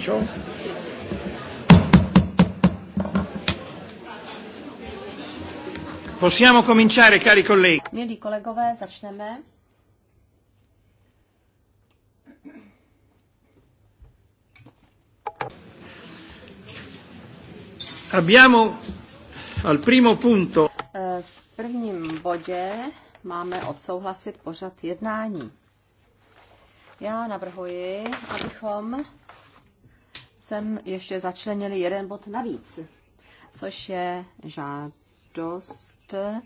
Sure. Possiamo cominciare, cari colleghi. Milí kolegové, začneme. Abbiamo al primo punto. Eh, v prvním bodě máme odsouhlasit pořad jednání. Já navrhuji, abychom sem ještě začlenili jeden bod navíc, což je žádost eh,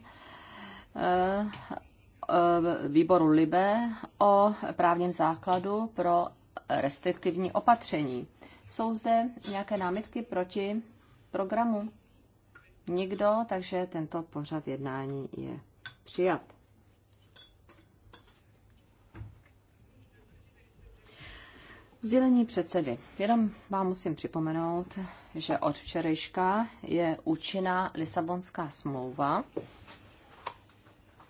výboru Libe o právním základu pro restriktivní opatření. Jsou zde nějaké námitky proti programu? Nikdo, takže tento pořad jednání je přijat. Sdělení předsedy. Jenom vám musím připomenout, že od včerejška je účinná Lisabonská smlouva.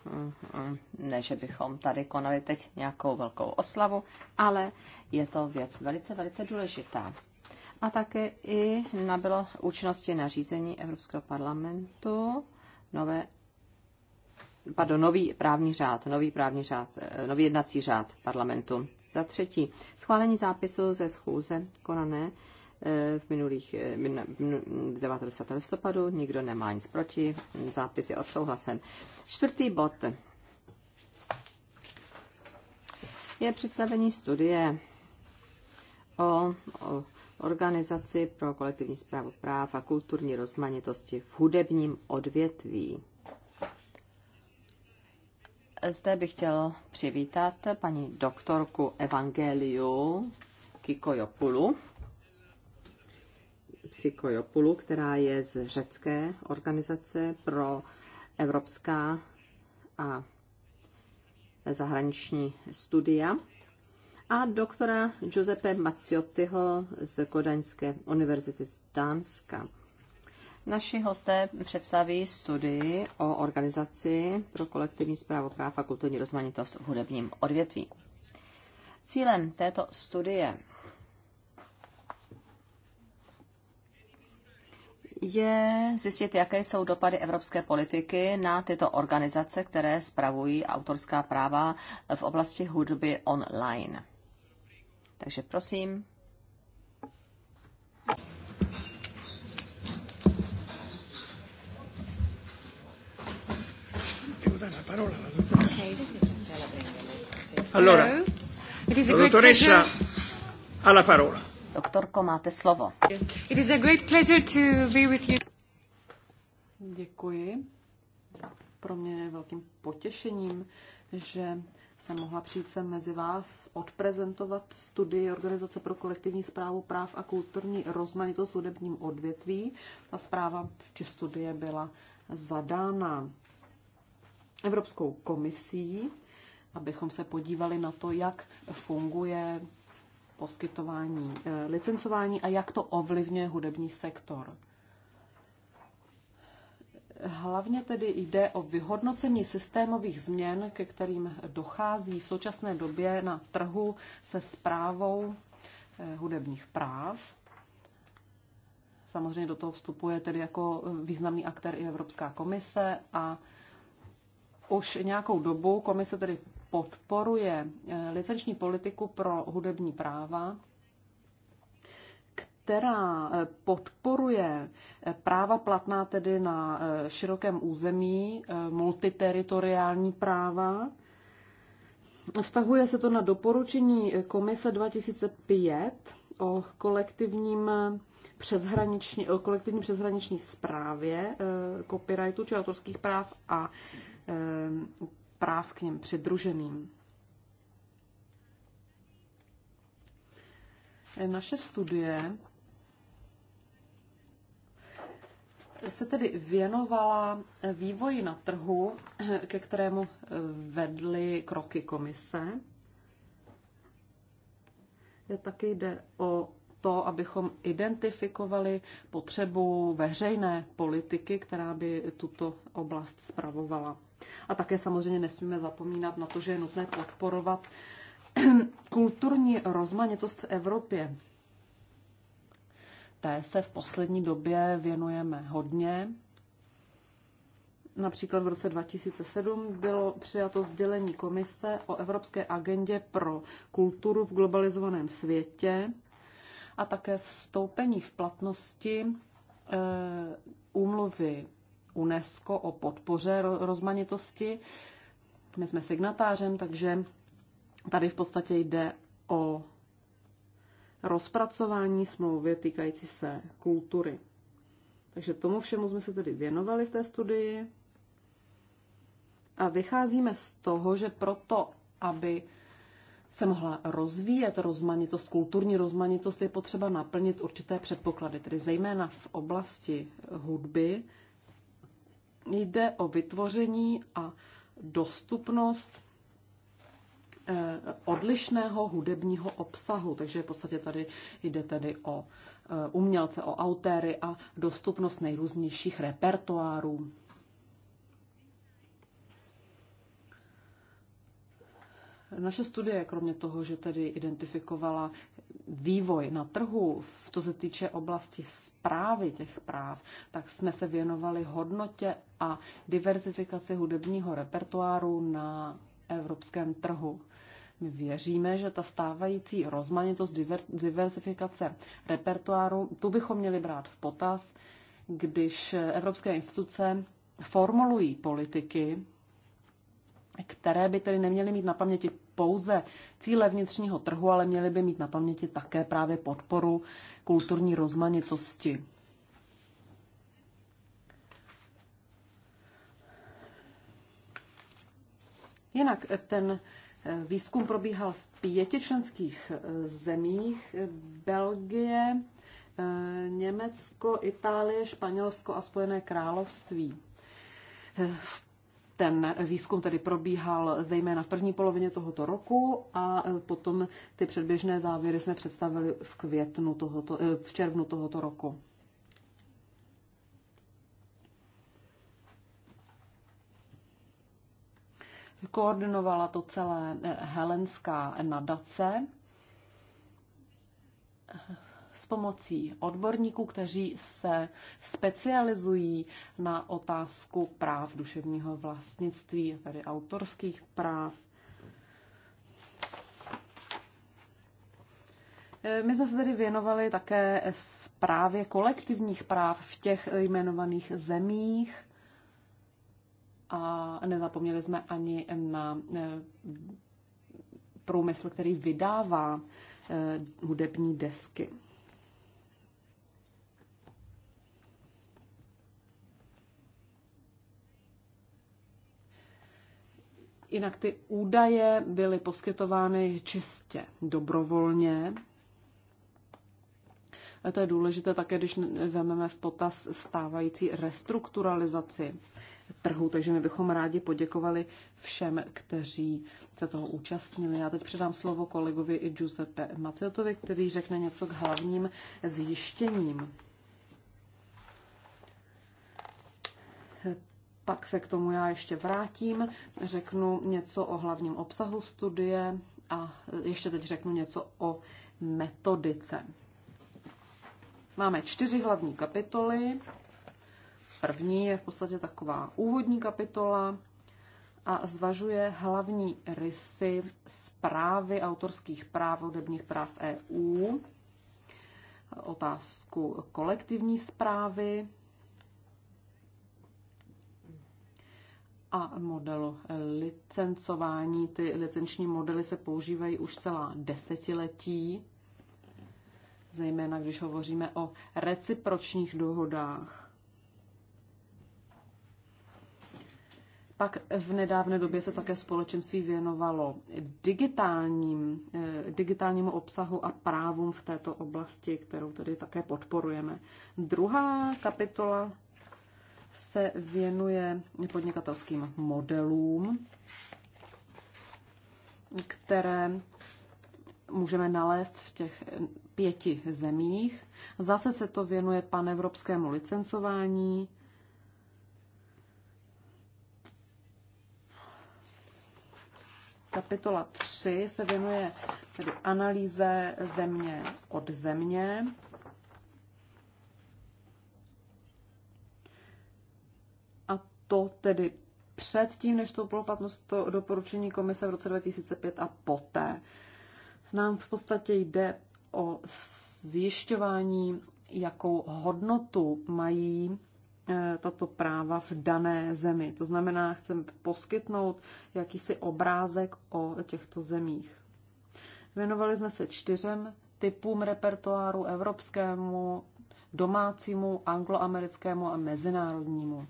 Mhm, ne, že bychom tady konali teď nějakou velkou oslavu, ale je to věc velice, velice důležitá. A také i nabylo účinnosti nařízení Evropského parlamentu nové pardon, nový právní řád, nový právní řád, eh, nový jednací řád parlamentu. Za třetí, schválení zápisu ze schůze konané eh, v minulých 90. Eh, listopadu, nikdo nemá nic proti, zápis je odsouhlasen. Čtvrtý bod je představení studie o, o organizaci pro kolektivní zprávu práv a kulturní rozmanitosti v hudebním odvětví zde bych chtěl přivítat paní doktorku Evangeliu Kikojopulu, Psychojopulu, která je z řecké organizace pro evropská a zahraniční studia a doktora Giuseppe Maciottiho z Kodaňské univerzity z Dánska. Naši hosté představí studii o organizaci pro kolektivní zprávu práv a kulturní rozmanitost v hudebním odvětví. Cílem této studie je zjistit, jaké jsou dopady evropské politiky na tyto organizace, které spravují autorská práva v oblasti hudby online. Takže prosím, data la parola alla dottoressa. Allora, la dottoressa ha la parola. Doktorko, máte slovo. It is a great pleasure to be with you. Děkuji. Pro mě je velkým potěšením, že jsem mohla přijít sem mezi vás odprezentovat studii Organizace pro kolektivní zprávu práv a kulturní rozmanitost v hudebním odvětví. Ta zpráva či studie byla zadána Evropskou komisí, abychom se podívali na to, jak funguje poskytování eh, licencování a jak to ovlivňuje hudební sektor. Hlavně tedy jde o vyhodnocení systémových změn, ke kterým dochází v současné době na trhu se zprávou eh, hudebních práv. Samozřejmě do toho vstupuje tedy jako eh, významný aktér i Evropská komise a už nějakou dobu komise tedy podporuje eh, licenční politiku pro hudební práva, která eh, podporuje eh, práva platná tedy na širokém území, multiteritoriální práva. Vztahuje se to na doporučení komise 2005 o kolektivním přeshraniční, o kolektivní přeshraniční správě copyrightu či autorských práv a Eh, práv k něm přidruženým. Eh, naše studie se tedy věnovala vývoji na trhu, eh, ke kterému vedly kroky komise. Je Taky jde o to, abychom identifikovali potřebu veřejné politiky, která by tuto oblast spravovala. A také samozřejmě nesmíme zapomínat na to, že je nutné podporovat kulturní rozmanitost v Evropě. Té se v poslední době věnujeme hodně. Například v roce 2007 bylo přijato sdělení komise o Evropské agendě pro kulturu v globalizovaném světě a také vstoupení v platnosti eh, úmluvy UNESCO o podpoře rozmanitosti. My jsme signatářem, takže tady v podstatě jde o rozpracování smlouvy týkající se kultury. Takže tomu všemu jsme se tedy věnovali v té studii. A vycházíme z toho, že proto, aby se mohla rozvíjet rozmanitost, kulturní rozmanitost, je potřeba naplnit určité předpoklady, tedy zejména v oblasti hudby, jde o vytvoření a dostupnost eh, odlišného hudebního obsahu. Takže v podstatě tady jde tedy o eh, umělce, o autéry a dostupnost nejrůznějších repertoárů. Naše studie, kromě toho, že tedy identifikovala vývoj na trhu, co se týče oblasti zprávy těch práv, tak jsme se věnovali hodnotě a diverzifikaci hudebního repertoáru na evropském trhu. My věříme, že ta stávající rozmanitost diverzifikace repertoáru, tu bychom měli brát v potaz, když evropské instituce formulují politiky, které by tedy neměly mít na paměti pouze cíle vnitřního trhu, ale měli by mít na paměti také právě podporu kulturní rozmanitosti. Jinak ten eh, výzkum probíhal v pěti členských eh, zemích. Belgie, eh, Německo, Itálie, Španělsko a Spojené království. V ten výzkum tedy probíhal zejména v první polovině tohoto roku a e, potom ty předběžné závěry jsme představili v květnu tohoto, e, v červnu tohoto roku. Koordinovala to celé e, helenská nadace s pomocí odborníků, kteří se specializují na otázku práv duševního vlastnictví, tedy autorských práv. My jsme se tedy věnovali také zprávě kolektivních práv v těch jmenovaných zemích a nezapomněli jsme ani na eh, průmysl, který vydává eh, hudební desky. Jinak ty údaje byly poskytovány čistě dobrovolně. A to je důležité také, když vezmeme v potaz stávající restrukturalizaci trhu, takže my bychom rádi poděkovali všem, kteří se toho účastnili. Já teď předám slovo kolegovi Giuseppe Maciotovi, který řekne něco k hlavním zjištěním. pak se k tomu já ještě vrátím, řeknu něco o hlavním obsahu studie a ještě teď řeknu něco o metodice. Máme čtyři hlavní kapitoly. První je v podstatě taková úvodní kapitola a zvažuje hlavní rysy zprávy autorských práv, hudebních práv EU, otázku kolektivní zprávy, a modelu licencování. Ty licenční modely se používají už celá desetiletí, zejména když hovoříme o recipročních dohodách. Pak v nedávné době se také společenství věnovalo digitálním, eh, digitálnímu obsahu a právům v této oblasti, kterou tedy také podporujeme. Druhá kapitola se věnuje podnikatelským modelům, které můžeme nalézt v těch pěti zemích. Zase se to věnuje panevropskému licencování. Kapitola 3 se věnuje tedy analýze země od země. to tedy předtím, než to bylo platnost to doporučení komise v roce 2005 a poté. Nám v podstatě jde o zjišťování, jakou hodnotu mají eh, tato práva v dané zemi. To znamená, chceme poskytnout jakýsi obrázek o těchto zemích. Věnovali jsme se čtyřem typům repertoáru evropskému, domácímu, angloamerickému a mezinárodnímu.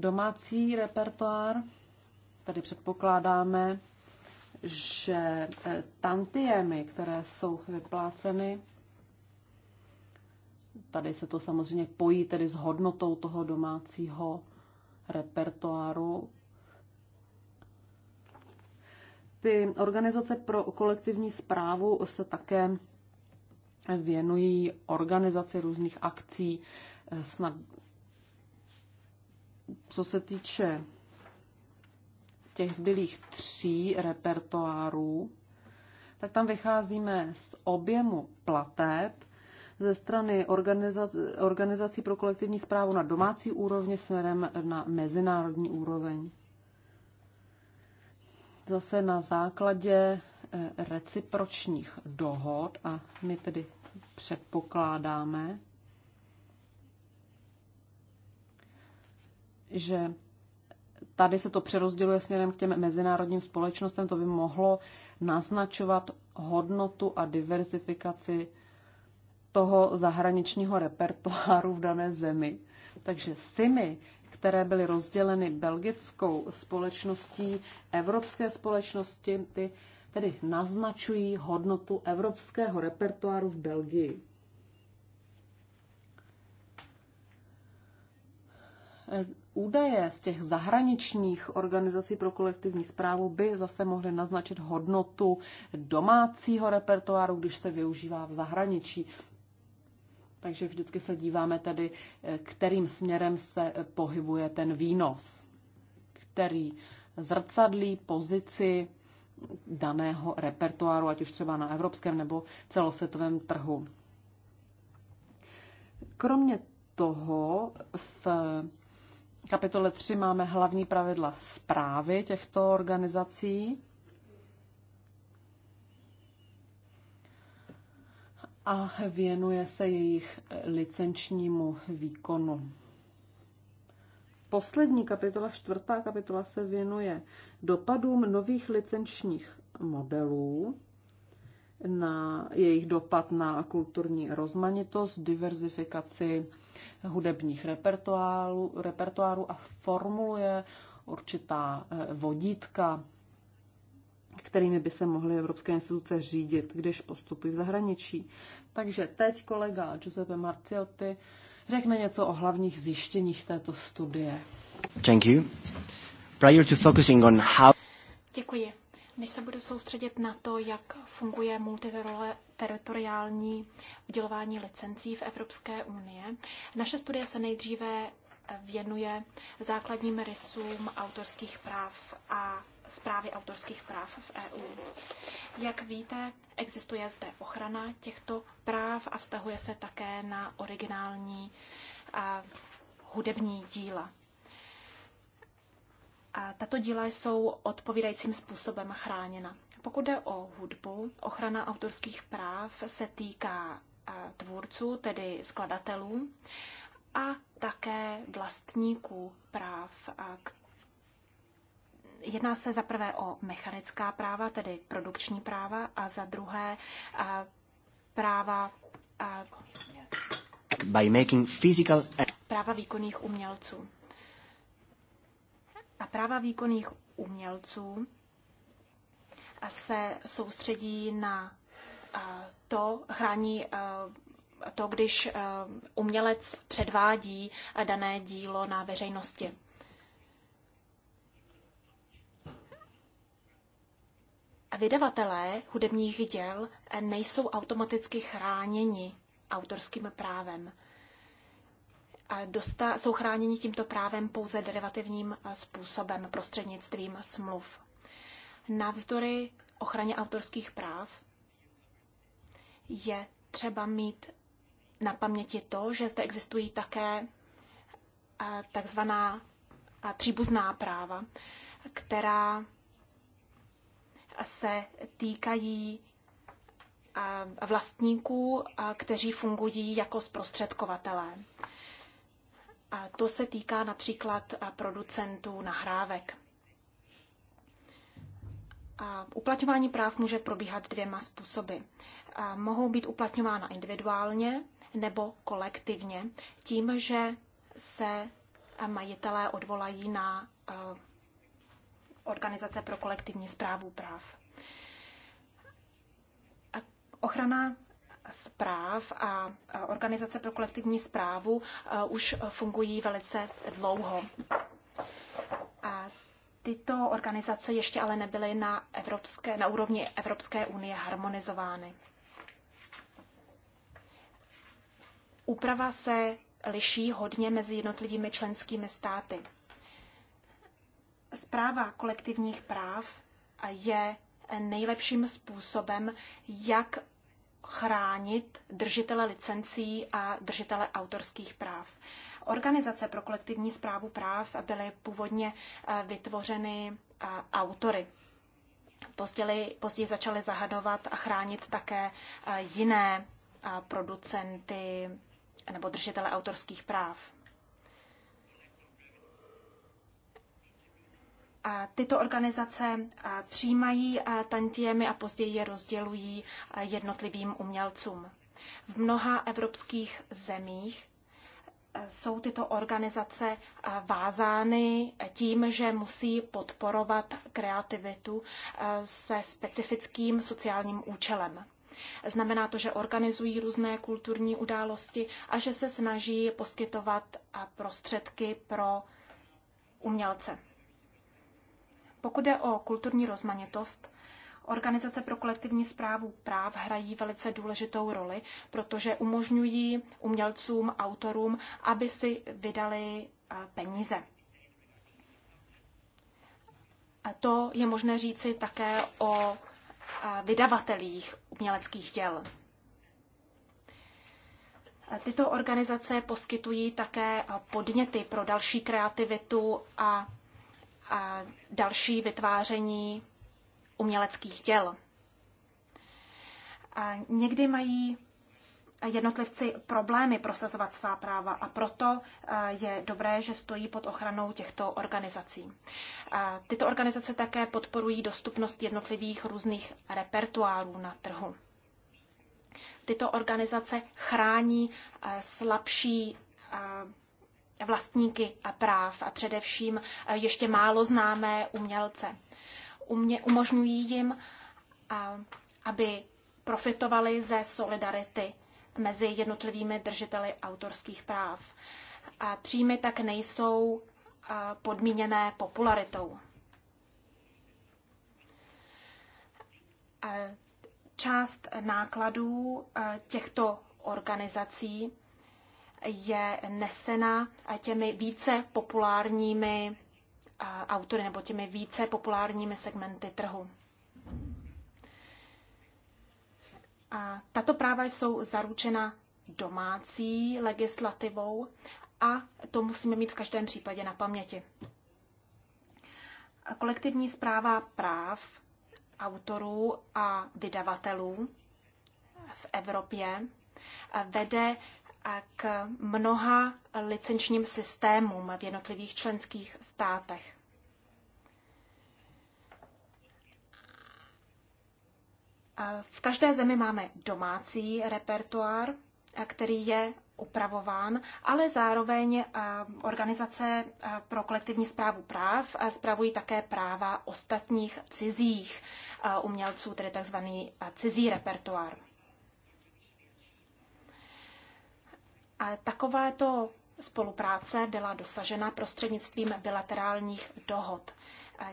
domácí repertoár, tady předpokládáme, že eh, tantiemy, které jsou vypláceny, tady se to samozřejmě pojí tedy s hodnotou toho domácího repertoáru. Ty organizace pro kolektivní zprávu se také věnují organizaci různých akcí, eh, snad co se týče těch zbylých tří repertoárů, tak tam vycházíme z objemu plateb. Ze strany organizací, organizací pro kolektivní zprávu na domácí úrovni směrem na mezinárodní úroveň. Zase na základě eh, recipročních dohod a my tedy předpokládáme, že tady se to přerozděluje směrem k těm mezinárodním společnostem, to by mohlo naznačovat hodnotu a diversifikaci toho zahraničního repertoáru v dané zemi. Takže SIMy, které byly rozděleny belgickou společností, evropské společnosti, ty tedy naznačují hodnotu evropského repertoáru v Belgii. E- údaje z těch zahraničních organizací pro kolektivní zprávu by zase mohly naznačit hodnotu domácího repertoáru, když se využívá v zahraničí. Takže vždycky se díváme tedy, eh, kterým směrem se eh, pohybuje ten výnos, který zrcadlí pozici daného repertoáru, ať už třeba na evropském nebo celosvětovém trhu. Kromě toho v kapitole 3 máme hlavní pravidla zprávy těchto organizací. A věnuje se jejich licenčnímu výkonu. Poslední kapitola, čtvrtá kapitola, se věnuje dopadům nových licenčních modelů, na jejich dopad na kulturní rozmanitost, diverzifikaci hudebních repertoáru repertoáru a formuluje určitá eh, vodítka, kterými by se mohly evropské instituce řídit, když postupují v zahraničí. Takže teď kolega Giuseppe Marciotti řekne něco o hlavních zjištěních této studie. Thank you. Prior to focusing on how... Děkuji. Než se budu soustředit na to, jak funguje multiteritoriální udělování licencí v Evropské unie, naše studie se nejdříve věnuje základním rysům autorských práv a zprávy autorských práv v EU. Jak víte, existuje zde ochrana těchto práv a vztahuje se také na originální a hudební díla. A tato díla jsou odpovídajícím způsobem chráněna. Pokud jde o hudbu, ochrana autorských práv se týká eh, tvůrců, tedy skladatelů, a také vlastníků práv. Jedná se za prvé o mechanická práva, tedy produkční práva, a za druhé eh, práva eh, by making physical... práva výkonných umělců a práva výkonných umělců se soustředí na eh, to, chrání eh, to, když eh, umělec předvádí dané dílo na veřejnosti. Vydavatelé hudebních děl nejsou automaticky chráněni autorským právem dosta, jsou chráněni tímto právem pouze derivativním eh, způsobem, prostřednictvím smluv. Navzdory ochraně autorských práv je třeba mít na paměti to, že zde existují také eh, takzvaná eh, příbuzná práva, která se týkají vlastníků, kteří fungují jako zprostředkovatelé. A to se týká například producentů nahrávek. A uplatňování práv může probíhat dvěma způsoby. A mohou být uplatňována individuálně nebo kolektivně, tím, že se majitelé odvolají na organizace pro kolektivní zprávu práv. Ochrana zpráv a organizace pro kolektivní zprávu už fungují velice dlouho. A tyto organizace ještě ale nebyly na, evropské, na úrovni Evropské unie harmonizovány. Úprava se liší hodně mezi jednotlivými členskými státy. Zpráva kolektivních práv je nejlepším způsobem, jak chránit držitele licencí a držitele autorských práv. Organizace pro kolektivní zprávu práv byly původně eh, vytvořeny eh, autory. Později, později začaly zahadovat a chránit také eh, jiné producenty nebo držitele autorských práv. Tyto organizace přijímají tantiemy a později je rozdělují jednotlivým umělcům. V mnoha evropských zemích jsou tyto organizace vázány tím, že musí podporovat kreativitu se specifickým sociálním účelem. Znamená to, že organizují různé kulturní události a že se snaží poskytovat prostředky pro umělce. Pokud jde o kulturní rozmanitost, Organizace pro kolektivní zprávu práv hrají velice důležitou roli, protože umožňují umělcům, autorům, aby si vydali eh, peníze. A to je možné říci také o eh, vydavatelích uměleckých děl. Tyto organizace poskytují také eh, podněty pro další kreativitu a další vytváření uměleckých děl. A někdy mají jednotlivci problémy prosazovat svá práva a proto e, je dobré, že stojí pod ochranou těchto organizací. Tyto organizace také podporují dostupnost jednotlivých různých repertoárů na trhu. Tyto organizace chrání e, slabší e, vlastníky a práv a především eh, ještě málo známé umělce. Umě, umožňují jim, eh, aby profitovali ze solidarity mezi jednotlivými držiteli autorských práv. A příjmy tak nejsou eh, podmíněné popularitou. Část nákladů těchto organizací je nesena těmi více populárními eh, autory nebo těmi více populárními segmenty trhu. A tato práva jsou zaručena domácí legislativou a to musíme mít v každém případě na paměti. Kolektivní zpráva práv autorů a vydavatelů v Evropě vede k mnoha licenčním systémům v jednotlivých členských státech. V každé zemi máme domácí repertoár, který je upravován, ale zároveň organizace pro kolektivní zprávu práv zpravují také práva ostatních cizích umělců, tedy tzv. cizí repertoár. takovéto spolupráce byla dosažena prostřednictvím bilaterálních dohod.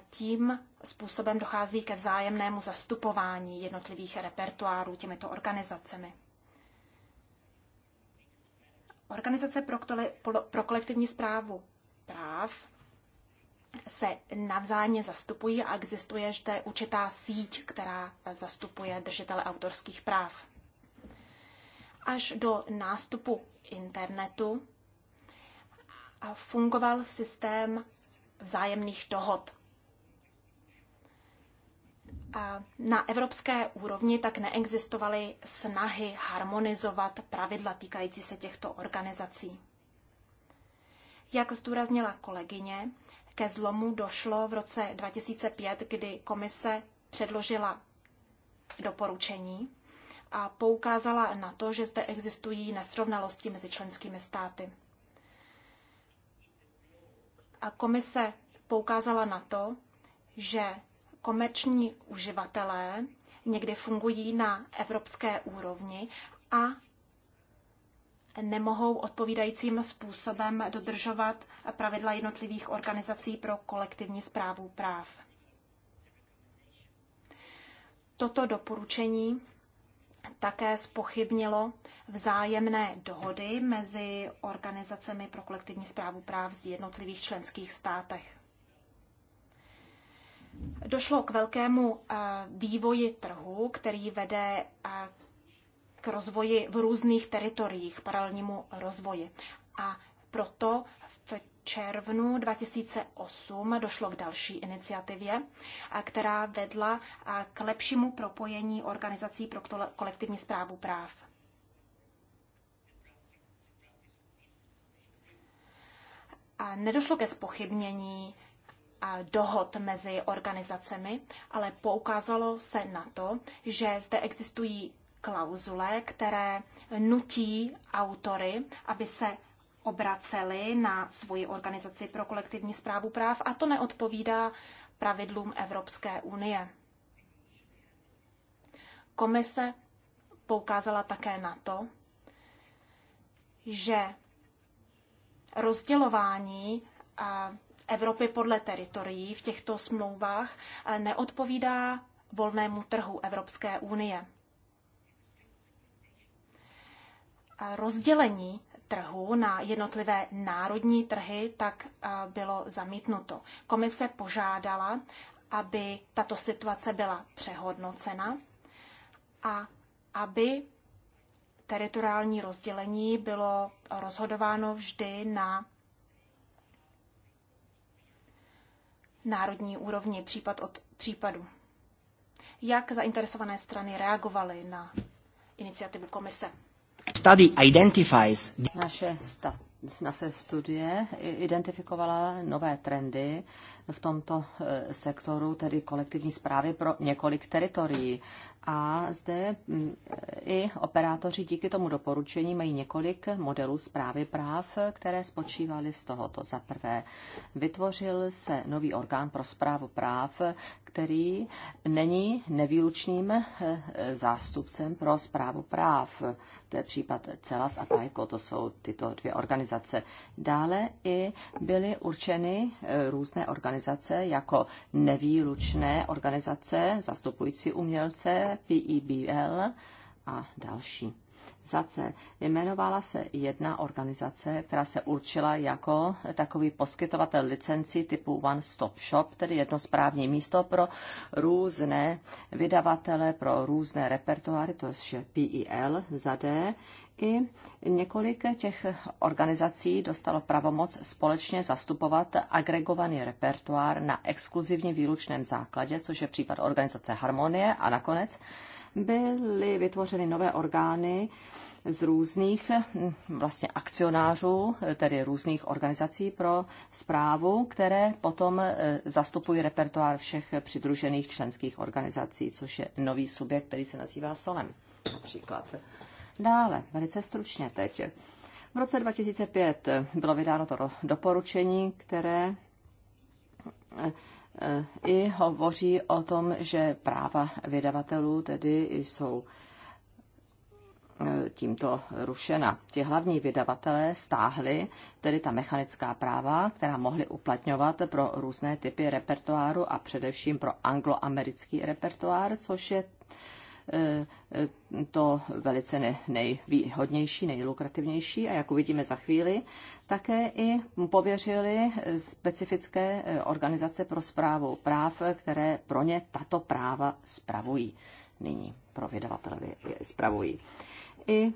Tím způsobem dochází ke vzájemnému zastupování jednotlivých repertoárů těmito organizacemi. Organizace pro, tole, pro kolektivní zprávu práv se navzájemně zastupují a existuje zde určitá síť, která zastupuje držitele autorských práv. Až do nástupu internetu fungoval systém vzájemných dohod. A na evropské úrovni tak neexistovaly snahy harmonizovat pravidla týkající se těchto organizací. Jak zdůraznila kolegyně, ke zlomu došlo v roce 2005, kdy komise předložila doporučení a poukázala na to, že zde existují nesrovnalosti mezi členskými státy. A komise poukázala na to, že komerční uživatelé někdy fungují na evropské úrovni a nemohou odpovídajícím způsobem dodržovat pravidla jednotlivých organizací pro kolektivní zprávu práv. Toto doporučení také spochybnilo vzájemné dohody mezi organizacemi pro kolektivní zprávu práv z jednotlivých členských státech. Došlo k velkému eh, vývoji trhu, který vede eh, k rozvoji v různých teritoriích, paralelnímu rozvoji. A proto červnu 2008 došlo k další iniciativě, která vedla k lepšímu propojení organizací pro kolektivní zprávu práv. A nedošlo ke spochybnění dohod mezi organizacemi, ale poukázalo se na to, že zde existují klauzule, které nutí autory, aby se obraceli na svoji organizaci pro kolektivní zprávu práv a to neodpovídá pravidlům Evropské unie. Komise poukázala také na to, že rozdělování Evropy podle teritorií v těchto smlouvách neodpovídá volnému trhu Evropské unie. Rozdělení trhu na jednotlivé národní trhy, tak eh, bylo zamítnuto. Komise požádala, aby tato situace byla přehodnocena a aby teritoriální rozdělení bylo rozhodováno vždy na národní úrovni, případ od případu. Jak zainteresované strany reagovaly na iniciativu komise? Study identifies... Naše sta, naše studie identifikovala nové trendy v tomto e, sektoru, tedy kolektivní zprávy pro několik teritorií. A zde mm, e, i operátoři díky tomu doporučení mají několik modelů zprávy práv, které spočívaly z tohoto. Za prvé, vytvořil se nový orgán pro zprávu práv, který není nevýlučným e, zástupcem pro zprávu práv. To je případ CELAS a PAJKO, to jsou tyto dvě organizace. Dále i byly určeny různé organizace organizace jako nevýlučné organizace zastupující umělce PIBL e a další. Za C. Jmenovala se jedna organizace, která se určila jako takový poskytovatel licencí typu One Stop Shop, tedy jedno správní místo pro různé vydavatele, pro různé repertoáry, to je PIL. E za D i několik těch organizací dostalo pravomoc společně zastupovat agregovaný repertoár na exkluzivně výlučném základě, což je případ organizace Harmonie a nakonec byly vytvořeny nové orgány z různých hm, vlastně akcionářů, tedy různých organizací pro zprávu, které potom eh, zastupují repertoár všech přidružených členských organizací, což je nový subjekt, který se nazývá SOLEM například. Dále, velice stručně teď. V roce 2005 bylo vydáno to doporučení, které eh, i hovoří o tom, že práva vydavatelů tedy jsou eh, tímto rušena. Ti hlavní vydavatelé stáhli tedy ta mechanická práva, která mohli uplatňovat pro různé typy repertoáru a především pro angloamerický repertoár, což je Eh, eh, to velice ne, nejvýhodnější, nejlukrativnější a jak uvidíme za chvíli, také i pověřili specifické eh, organizace pro zprávu práv, které pro ně tato práva spravují nyní pro vydavatele spravují. I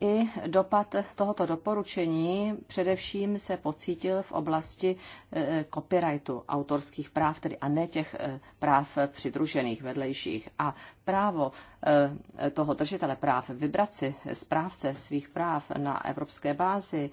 i dopad tohoto doporučení především se pocítil v oblasti e, copyrightu, autorských práv, tedy a ne těch e, práv přidružených vedlejších. A právo e, toho držitele práv vybrat si správce svých práv na evropské bázi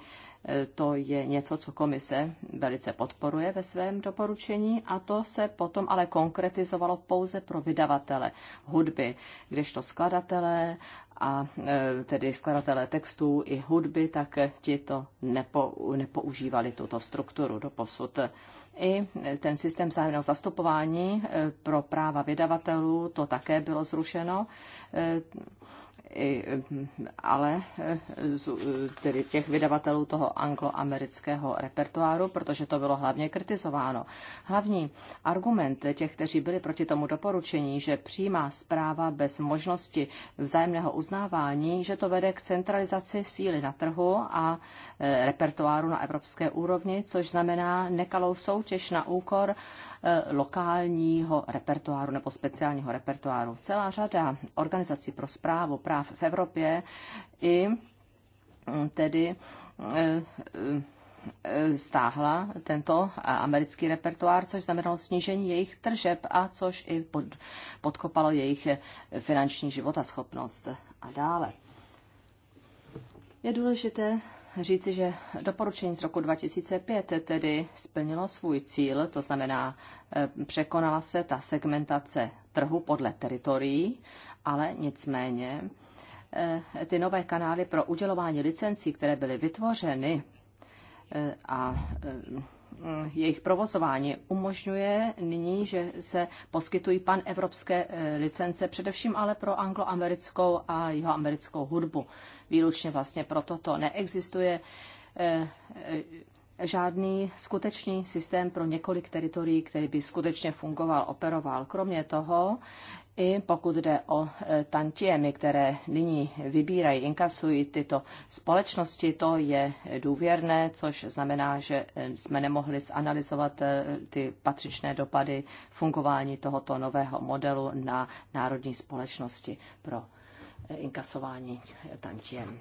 to je něco, co komise velice podporuje ve svém doporučení a to se potom ale konkretizovalo pouze pro vydavatele hudby, kdežto skladatelé a e, tedy skladatelé textů i hudby, tak ti to nepo, nepoužívali tuto strukturu do posud. I ten systém zájemného zastupování e, pro práva vydavatelů, to také bylo zrušeno e, i, ale z, tedy těch vydavatelů toho angloamerického repertoáru, protože to bylo hlavně kritizováno. Hlavní argument těch, kteří byli proti tomu doporučení, že přijímá zpráva bez možnosti vzájemného uznávání, že to vede k centralizaci síly na trhu a e, repertoáru na evropské úrovni, což znamená nekalou soutěž na úkor e, lokálního repertoáru nebo speciálního repertoáru. Celá řada organizací pro zprávu právě práv v Evropě i mm, tedy e, e, stáhla tento americký repertoár, což znamenalo snížení jejich tržeb a což i pod, podkopalo jejich finanční schopnost a dále. Je důležité říci, že doporučení z roku 2005 tedy splnilo svůj cíl, to znamená e, překonala se ta segmentace trhu podle teritorií, ale nicméně Eh, ty nové kanály pro udělování licencí, které byly vytvořeny eh, a eh, jejich provozování umožňuje nyní, že se poskytují panevropské licence, především ale pro angloamerickou a jihoamerickou hudbu. Výlučně vlastně pro toto neexistuje žádný skutečný systém pro několik teritorií, který by skutečně fungoval, operoval. Kromě toho, i pokud jde o e, tantiemy, které nyní vybírají, inkasují tyto společnosti, to je důvěrné, což znamená, že e, jsme nemohli zanalizovat e, ty patřičné dopady fungování tohoto nového modelu na národní společnosti pro inkasování tantiem.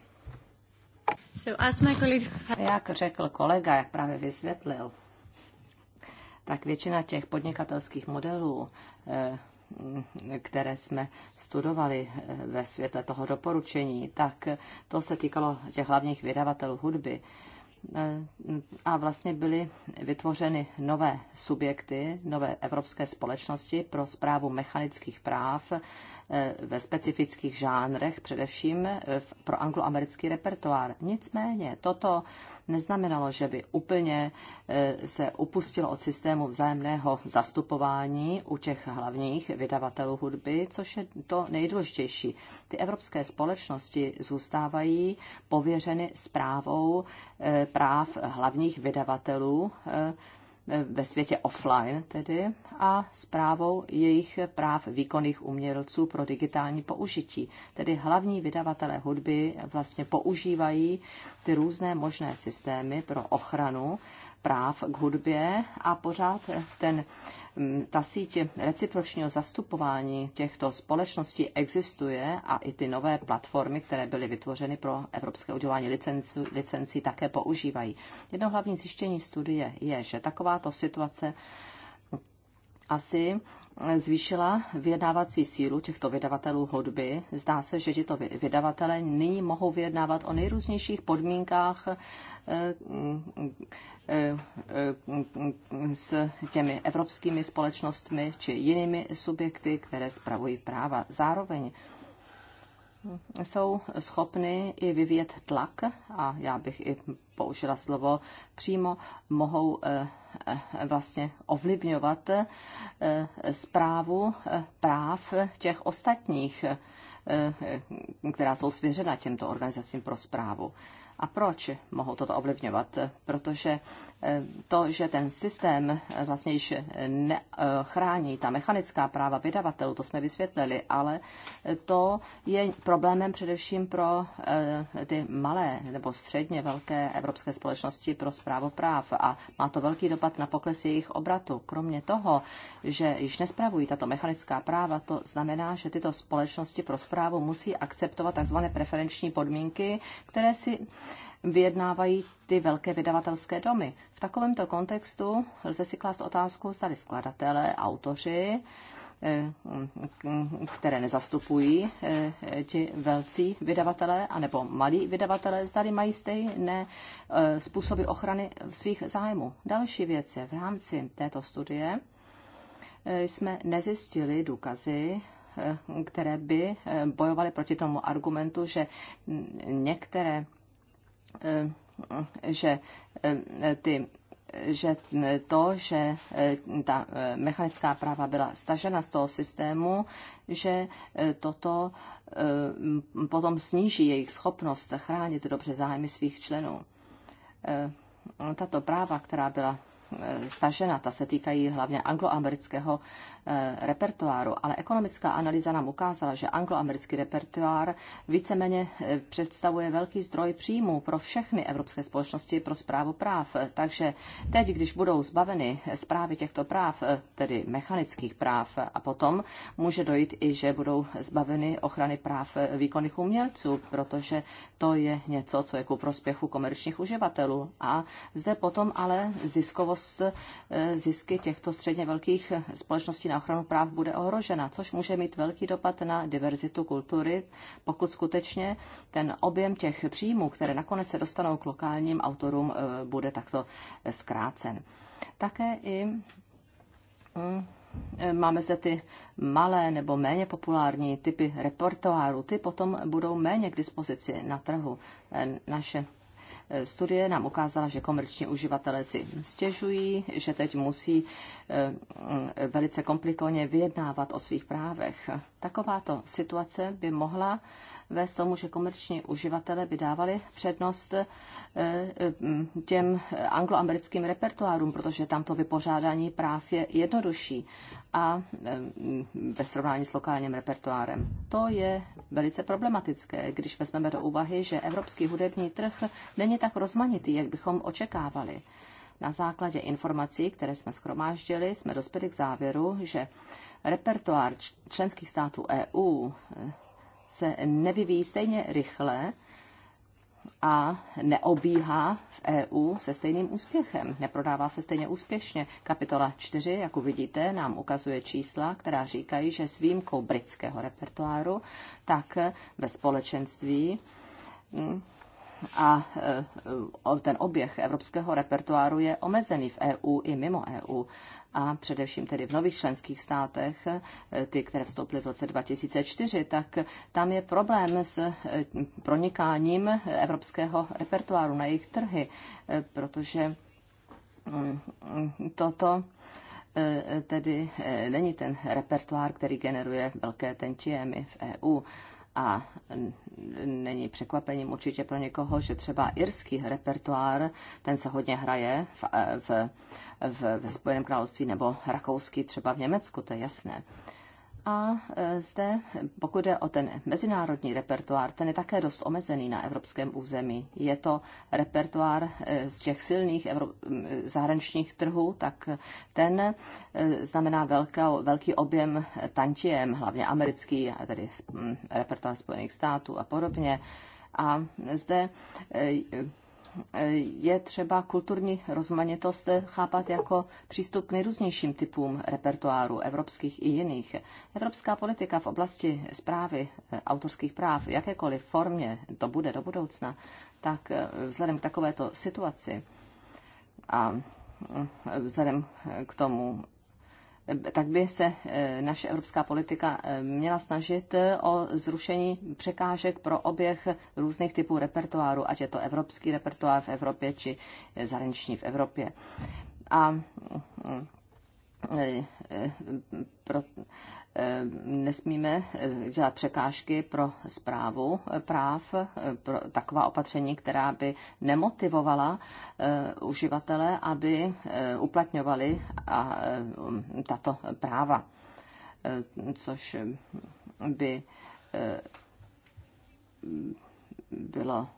Jak řekl kolega, jak právě vysvětlil, tak většina těch podnikatelských modelů, eh, které jsme studovali eh, ve světle toho doporučení, tak to se týkalo těch hlavních vydavatelů hudby eh, a vlastně byly vytvořeny nové subjekty, nové evropské společnosti pro zprávu mechanických práv Eh, ve specifických žánrech, především eh, pro angloamerický repertoár. Nicméně toto neznamenalo, že by úplně eh, se upustilo od systému vzájemného zastupování u těch hlavních vydavatelů hudby, což je to nejdůležitější. Ty evropské společnosti zůstávají pověřeny zprávou práv hlavních vydavatelů ve světě offline tedy, a zprávou jejich práv výkonných umělců pro digitální použití. Tedy hlavní vydavatelé hudby vlastně používají ty různé možné systémy pro ochranu práv k hudbě a pořád ten, mm, ta síť recipročního zastupování těchto společností existuje a i ty nové platformy, které byly vytvořeny pro evropské udělování licenci, licenci také používají. Jedno hlavní zjištění studie je, že takováto situace asi zvýšila vyjednávací sílu těchto vydavatelů hudby. Zdá se, že tito vydavatele nyní mohou vyjednávat o nejrůznějších podmínkách eh, eh, eh, s těmi evropskými společnostmi či jinými subjekty, které spravují práva. Zároveň jsou schopny i vyvíjet tlak, a já bych i použila slovo přímo, mohou Eh, vlastně ovlivňovat zprávu eh, eh, práv těch ostatních, která jsou svěřena těmto organizacím pro zprávu. A proč mohou toto ovlivňovat? Protože eh, to, že ten systém eh, vlastně již nechrání, ta mechanická práva vydavatelů, to jsme vysvětlili, ale eh, to je problémem především pro ty malé nebo středně velké evropské společnosti pro zprávu práv a má to velký dopad na pokles jejich obratu. Kromě toho, že již nespravují tato mechanická práva, to znamená, že tyto společnosti pro zprávu musí akceptovat tzv. preferenční podmínky, které si vyjednávají ty velké vydavatelské domy. V takovémto kontextu lze si klást otázku, zda skladatelé, autoři, eh, které nezastupují eh, ti velcí vydavatelé anebo malí vydavatelé, zdali mají stejné eh, způsoby ochrany svých zájmů. Další věc je, v rámci této studie jsme nezjistili důkazy, které by bojovaly proti tomu argumentu, že některé Eh, že eh, ty že to, že eh, ta mechanická práva byla stažena z toho systému, že toto potom sníží jejich schopnost chránit dobře zájmy svých členů. Tato práva, která byla snažena, ta se týkají hlavně angloamerického eh, repertoáru, ale ekonomická analýza nám ukázala, že angloamerický repertoár víceméně eh, představuje velký zdroj příjmů pro všechny evropské společnosti pro zprávu práv. Takže teď, když budou zbaveny zprávy těchto práv, eh, tedy mechanických práv, a potom může dojít i, že budou zbaveny ochrany práv výkonných umělců, protože to je něco, co je ku prospěchu komerčních uživatelů. A zde potom ale ziskovost dost eh, zisky těchto středně velkých společností na ochranu práv bude ohrožena, což může mít velký dopad na diverzitu kultury, pokud skutečně ten objem těch příjmů, které nakonec se dostanou k lokálním autorům, eh, bude takto eh, zkrácen. Také i hm, máme zde ty malé nebo méně populární typy repertoáru, ty potom budou méně k dispozici na trhu. Naše Eh, studie nám ukázala, že komerční uživatelé si stěžují, že teď musí eh, mm, velice komplikovaně vyjednávat o svých právech. Takováto situace by mohla vést tomu, že komerční uživatelé by dávali přednost eh, těm angloamerickým repertoárům, protože tam to vypořádání práv je jednodušší a ve srovnání s lokálním repertoárem. To je velice problematické, když vezmeme do úvahy, že evropský hudební trh není tak rozmanitý, jak bychom očekávali. Na základě informací, které jsme schromáždili, jsme dospěli k závěru, že repertoár členských států EU eh, se nevyvíjí stejně rychle, a neobíhá v EU se stejným úspěchem, neprodává se stejně úspěšně. Kapitola 4, jak uvidíte, nám ukazuje čísla, která říkají, že s výjimkou britského repertoáru, tak ve společenství hm, a e, ten oběh evropského repertoáru je omezený v EU i mimo EU a především tedy v nových členských státech, e, ty, které vstoupily v roce 2004, tak tam je problém s e, pronikáním evropského repertoáru na jejich trhy, protože mm, toto tedy není ten repertoár, který generuje velké tenčiemy v EU a není překvapením určitě pro někoho, že třeba irský repertoár, ten se hodně hraje v, v, v, v Spojeném království nebo rakouský třeba v Německu, to je jasné. A e, zde, pokud jde o ten mezinárodní repertoár, ten je také dost omezený na evropském území. Je to repertoár e, z těch silných evro- zahraničních trhů, tak ten e, znamená velkou, velký objem tantiem, hlavně americký, tedy repertoár Spojených států a podobně. A zde je třeba kulturní rozmanitost chápat jako přístup k nejrůznějším typům repertoáru, evropských i jiných. Evropská politika v oblasti zprávy eh, autorských práv, v jakékoliv formě to bude do budoucna, tak eh, vzhledem k takovéto situaci a mm, vzhledem k tomu, tak by se eh, naše evropská politika eh, měla snažit eh, o zrušení překážek pro oběh různých typů repertoáru, ať je to evropský repertoár v Evropě či zahraniční v Evropě. A mm, mm, pro, Ehm, nesmíme eh, dělat překážky pro zprávu eh, práv, eh, pro taková opatření, která by nemotivovala uživatele, aby uplatňovali tato práva, což by bylo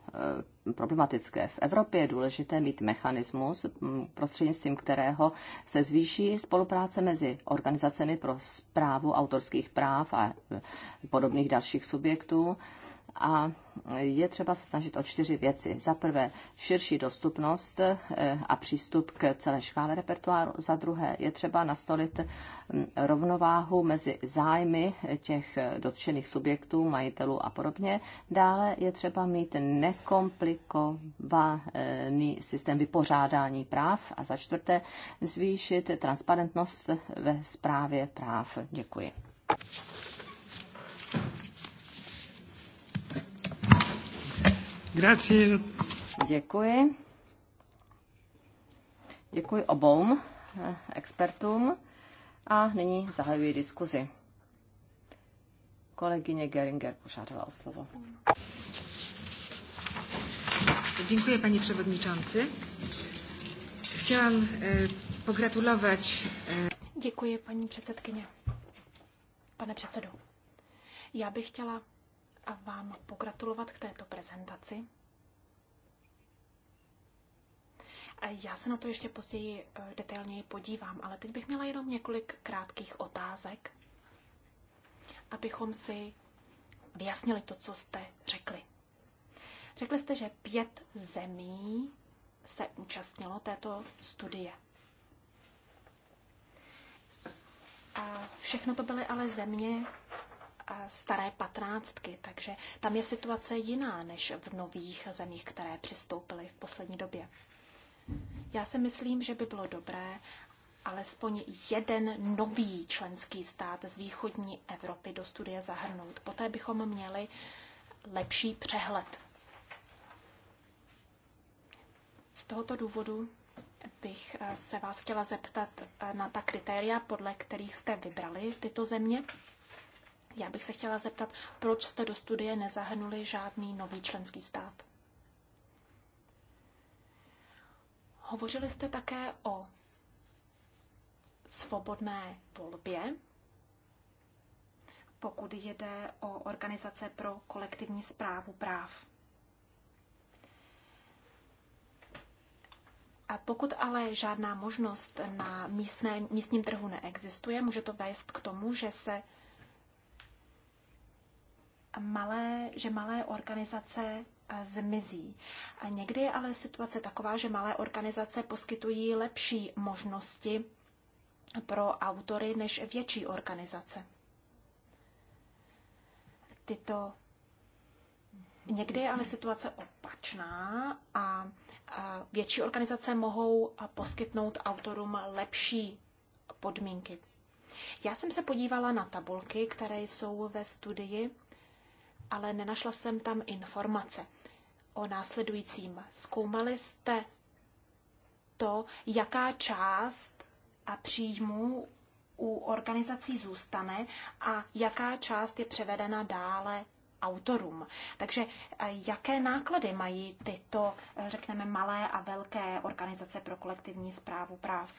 eh, problematické. V Evropě je důležité mít mechanismus, mm, prostřednictvím kterého se zvýší spolupráce mezi organizacemi pro zprávu autorských práv a eh, podobných dalších subjektů a je třeba se snažit o čtyři věci. Za prvé širší dostupnost eh, a přístup k celé škále repertoáru. Za druhé je třeba nastolit mm, rovnováhu mezi zájmy těch eh, dotčených subjektů, majitelů a podobně. Dále je třeba mít nekomplikovaný systém vypořádání práv. A za čtvrté zvýšit transparentnost ve správě práv. Děkuji. Grazie. Děkuji. Děkuji obou eh, expertům a nyní zahajuji diskuzi. Kolegyně Geringer požádala o slovo. Dziękuję panie przewodniczący. Chciałam e, eh, pogratulować. E... Eh, Děkuji paní předsedkyně. Pane předsedo, já bych chtěla vám pogratulovat k této prezentaci. Já se na to ještě později eh, detailněji podívám, ale teď bych měla jenom několik krátkých otázek, abychom si vyjasnili to, co jste řekli. Řekli jste, že pět zemí se účastnilo této studie. A všechno to byly ale země, staré patnáctky, takže tam je situace jiná než v nových zemích, které přistoupily v poslední době. Já si myslím, že by bylo dobré alespoň jeden nový členský stát z východní Evropy do studie zahrnout. Poté bychom měli lepší přehled. Z tohoto důvodu bych se vás chtěla zeptat na ta kritéria, podle kterých jste vybrali tyto země. Já bych se chtěla zeptat, proč jste do studie nezahrnuli žádný nový členský stát? Hovořili jste také o svobodné volbě, pokud jde o organizace pro kolektivní zprávu práv. A pokud ale žádná možnost na místné, místním trhu neexistuje, může to vést k tomu, že se malé, že malé organizace eh, zmizí. A někdy je ale situace taková, že malé organizace poskytují lepší možnosti pro autory než větší organizace. Tyto Někdy je ale situace opačná a větší organizace mohou eh, poskytnout autorům lepší podmínky. Já jsem se podívala na tabulky, které jsou ve studii ale nenašla jsem tam informace o následujícím. Zkoumali jste to, jaká část a příjmů u organizací zůstane a jaká část je převedena dále autorům. Takže eh, jaké náklady mají tyto, eh, řekneme, malé a velké organizace pro kolektivní zprávu práv?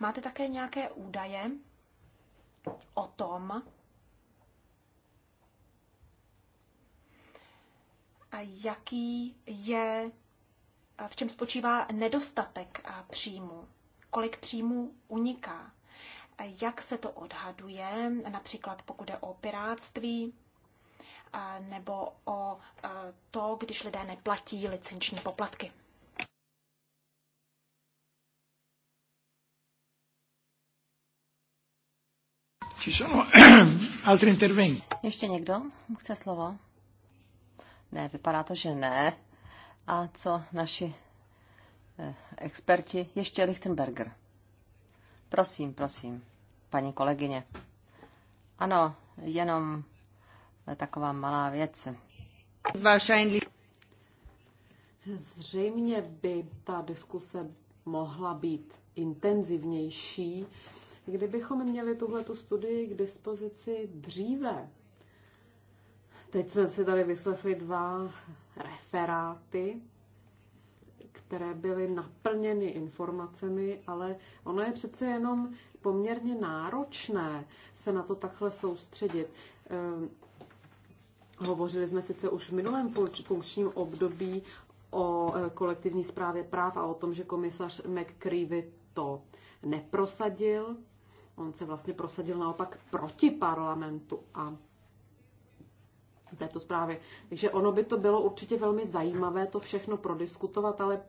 Máte také nějaké údaje o tom, jaký je, v čem spočívá nedostatek příjmu, kolik příjmu uniká, jak se to odhaduje, například pokud je o piráctví, nebo o to, když lidé neplatí licenční poplatky. Ještě někdo chce slovo? Ne, vypadá to, že ne. A co naši eh, experti? Ještě Lichtenberger. Prosím, prosím, paní kolegyně. Ano, jenom eh, taková malá věc. Zřejmě by ta diskuse mohla být intenzivnější, kdybychom měli tuhle studii k dispozici dříve. Teď jsme si tady vyslechli dva referáty, které byly naplněny informacemi, ale ono je přece jenom poměrně náročné se na to takhle soustředit. Ehm, hovořili jsme sice už v minulém funkčním období o e, kolektivní správě práv a o tom, že komisař McCreevy to neprosadil. On se vlastně prosadil naopak proti parlamentu a této zprávy. Takže ono by to bylo určitě velmi zajímavé to všechno prodiskutovat, ale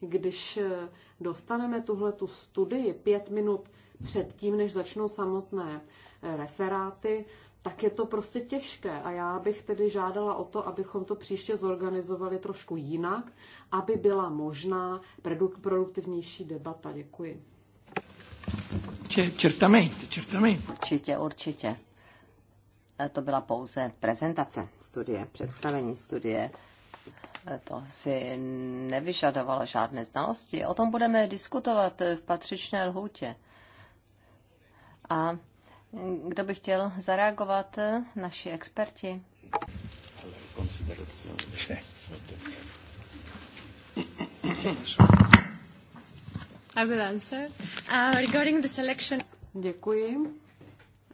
když eh, dostaneme tuhle tu studii pět minut předtím, než začnou samotné eh, referáty, tak je to prostě těžké a já bych tedy žádala o to, abychom to příště zorganizovali trošku jinak, aby byla možná produktivnější debata. Děkuji. Certamente, certamente. Určitě, určitě. Eh, to byla pouze prezentace studie, představení studie. Eh, to si nevyžadovalo žádné znalosti. O tom budeme diskutovat eh, v patřičné lhůtě. A kdo by chtěl zareagovat? Naši experti. I will answer. Uh, regarding the selection... Děkuji.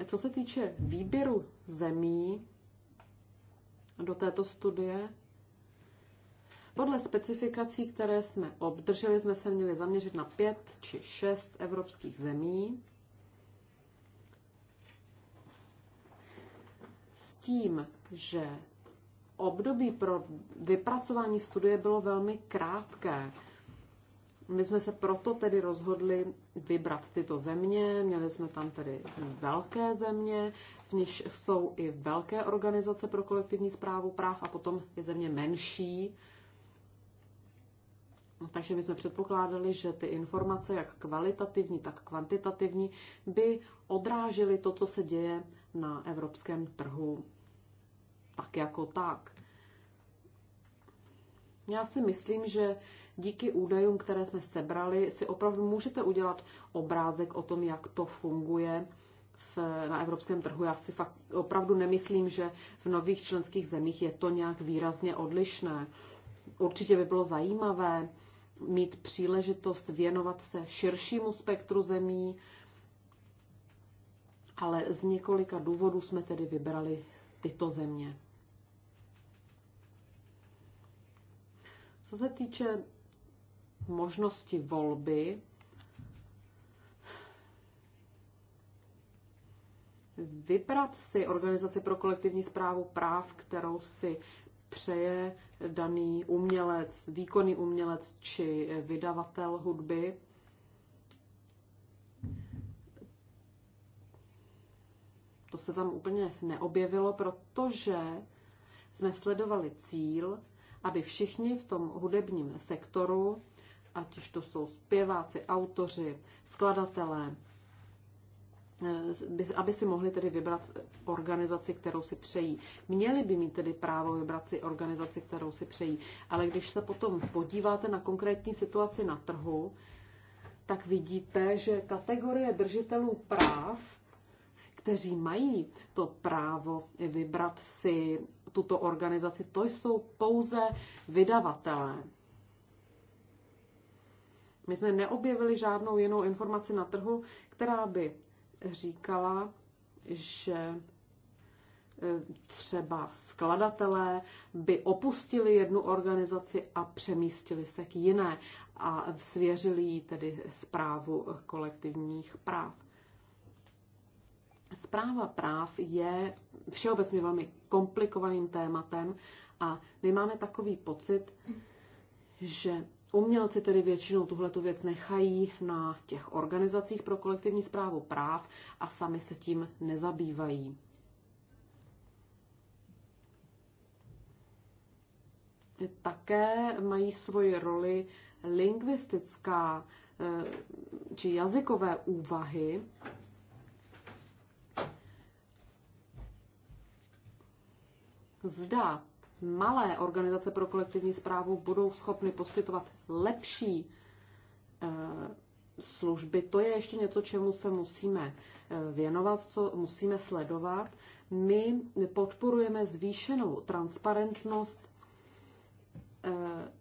A co se týče výběru zemí do této studie. Podle specifikací, které jsme obdrželi, jsme se měli zaměřit na pět či šest evropských zemí. S tím, že období pro vypracování studie bylo velmi krátké. My jsme se proto tedy rozhodli vybrat tyto země. Měli jsme tam tedy velké země, v níž jsou i velké organizace pro kolektivní zprávu práv a potom je země menší. No, takže my jsme předpokládali, že ty informace, jak kvalitativní, tak kvantitativní, by odrážely to, co se děje na evropském trhu tak jako tak. Já si myslím, že díky údajům, které jsme sebrali, si opravdu můžete udělat obrázek o tom, jak to funguje v, na evropském trhu. Já si fakt opravdu nemyslím, že v nových členských zemích je to nějak výrazně odlišné. Určitě by bylo zajímavé mít příležitost věnovat se širšímu spektru zemí, ale z několika důvodů jsme tedy vybrali tyto země. Co se týče možnosti volby vybrat si organizaci pro kolektivní zprávu práv, kterou si přeje daný umělec, výkonný umělec či vydavatel hudby. To se tam úplně neobjevilo, protože jsme sledovali cíl, aby všichni v tom hudebním sektoru ať už to jsou zpěváci, autoři, skladatelé, eh, aby si mohli tedy vybrat organizaci, kterou si přejí. Měli by mít tedy právo vybrat si organizaci, kterou si přejí. Ale když se potom podíváte na konkrétní situaci na trhu, tak vidíte, že kategorie držitelů práv, kteří mají to právo vybrat si tuto organizaci, to jsou pouze vydavatelé. My jsme neobjevili žádnou jinou informaci na trhu, která by říkala, že e, třeba skladatelé by opustili jednu organizaci a přemístili se k jiné a svěřili jí tedy zprávu kolektivních práv. Zpráva práv je všeobecně velmi komplikovaným tématem a my máme takový pocit, že Umělci tedy většinou tuhletu věc nechají na těch organizacích pro kolektivní zprávu práv a sami se tím nezabývají. Také mají svoji roli lingvistická eh, či jazykové úvahy, zda malé organizace pro kolektivní zprávu budou schopny poskytovat lepší eh, služby. To je ještě něco, čemu se musíme eh, věnovat, co musíme sledovat. My podporujeme zvýšenou transparentnost eh,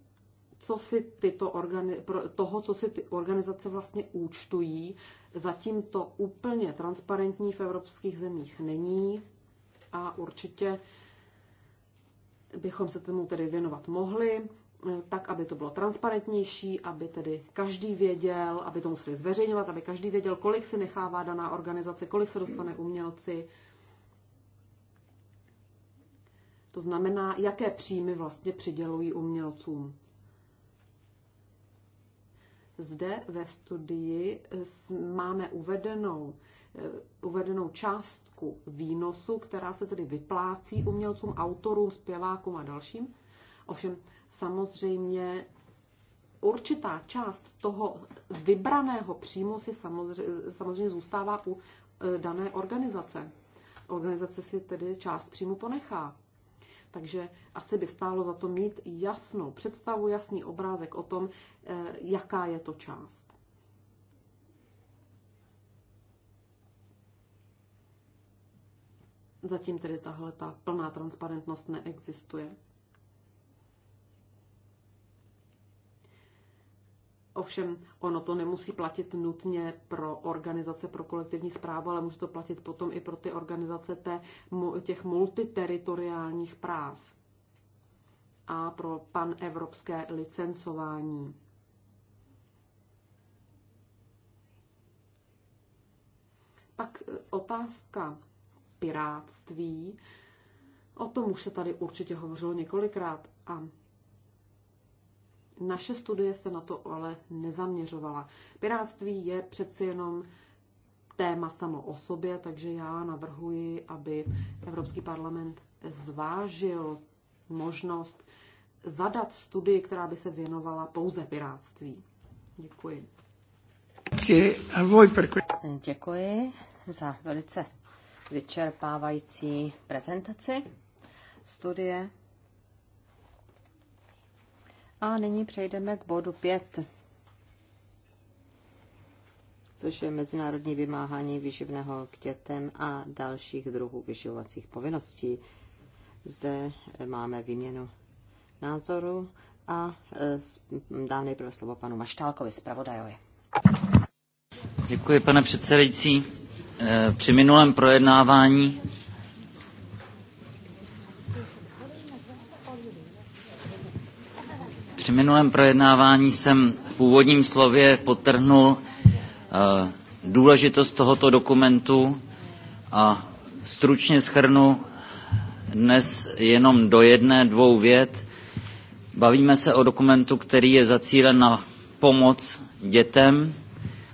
co si tyto organi- toho, co si ty organizace vlastně účtují. Zatím to úplně transparentní v evropských zemích není a určitě bychom se tomu tedy věnovat mohli, eh, tak, aby to bylo transparentnější, aby tedy každý věděl, aby to museli zveřejňovat, aby každý věděl, kolik si nechává daná organizace, kolik se dostane umělci. To znamená, jaké příjmy vlastně přidělují umělcům. Zde ve studii máme uvedenou Eh, uvedenou částku výnosu, která se tedy vyplácí umělcům, autorům, zpěvákům a dalším. Ovšem samozřejmě určitá část toho vybraného příjmu si samozřejmě, samozřejmě zůstává u eh, dané organizace. Organizace si tedy část příjmu ponechá. Takže asi by stálo za to mít jasnou představu, jasný obrázek o tom, eh, jaká je to část. Zatím tedy tahle ta plná transparentnost neexistuje. Ovšem, ono to nemusí platit nutně pro organizace pro kolektivní zprávu, ale může to platit potom i pro ty organizace té, těch multiteritoriálních práv a pro panevropské licencování. Pak e, otázka piráctví. O tom už se tady určitě hovořilo několikrát a naše studie se na to ale nezaměřovala. Piráctví je přeci jenom téma samo o sobě, takže já navrhuji, aby Evropský parlament zvážil možnost zadat studii, která by se věnovala pouze piráctví. Děkuji. Děkuji za velice vyčerpávající prezentaci studie. A nyní přejdeme k bodu 5, což je mezinárodní vymáhání vyživného k dětem a dalších druhů vyživovacích povinností. Zde máme výměnu názoru a e, dám nejprve slovo panu Maštálkovi, zpravodajovi. Děkuji, pane předsedající Eh, při minulém projednávání Při minulém projednávání jsem v původním slově potrhnul eh, důležitost tohoto dokumentu a stručně schrnu dnes jenom do jedné, dvou vět. Bavíme se o dokumentu, který je zacílen na pomoc dětem,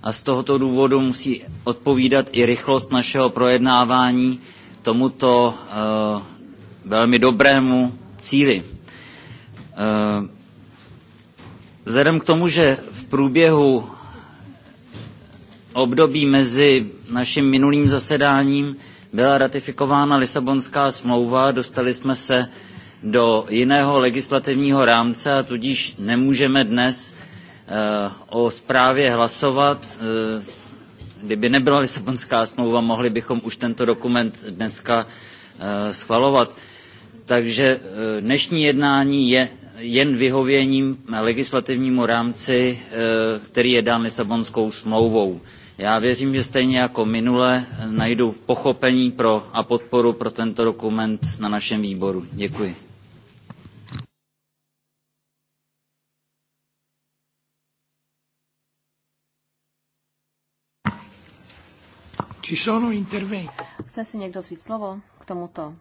a z tohoto důvodu musí odpovídat i rychlost našeho projednávání tomuto e, velmi dobrému cíli. E, vzhledem k tomu, že v průběhu období mezi naším minulým zasedáním byla ratifikována Lisabonská smlouva, dostali jsme se do jiného legislativního rámce a tudíž nemůžeme dnes Eh, o zprávě hlasovat. Eh, kdyby nebyla Lisabonská smlouva, mohli bychom už tento dokument dneska eh, schvalovat. Takže dnešní jednání je jen vyhověním legislativnímu rámci, který je dán Lisabonskou smlouvou. Já věřím, že stejně jako minule najdu pochopení pro a podporu pro tento dokument na našem výboru. Děkuji. Ci sono interventi. Chce si někdo vzít slovo k tomuto?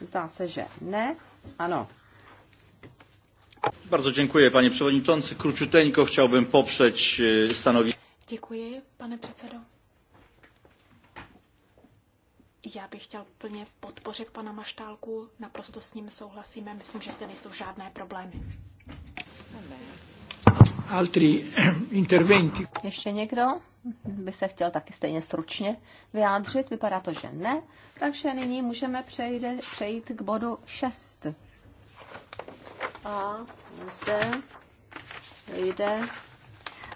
Zdá se, že ne. Ano. Bardzo dziękuję, panie przewodniczący. Króciuteńko chciałbym poprzeć e, stanowisko. Děkuji, pane předsedo. Já bych chtěl plně podpořit pana Maštálku, naprosto s ním souhlasíme, myslím, že zde nejsou žádné problémy altri interventi. Ještě někdo by se chtěl taky stejně stručně vyjádřit? Vypadá to, že ne. Takže nyní můžeme přejde, přejít k bodu 6. A zde jde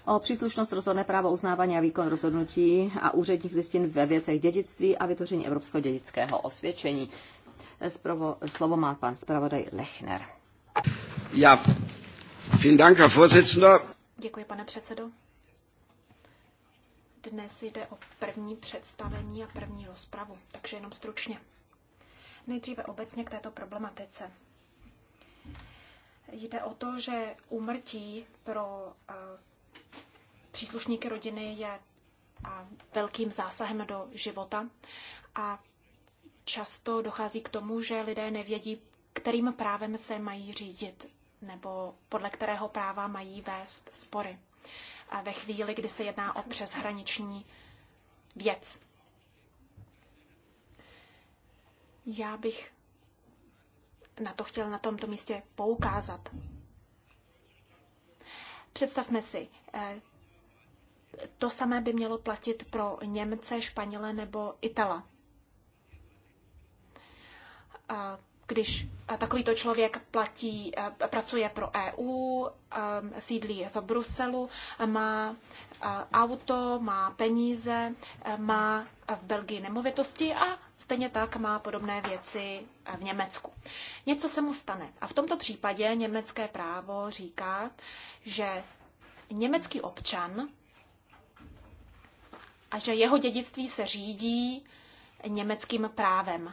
o příslušnost rozhodné právo uznávání a výkon rozhodnutí a úředních listin ve věcech dědictví a vytvoření evropského dědického osvědčení. Zprovo, slovo má pan zpravodaj Lechner. Já Děkuji, pane předsedo. Dnes jde o první představení a první rozpravu, takže jenom stručně. Nejdříve obecně k této problematice. Jde o to, že úmrtí pro eh, příslušníky rodiny je eh, velkým zásahem do života a často dochází k tomu, že lidé nevědí, kterým právem se mají řídit nebo podle kterého práva mají vést spory a ve chvíli, kdy se jedná o přeshraniční věc. Já bych na to chtěl na tomto místě poukázat. Představme si, eh, to samé by mělo platit pro Němce, Španěle nebo Itala eh, když eh, takovýto člověk platí, eh, pracuje pro EU, eh, sídlí v Bruselu, má auto, má peníze, má v Belgii nemovitosti a stejně tak má podobné věci v Německu. Něco se mu stane. A v tomto případě německé právo říká, že německý občan a že jeho dědictví se řídí německým právem.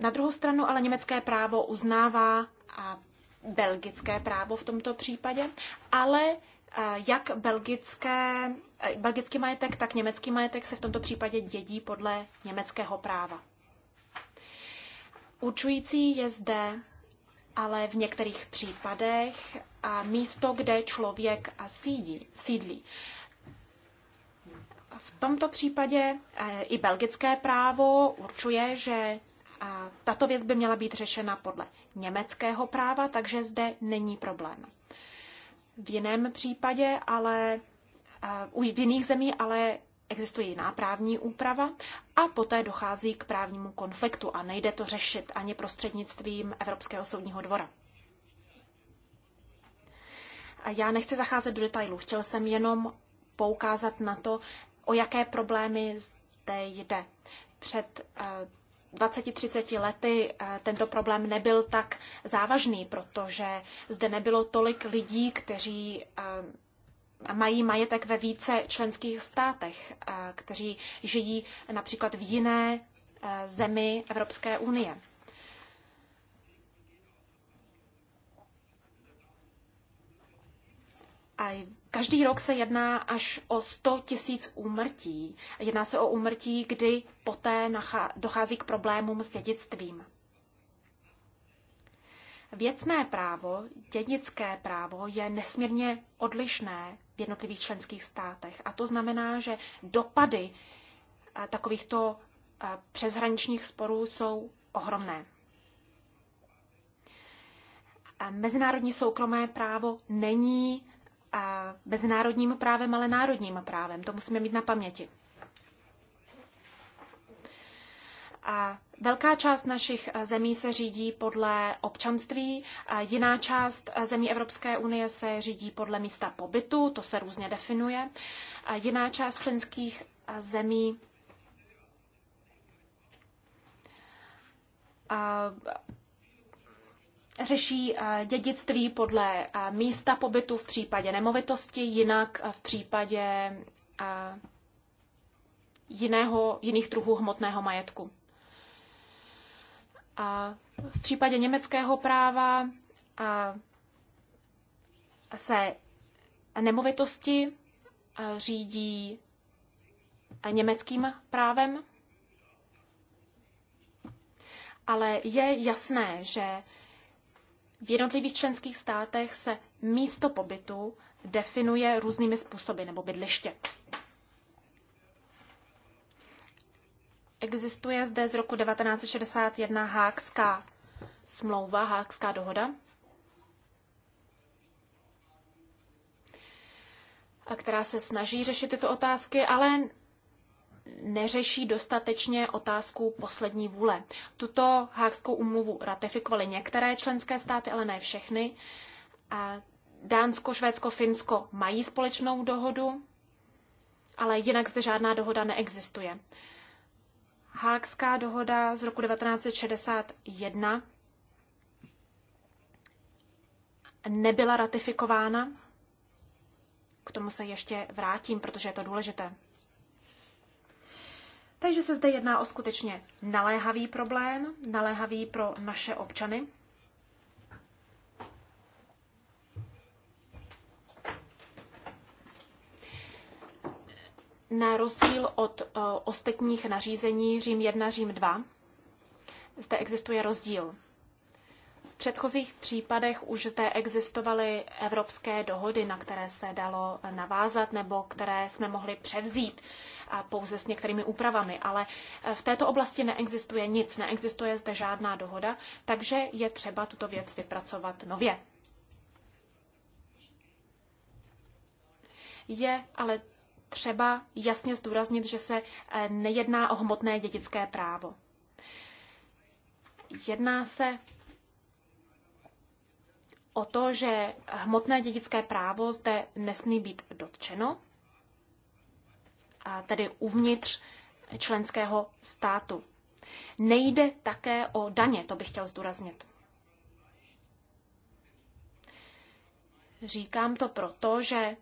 Na druhou stranu ale německé právo uznává a belgické právo v tomto případě, ale e, jak belgické, e, belgický majetek, tak německý majetek se v tomto případě dědí podle německého práva. Učující je zde ale v některých případech a místo, kde člověk sídí, sídlí. V tomto případě eh, i belgické právo určuje, že eh, tato věc by měla být řešena podle německého práva, takže zde není problém. V jiném případě ale, eh, u jiných zemí ale existuje jiná právní úprava a poté dochází k právnímu konfliktu a nejde to řešit ani prostřednictvím Evropského soudního dvora. Já nechci zacházet do detailů, chtěl jsem jenom poukázat na to, o jaké problémy zde jde. Před 20-30 eh, lety eh, tento problém nebyl tak závažný, protože zde nebylo tolik lidí, kteří eh, mají majetek ve více členských státech, kteří žijí například v jiné zemi Evropské unie. A Každý rok se jedná až o 100 tisíc úmrtí. Jedná se o úmrtí, kdy poté dochází k problémům s dědictvím. Věcné právo, dědické právo je nesmírně odlišné v jednotlivých členských státech. A to znamená, že dopady eh, takovýchto eh, přeshraničních sporů jsou ohromné. Eh, mezinárodní soukromé právo není mezinárodním právem, ale národním právem. To musíme mít na paměti. A velká část našich eh, zemí se řídí podle občanství, a jiná část eh, zemí Evropské unie se řídí podle místa pobytu, to se různě definuje. A jiná část členských eh, zemí řeší eh, dědictví podle eh, místa pobytu v případě nemovitosti, jinak eh, v případě jiného, jiných druhů hmotného majetku. A v případě německého práva a se nemovitosti řídí německým právem, ale je jasné, že v jednotlivých členských státech se místo pobytu definuje různými způsoby nebo bydliště. Existuje zde z roku 1961 Hákská smlouva, Hákská dohoda, a která se snaží řešit tyto otázky, ale neřeší dostatečně otázku poslední vůle. Tuto hákskou umluvu ratifikovaly některé členské státy, ale ne všechny. Dánsko, Švédsko, Finsko mají společnou dohodu, ale jinak zde žádná dohoda neexistuje. Hákská dohoda z roku 1961 nebyla ratifikována. K tomu se ještě vrátím, protože je to důležité. Takže se zde jedná o skutečně naléhavý problém, naléhavý pro naše občany. Na rozdíl od eh, ostatních nařízení Řím 1, Řím 2, zde existuje rozdíl předchozích případech už zde existovaly evropské dohody, na které se dalo navázat nebo které jsme mohli převzít a pouze s některými úpravami, ale eh, v této oblasti neexistuje nic, neexistuje zde žádná dohoda, takže je třeba tuto věc vypracovat nově. Je ale třeba jasně zdůraznit, že se eh, nejedná o hmotné dědické právo. Jedná se o to, že hmotné dědické právo zde nesmí být dotčeno, a tedy uvnitř členského státu. Nejde také o daně, to bych chtěl zdůraznit. Říkám to proto, že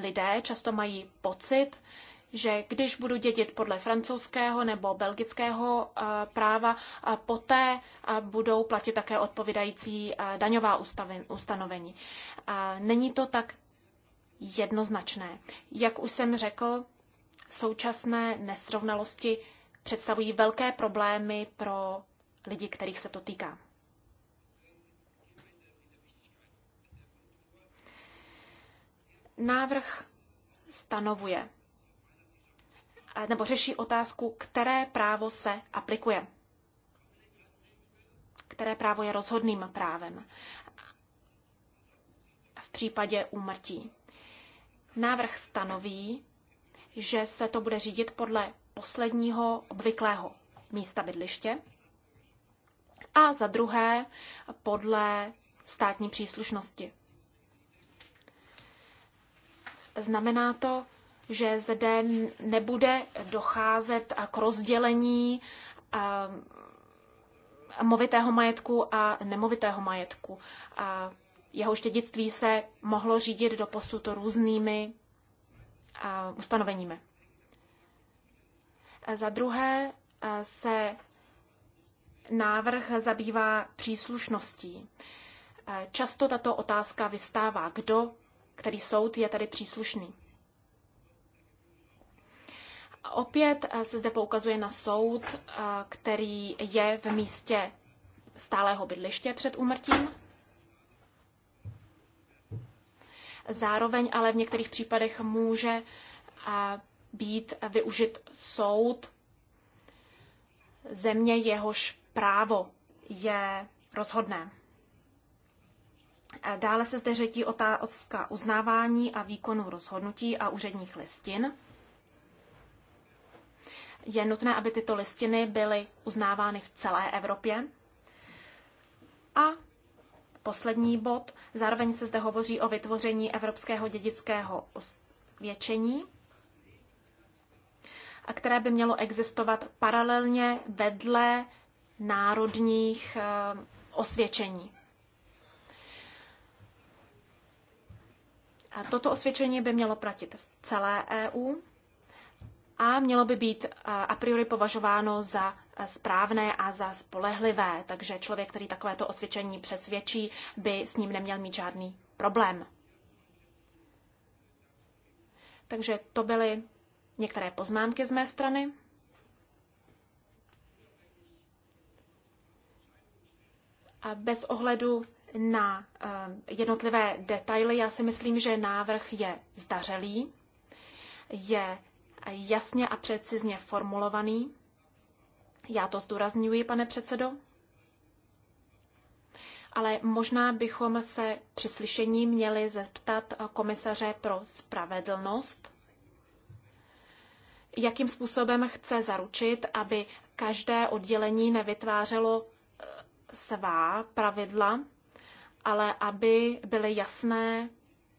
lidé často mají pocit, že když budu dědit podle francouzského nebo belgického eh, práva, poté eh, budou platit také odpovídající eh, daňová ustanovení. Není to tak jednoznačné. Jak už jsem řekl, současné nesrovnalosti představují velké problémy pro lidi, kterých se to týká. Návrh stanovuje Eh, nebo řeší otázku, které právo se aplikuje. Které právo je rozhodným právem v případě úmrtí. Návrh stanoví, že se to bude řídit podle posledního obvyklého místa bydliště a za druhé podle státní příslušnosti. Znamená to, že zde nebude docházet k rozdělení eh, movitého majetku a nemovitého majetku. Eh, jeho štědictví se mohlo řídit do posud různými eh, ustanoveními. Za druhé se návrh zabývá příslušností. Často tato otázka vyvstává, kdo, který soud je tady příslušný. Opět eh, se zde poukazuje na soud, eh, který je v místě stálého bydliště před úmrtím. Zároveň ale v některých případech může eh, být využit soud země, jehož právo je rozhodné. Dále se zde řetí otázka uznávání a výkonu rozhodnutí a úředních listin. Je nutné, aby tyto listiny byly uznávány v celé Evropě. A poslední bod, zároveň se zde hovoří o vytvoření evropského dědického osvědčení, a které by mělo existovat paralelně vedle národních eh, osvědčení. A toto osvědčení by mělo platit v celé EU a mělo by být eh, a priori považováno za eh, správné a za spolehlivé, takže člověk, který takovéto osvědčení přesvědčí, by s ním neměl mít žádný problém. Takže to byly některé poznámky z mé strany. A bez ohledu na eh, jednotlivé detaily, já si myslím, že návrh je zdařelý, je jasně a precizně formulovaný. Já to zdůrazňuji, pane předsedo. Ale možná bychom se při slyšení měli zeptat komisaře pro spravedlnost, jakým způsobem chce zaručit, aby každé oddělení nevytvářelo eh, svá pravidla, ale aby byly jasné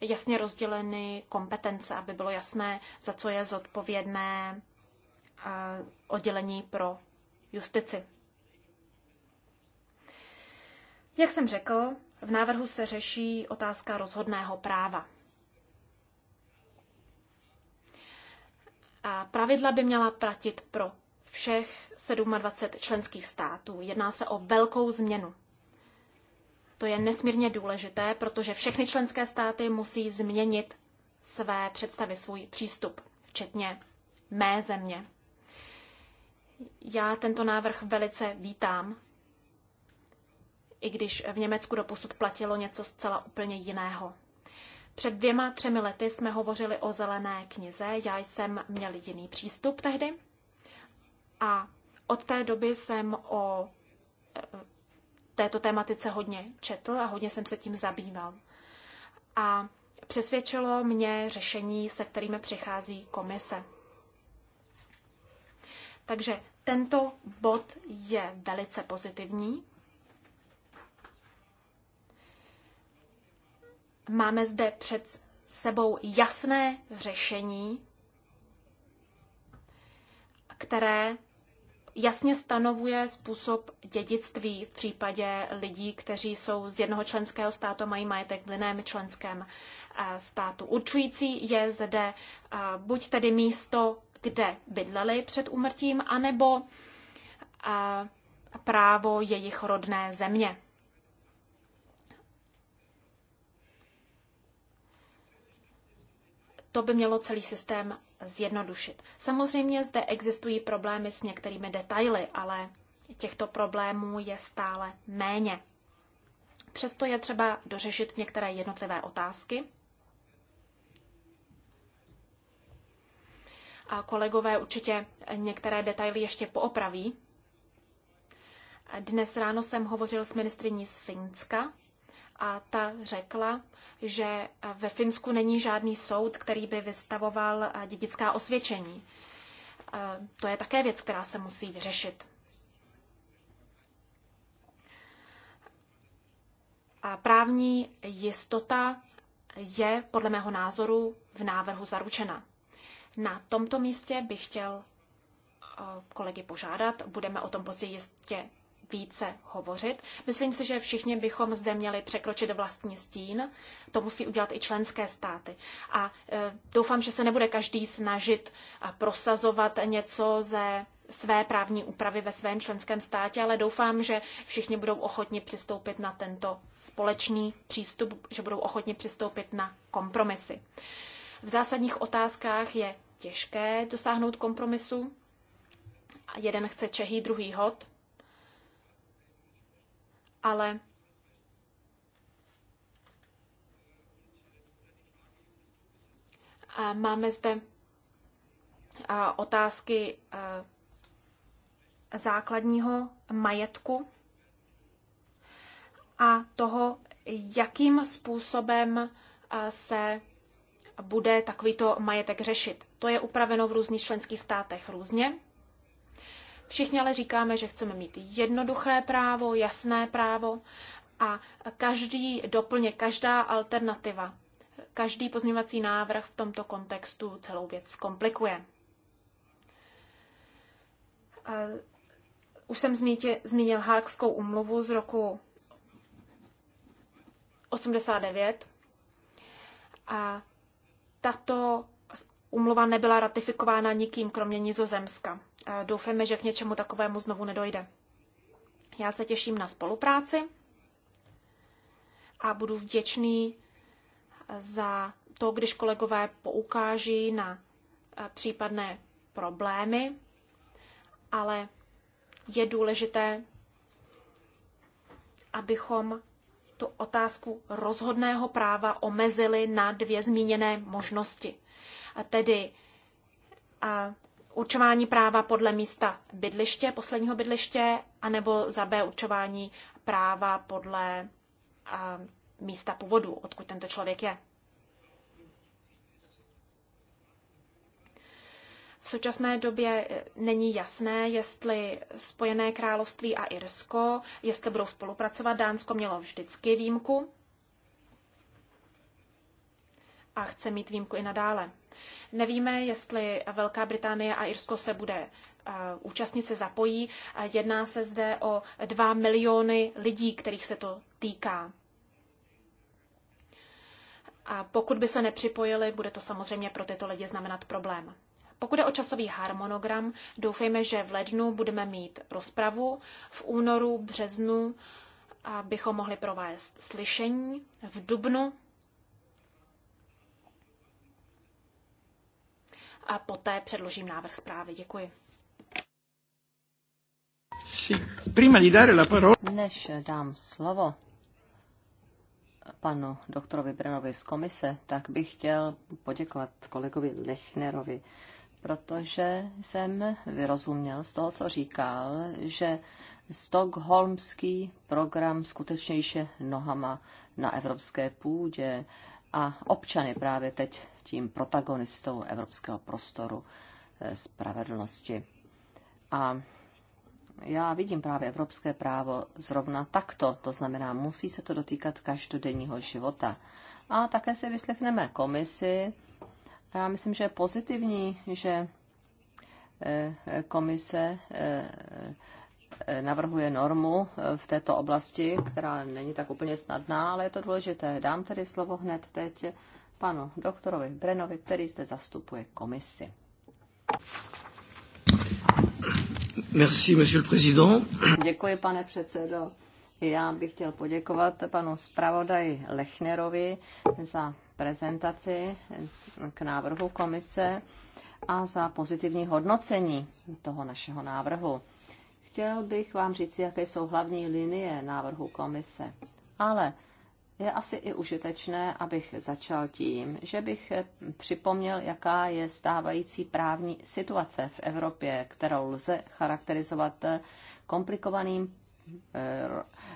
jasně rozděleny kompetence, aby bylo jasné, za co je zodpovědné eh, oddělení pro justici. Jak jsem řekl, v návrhu se řeší otázka rozhodného práva. A pravidla by měla platit pro všech 27 členských států. Jedná se o velkou změnu. To je nesmírně důležité, protože všechny členské státy musí změnit své představy, svůj přístup, včetně mé země. Já tento návrh velice vítám, i když v Německu doposud platilo něco zcela úplně jiného. Před dvěma, třemi lety jsme hovořili o zelené knize, já jsem měl jiný přístup tehdy a od té doby jsem o této tématice hodně četl a hodně jsem se tím zabýval. A přesvědčilo mě řešení, se kterými přichází komise. Takže tento bod je velice pozitivní. Máme zde před sebou jasné řešení, které jasně stanovuje způsob dědictví v případě lidí, kteří jsou z jednoho členského státu a mají majetek v jiném členském eh, státu. Určující je zde eh, buď tedy místo, kde bydleli před úmrtím, anebo eh, právo jejich rodné země. To by mělo celý systém zjednodušit. Samozřejmě zde existují problémy s některými detaily, ale těchto problémů je stále méně. Přesto je třeba dořešit některé jednotlivé otázky. A kolegové určitě některé detaily ještě poopraví. Dnes ráno jsem hovořil s ministriní z Finska a ta řekla, že ve Finsku není žádný soud, který by vystavoval eh, dědická osvědčení. Eh, to je také věc, která se musí vyřešit. A právní jistota je podle mého názoru v návrhu zaručena. Na tomto místě bych chtěl eh, kolegy požádat, budeme o tom později jistě více hovořit. Myslím si, že všichni bychom zde měli překročit vlastní stín. To musí udělat i členské státy. A e, doufám, že se nebude každý snažit prosazovat něco ze své právní úpravy ve svém členském státě, ale doufám, že všichni budou ochotni přistoupit na tento společný přístup, že budou ochotni přistoupit na kompromisy. V zásadních otázkách je těžké dosáhnout kompromisu. Jeden chce Čehy, druhý hod ale máme zde otázky základního majetku a toho, jakým způsobem se bude takovýto majetek řešit. To je upraveno v různých členských státech různě. Všichni ale říkáme, že chceme mít jednoduché právo, jasné právo a každý doplně, každá alternativa, každý pozměňovací návrh v tomto kontextu celou věc komplikuje. Už jsem zmínil Hákskou umluvu z roku 89 a tato Umluva nebyla ratifikována nikým, kromě Nizozemska. Doufejme, že k něčemu takovému znovu nedojde. Já se těším na spolupráci a budu vděčný za to, když kolegové poukáží na e, případné problémy, ale je důležité, abychom tu otázku rozhodného práva omezili na dvě zmíněné možnosti tedy určování práva podle místa bydliště, posledního bydliště, anebo za B určování práva podle místa původu, odkud tento člověk je. V současné době e, není jasné, jestli Spojené království a Irsko, jestli budou spolupracovat. Dánsko mělo vždycky výjimku a chce mít výjimku i nadále. Nevíme, jestli Velká Británie a Irsko se bude eh, účastnit se zapojí. Jedná se zde o 2 miliony lidí, kterých se to týká. A pokud by se nepřipojili, bude to samozřejmě pro tyto lidi znamenat problém. Pokud je o časový harmonogram, doufejme, že v lednu budeme mít rozpravu, v únoru, březnu bychom mohli provést slyšení, v dubnu a poté předložím návrh zprávy. Děkuji. Než dám slovo panu doktorovi Brenovi z komise, tak bych chtěl poděkovat kolegovi Lechnerovi, protože jsem vyrozuměl z toho, co říkal, že stokholmský program skutečně již je nohama na evropské půdě a občany právě teď tím protagonistou evropského prostoru eh, spravedlnosti. A já vidím právě evropské právo zrovna takto, to znamená, musí se to dotýkat každodenního života. A také si vyslechneme komisi. Já myslím, že je pozitivní, že eh, komise eh, navrhuje normu v této oblasti, která není tak úplně snadná, ale je to důležité. Dám tedy slovo hned teď panu doktorovi Brenovi, který zde zastupuje komisi. Merci, monsieur le président. Děkuji, pane předsedo. Já bych chtěl poděkovat panu zpravodaji Lechnerovi za prezentaci k návrhu komise a za pozitivní hodnocení toho našeho návrhu. Chtěl bych vám říct, jaké jsou hlavní linie návrhu komise. Ale je asi i užitečné, abych začal tím, že bych připomněl, jaká je stávající právní situace v Evropě, kterou lze charakterizovat komplikovaným, eh,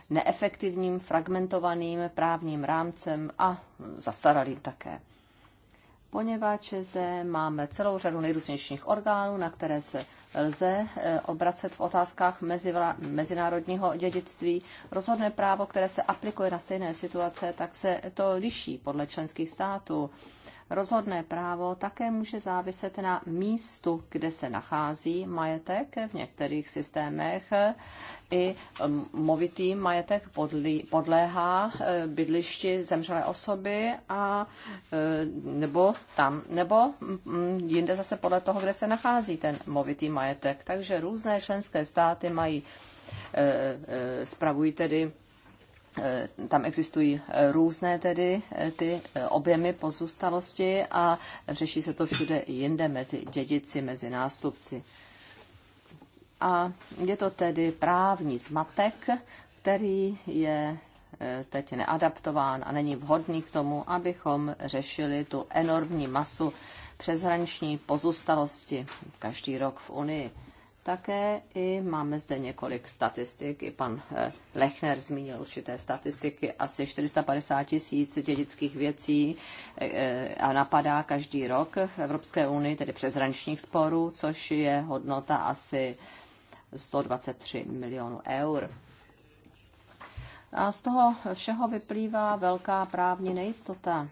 neefektivním, fragmentovaným právním rámcem a zastaralým také poněvadž zde máme celou řadu nejrůznějších orgánů, na které se lze eh, obracet v otázkách mezinárodního dědictví. Rozhodné právo, které se aplikuje na stejné situace, tak se to liší podle členských států. Rozhodné právo také může záviset na místu, kde se nachází majetek. V některých systémech i um, movitý majetek podléhá eh, bydlišti zemřelé osoby a eh, nebo tam, nebo mm, jinde zase podle toho, kde se nachází ten movitý majetek. Takže různé členské státy mají eh, spravují tedy Eh, tam existují eh, různé tedy eh, ty objemy pozůstalosti a řeší se to všude jinde mezi dědici, mezi nástupci. A je to tedy právní zmatek, který je teď neadaptován a není vhodný k tomu, abychom řešili tu enormní masu přeshraniční pozůstalosti každý rok v Unii. Také i máme zde několik statistik. I pan eh, Lechner zmínil určité statistiky. Asi 450 tisíc dědických věcí eh, eh, a napadá každý rok v Evropské unii, tedy přeshraničních sporů, což je hodnota asi 123 milionů eur. A z toho všeho vyplývá velká právní nejistota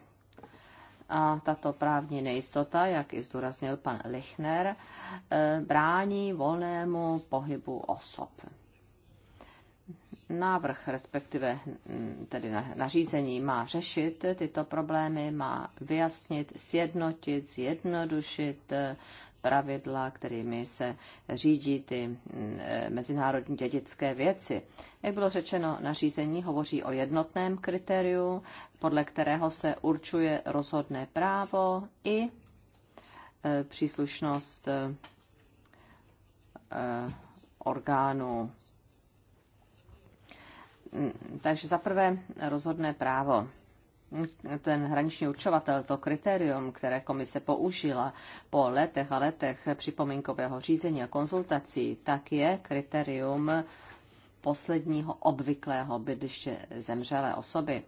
a tato právní nejistota, jak i zdůraznil pan Lichner, eh, brání volnému pohybu osob. Návrh, respektive mm, tedy nařízení, má řešit tyto problémy, má vyjasnit, sjednotit, zjednodušit pravidla, kterými se řídí ty mm, eh, mezinárodní dědické věci. Jak bylo řečeno, nařízení hovoří o jednotném kritériu, podle kterého se určuje rozhodné právo i eh, příslušnost eh, orgánů. Mm, takže za prvé rozhodné právo ten hraniční určovatel, to kritérium, které komise použila po letech a letech připomínkového řízení a konzultací, tak je kritérium posledního obvyklého bydliště zemřelé osoby.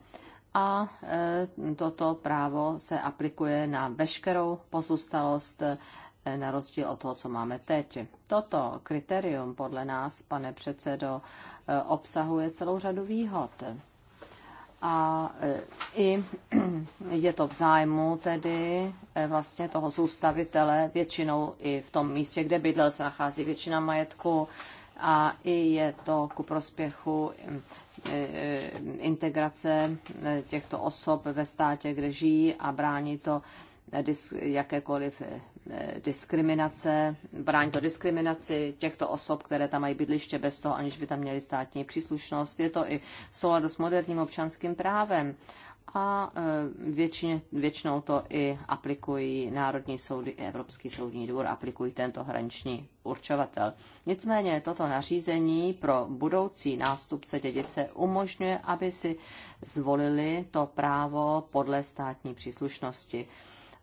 A e, toto právo se aplikuje na veškerou pozůstalost e, na rozdíl od toho, co máme teď. Toto kritérium podle nás, pane předsedo, e, obsahuje celou řadu výhod a e, i je to v zájmu tedy e, vlastně toho zůstavitele, většinou i v tom místě, kde bydlel, se nachází většina majetku a i je to ku prospěchu e, integrace těchto osob ve státě, kde žijí a brání to Eh, jakékoliv eh, diskriminace, brání to diskriminaci těchto osob, které tam mají bydliště bez toho, aniž by tam měli státní příslušnost. Je to i v souladu s moderním občanským právem a eh, většině, většinou to i aplikují Národní soudy i Evropský soudní dvůr, aplikují tento hraniční určovatel. Nicméně toto nařízení pro budoucí nástupce dědice umožňuje, aby si zvolili to právo podle státní příslušnosti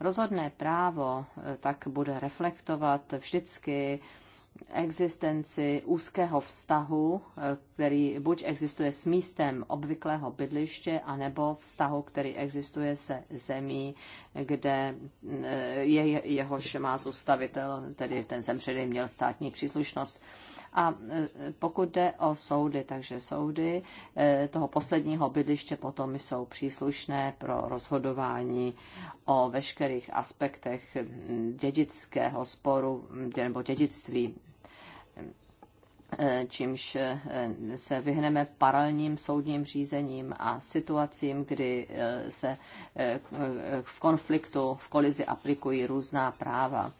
rozhodné právo eh, tak bude reflektovat vždycky existenci úzkého vztahu, eh, který buď existuje s místem obvyklého bydliště, anebo vztahu, který existuje se zemí, kde eh, je, jehož má zůstavitel, tedy ten zem předej měl státní příslušnost. A pokud jde o soudy, takže soudy toho posledního bydliště potom jsou příslušné pro rozhodování o veškerých aspektech dědického sporu nebo dědictví, čímž eh, se vyhneme paralelním soudním řízením a situacím, kdy eh, se eh, v konfliktu, v kolizi aplikují různá práva.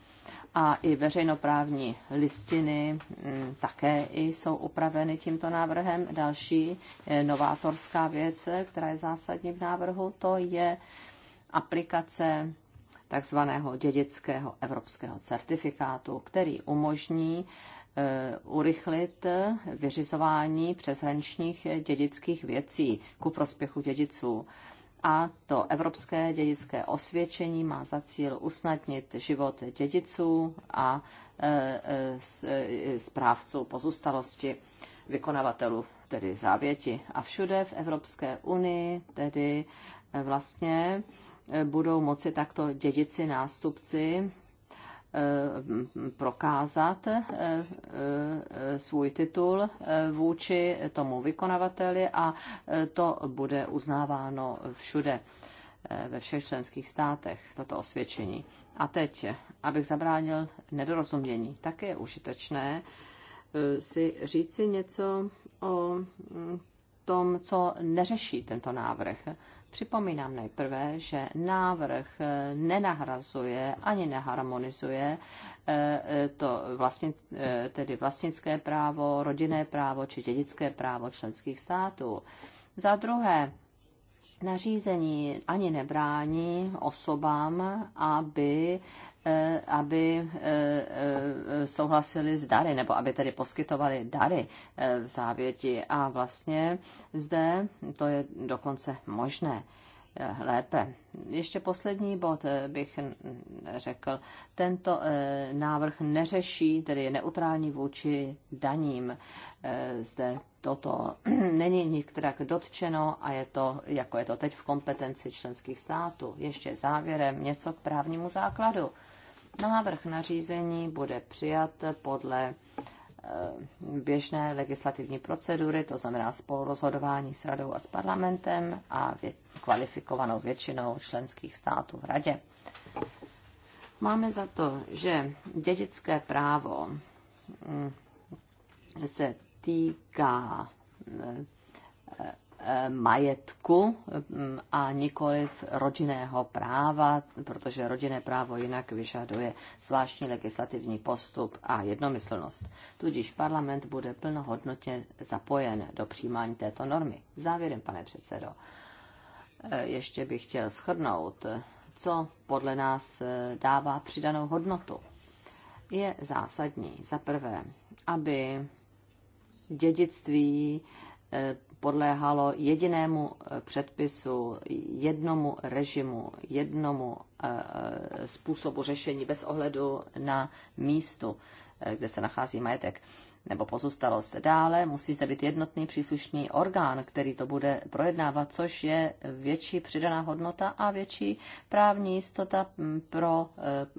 A i veřejnoprávní listiny hm, také jsou upraveny tímto návrhem. Další novátorská věc, která je zásadní v návrhu, to je aplikace takzvaného dědického evropského certifikátu, který umožní eh, urychlit vyřizování přeshraničních dědických věcí ku prospěchu dědiců. A to Evropské dědické osvědčení má za cíl usnadnit život dědiců a eh, eh, správců pozůstalosti, vykonavatelů, tedy závěti. A všude v Evropské unii tedy vlastně budou moci takto dědici, nástupci eh, prokázat eh, eh, svůj titul vůči tomu vykonavateli a to bude uznáváno všude ve všech členských státech, toto osvědčení. A teď, abych zabránil nedorozumění, tak je užitečné si říci něco o mm, tom, co neřeší tento návrh. Připomínám nejprve, že návrh eh, nenahrazuje ani neharmonizuje eh, eh, to vlastně tedy vlastnické právo, rodinné právo či dědické právo členských států. Za druhé, nařízení ani nebrání osobám, aby Eh, aby eh, eh, souhlasili s dary, nebo aby tedy poskytovali dary v závěti. A vlastně zde to je dokonce možné lépe. Ještě poslední bod bych řekl. Tento návrh neřeší, tedy je neutrální vůči daním. Zde toto není nikterak dotčeno a je to, jako je to teď v kompetenci členských států. Ještě závěrem něco k právnímu základu. Návrh nařízení bude přijat podle eh, běžné legislativní procedury, to znamená spolurozhodování s radou a s parlamentem a vě- kvalifikovanou většinou členských států v radě. Máme za to, že dědické právo mm, se týká eh, majetku mm, a nikoliv rodinného práva, protože rodinné právo jinak vyžaduje zvláštní legislativní postup a jednomyslnost. Tudíž parlament bude plnohodnotně zapojen do přijímání této normy. Závěrem, pane předsedo, eh, ještě bych chtěl shrnout, co podle nás eh, dává přidanou hodnotu. Je zásadní, za prvé, aby dědictví eh, podléhalo jedinému eh, předpisu, jednomu režimu, jednomu eh, eh, způsobu řešení bez ohledu na místo, kde se nachází majetek nebo pozůstalost. Dále musí zde být jednotný příslušný orgán, který to bude projednávat, což je větší přidaná hodnota a větší právní jistota mm, pro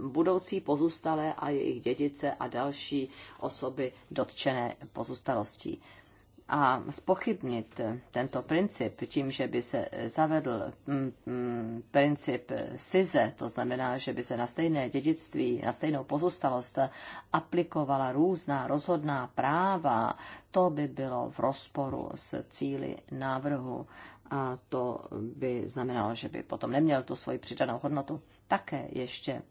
budoucí pozůstalé a jejich dědice a další osoby dotčené pozůstalostí a spochybnit tento princip tím, že by se zavedl mm, mm, princip SIZE, to znamená, že by se na stejné dědictví, na stejnou pozůstalost aplikovala různá rozhodná práva, to by bylo v rozporu s cíly návrhu a to by znamenalo, že by potom neměl tu svoji přidanou hodnotu. Také ještě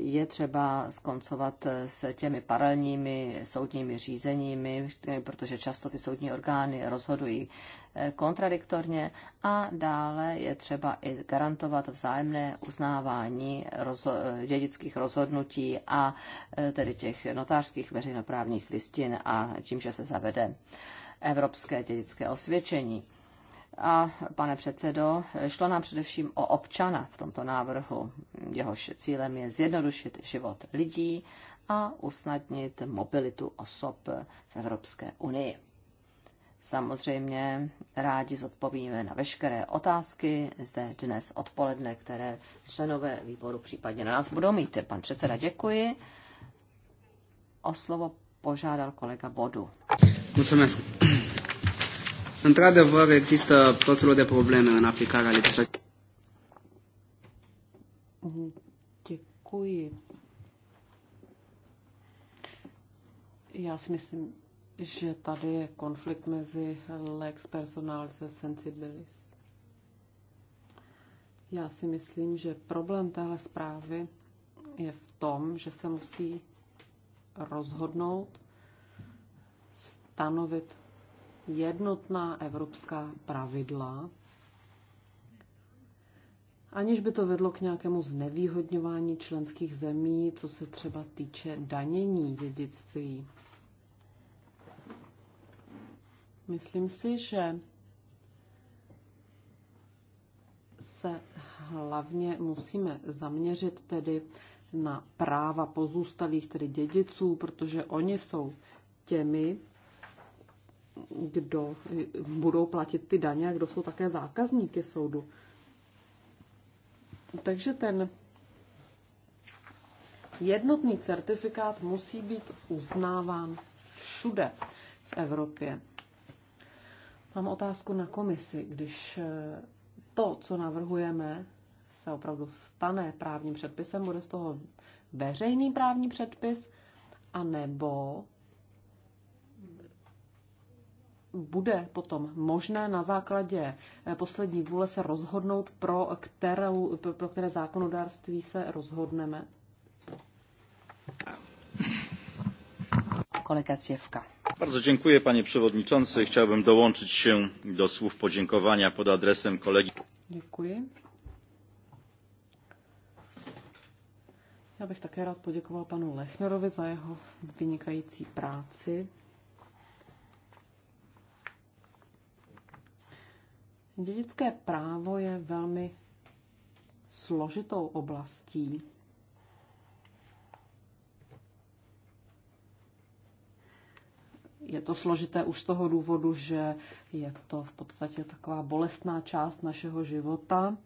je třeba skoncovat s těmi paralelními soudními řízeními, protože často ty soudní orgány rozhodují eh, kontradiktorně a dále je třeba i garantovat vzájemné uznávání rozho- dědických rozhodnutí a eh, tedy těch notářských veřejnoprávních listin a tím, že se zavede evropské dědické osvědčení. A pane předsedo, šlo nám především o občana v tomto návrhu. Jehož cílem je zjednodušit život lidí a usnadnit mobilitu osob v Evropské unii. Samozřejmě rádi zodpovíme na veškeré otázky zde dnes odpoledne, které členové výboru případně na nás budou mít. Pan předseda, děkuji. O slovo požádal kolega Bodu. Mulțumesc. Într-adevăr, există tot felul de probleme în aplicarea legislației. Děkuji. Já si myslím, že tady je konflikt mezi lex personalis a sensibilis. Já si myslím, že problém téhle zprávy je v tom, že se musí rozhodnout, stanovit jednotná evropská pravidla, aniž by to vedlo k nějakému znevýhodňování členských zemí, co se třeba týče danění dědictví. Myslím si, že se hlavně musíme zaměřit tedy na práva pozůstalých, tedy dědiců, protože oni jsou těmi, kdo eh, budou platit ty daně a kdo jsou také zákazníky soudu. Takže ten jednotný certifikát musí být uznáván všude v Evropě. Mám otázku na komisi. Když eh, to, co navrhujeme, se opravdu stane právním předpisem, bude z toho veřejný právní předpis, anebo bude potom možné na základě eh, poslední vůle se rozhodnout, pro, kterou, pro které zákonodárství se rozhodneme. Kolega Ciewka. Bardzo dziękuję panie przewodniczący. Chciałbym dołączyć się do słów podziękowania pod adresem kolegi. Dziękuję. Já bych také rád poděkoval panu Lechnerovi za jeho vynikající práci. Dědické právo je velmi složitou oblastí. Je to složité už z toho důvodu, že je to v podstatě taková bolestná část našeho života,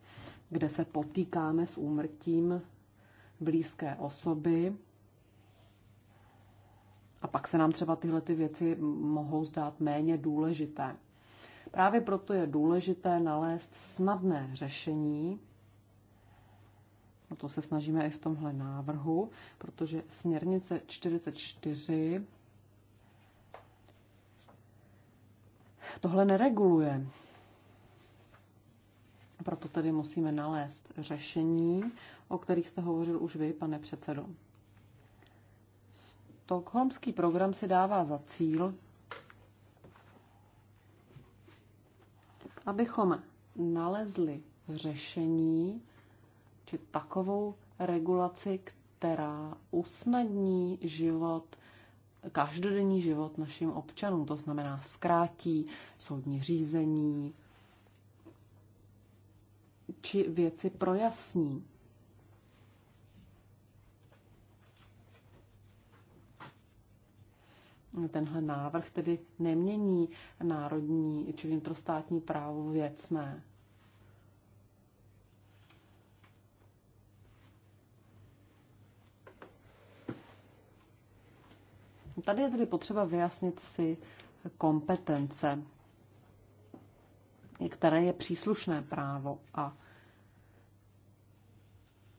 kde se potýkáme s úmrtím blízké osoby. A pak se nám třeba tyhle ty věci mohou zdát méně důležité. Právě proto je důležité nalézt snadné řešení. A to se snažíme i v tomhle návrhu, protože směrnice 44 tohle nereguluje. Proto tedy musíme nalézt řešení, o kterých jste hovořil už vy, pane předsedo. Stockholmský program si dává za cíl abychom nalezli řešení či takovou regulaci, která usnadní život, každodenní život našim občanům. To znamená zkrátí soudní řízení, či věci projasní. tenhle návrh tedy nemění národní či vnitrostátní právo věcné. Tady je tedy potřeba vyjasnit si kompetence, které je příslušné právo a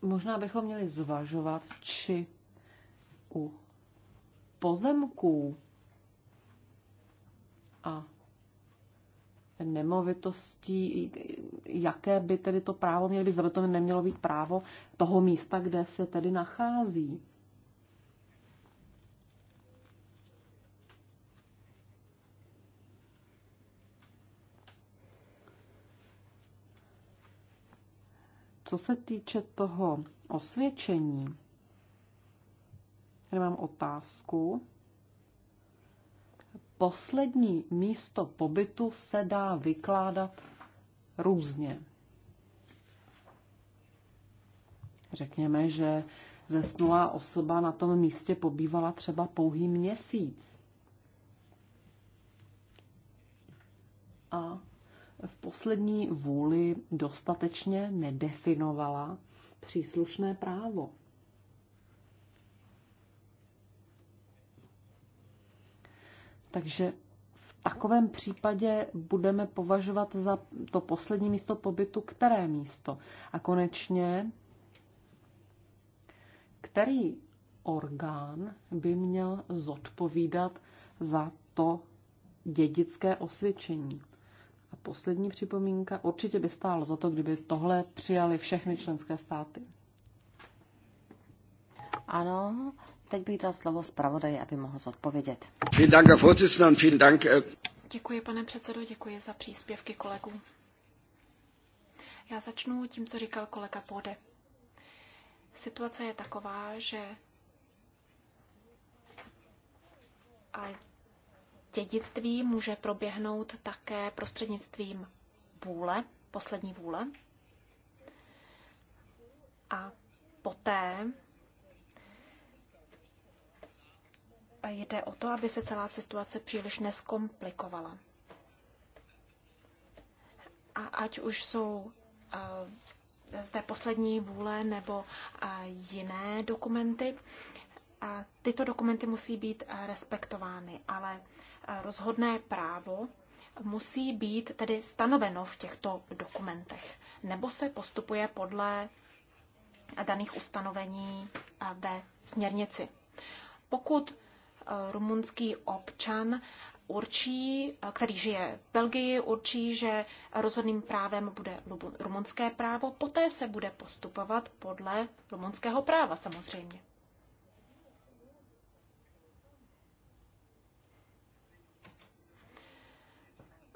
možná bychom měli zvažovat, či u pozemků a nemovitostí, jaké by tedy to právo mělo být, zda by to nemělo být právo toho místa, kde se tedy nachází. Co se týče toho osvědčení, Tady mám otázku. Poslední místo pobytu se dá vykládat různě. Řekněme, že zesnulá osoba na tom místě pobývala třeba pouhý měsíc. A v poslední vůli dostatečně nedefinovala příslušné právo. Takže v takovém případě budeme považovat za to poslední místo pobytu které místo. A konečně, který orgán by měl zodpovídat za to dědické osvědčení. A poslední připomínka, určitě by stálo za to, kdyby tohle přijali všechny členské státy. Ano, Teď bych dal slovo zpravodaji, aby mohl zodpovědět. Äh, děkuji, pane předsedo, děkuji za příspěvky kolegů. Já začnu tím, co říkal kolega Pode. Situace je taková, že a dědictví může proběhnout také prostřednictvím vůle, poslední vůle. A poté jde o to, aby se celá situace příliš neskomplikovala. A ať už jsou eh, zde poslední vůle nebo eh, jiné dokumenty, tyto dokumenty musí být eh, respektovány, ale rozhodné právo musí být tedy stanoveno v těchto dokumentech, nebo se postupuje podle daných ustanovení ve směrnici. Pokud rumunský občan určí, který žije v Belgii, určí, že rozhodným právem bude rumunské právo, poté se bude postupovat podle rumunského práva samozřejmě.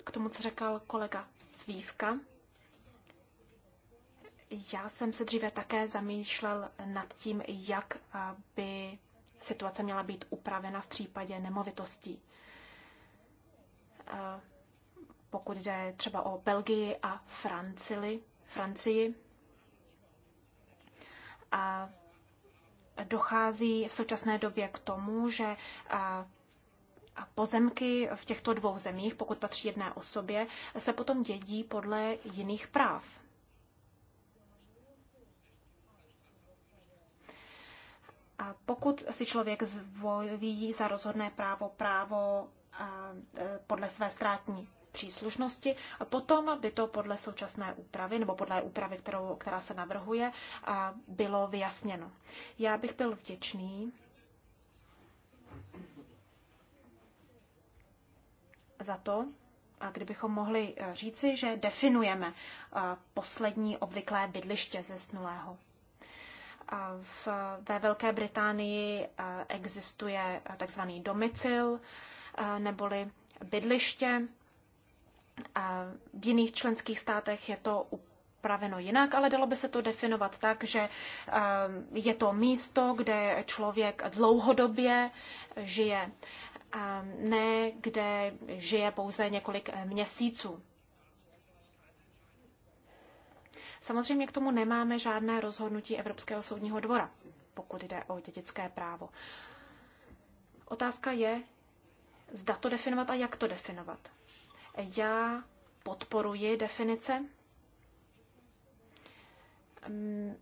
K tomu, co řekl kolega Svívka, já jsem se dříve také zamýšlel nad tím, jak by situace měla být upravena v případě nemovitostí. Eh, pokud jde třeba o Belgii a Francii, Francii a dochází v současné době k tomu, že eh, pozemky v těchto dvou zemích, pokud patří jedné osobě, se potom dědí podle jiných práv. A pokud si člověk zvolí za rozhodné právo právo e, podle své státní příslušnosti, potom by to podle současné úpravy nebo podle úpravy, kterou, která se navrhuje, bylo vyjasněno. Já bych byl vděčný za to, a kdybychom mohli e, říci, že definujeme e, poslední obvyklé bydliště ze snulého. V, ve Velké Británii eh, existuje eh, takzvaný domicil eh, neboli bydliště. V jiných členských státech je to upraveno jinak, ale dalo by se to definovat tak, že je to místo, kde člověk dlouhodobě žije, ne kde žije pouze několik měsíců. Samozřejmě k tomu nemáme žádné rozhodnutí Evropského soudního dvora, pokud jde o dědické právo. Otázka je, zda to definovat a jak to definovat. Já podporuji definice. Mm,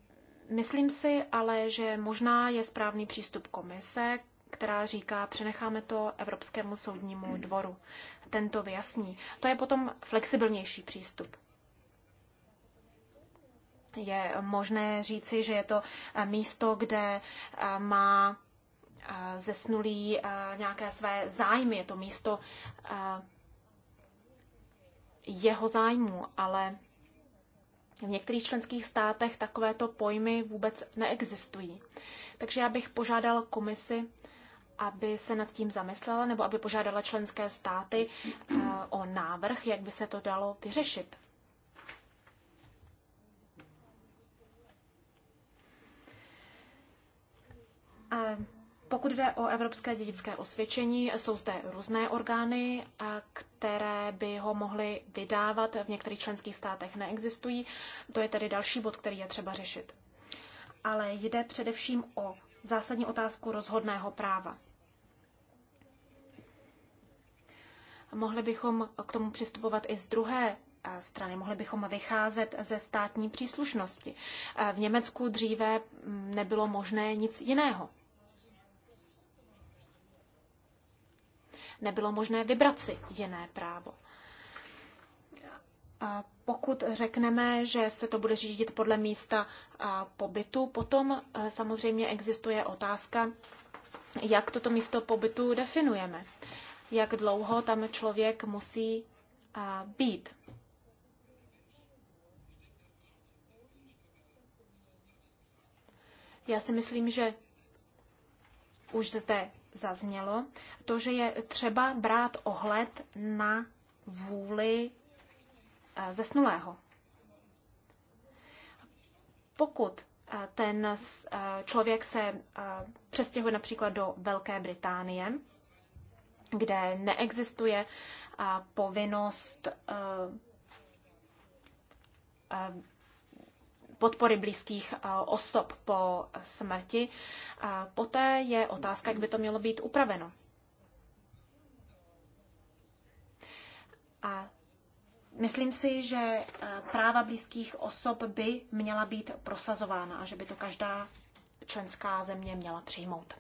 myslím si ale, že možná je správný přístup komise, která říká, přenecháme to Evropskému soudnímu dvoru. Tento vyjasní. To je potom flexibilnější přístup. Je možné říci, že je to eh, místo, kde eh, má eh, zesnulý nějaké své zájmy. Je to místo jeho zájmu, ale v některých členských státech takovéto pojmy vůbec neexistují. Takže já bych požádal komisi, aby se nad tím zamyslela, nebo aby požádala členské státy o návrh, jak by se to dalo vyřešit. Pokud jde o evropské dědické osvědčení, jsou zde různé orgány, které by ho mohly vydávat. V některých členských státech neexistují. To je tedy další bod, který je třeba řešit. Ale jde především o zásadní otázku rozhodného práva. Mohli bychom k tomu přistupovat i z druhé strany. Mohli bychom vycházet ze státní příslušnosti. V Německu dříve mm, nebylo možné nic jiného. Nebylo možné vybrat si jiné právo. Pokud řekneme, že se to bude řídit podle místa pobytu, potom samozřejmě existuje otázka, jak toto místo pobytu definujeme, jak dlouho tam člověk musí být. Já si myslím, že už zde zaznělo to, že je třeba brát ohled na vůli eh, zesnulého. Pokud eh, ten eh, člověk se přestěhuje například do Velké Británie, kde neexistuje povinnost podpory blízkých eh, osob po smrti. Poté je otázka, jak by to mělo být upraveno. A myslím si, že eh, práva blízkých osob by měla být prosazována a že by to každá členská země měla přijmout.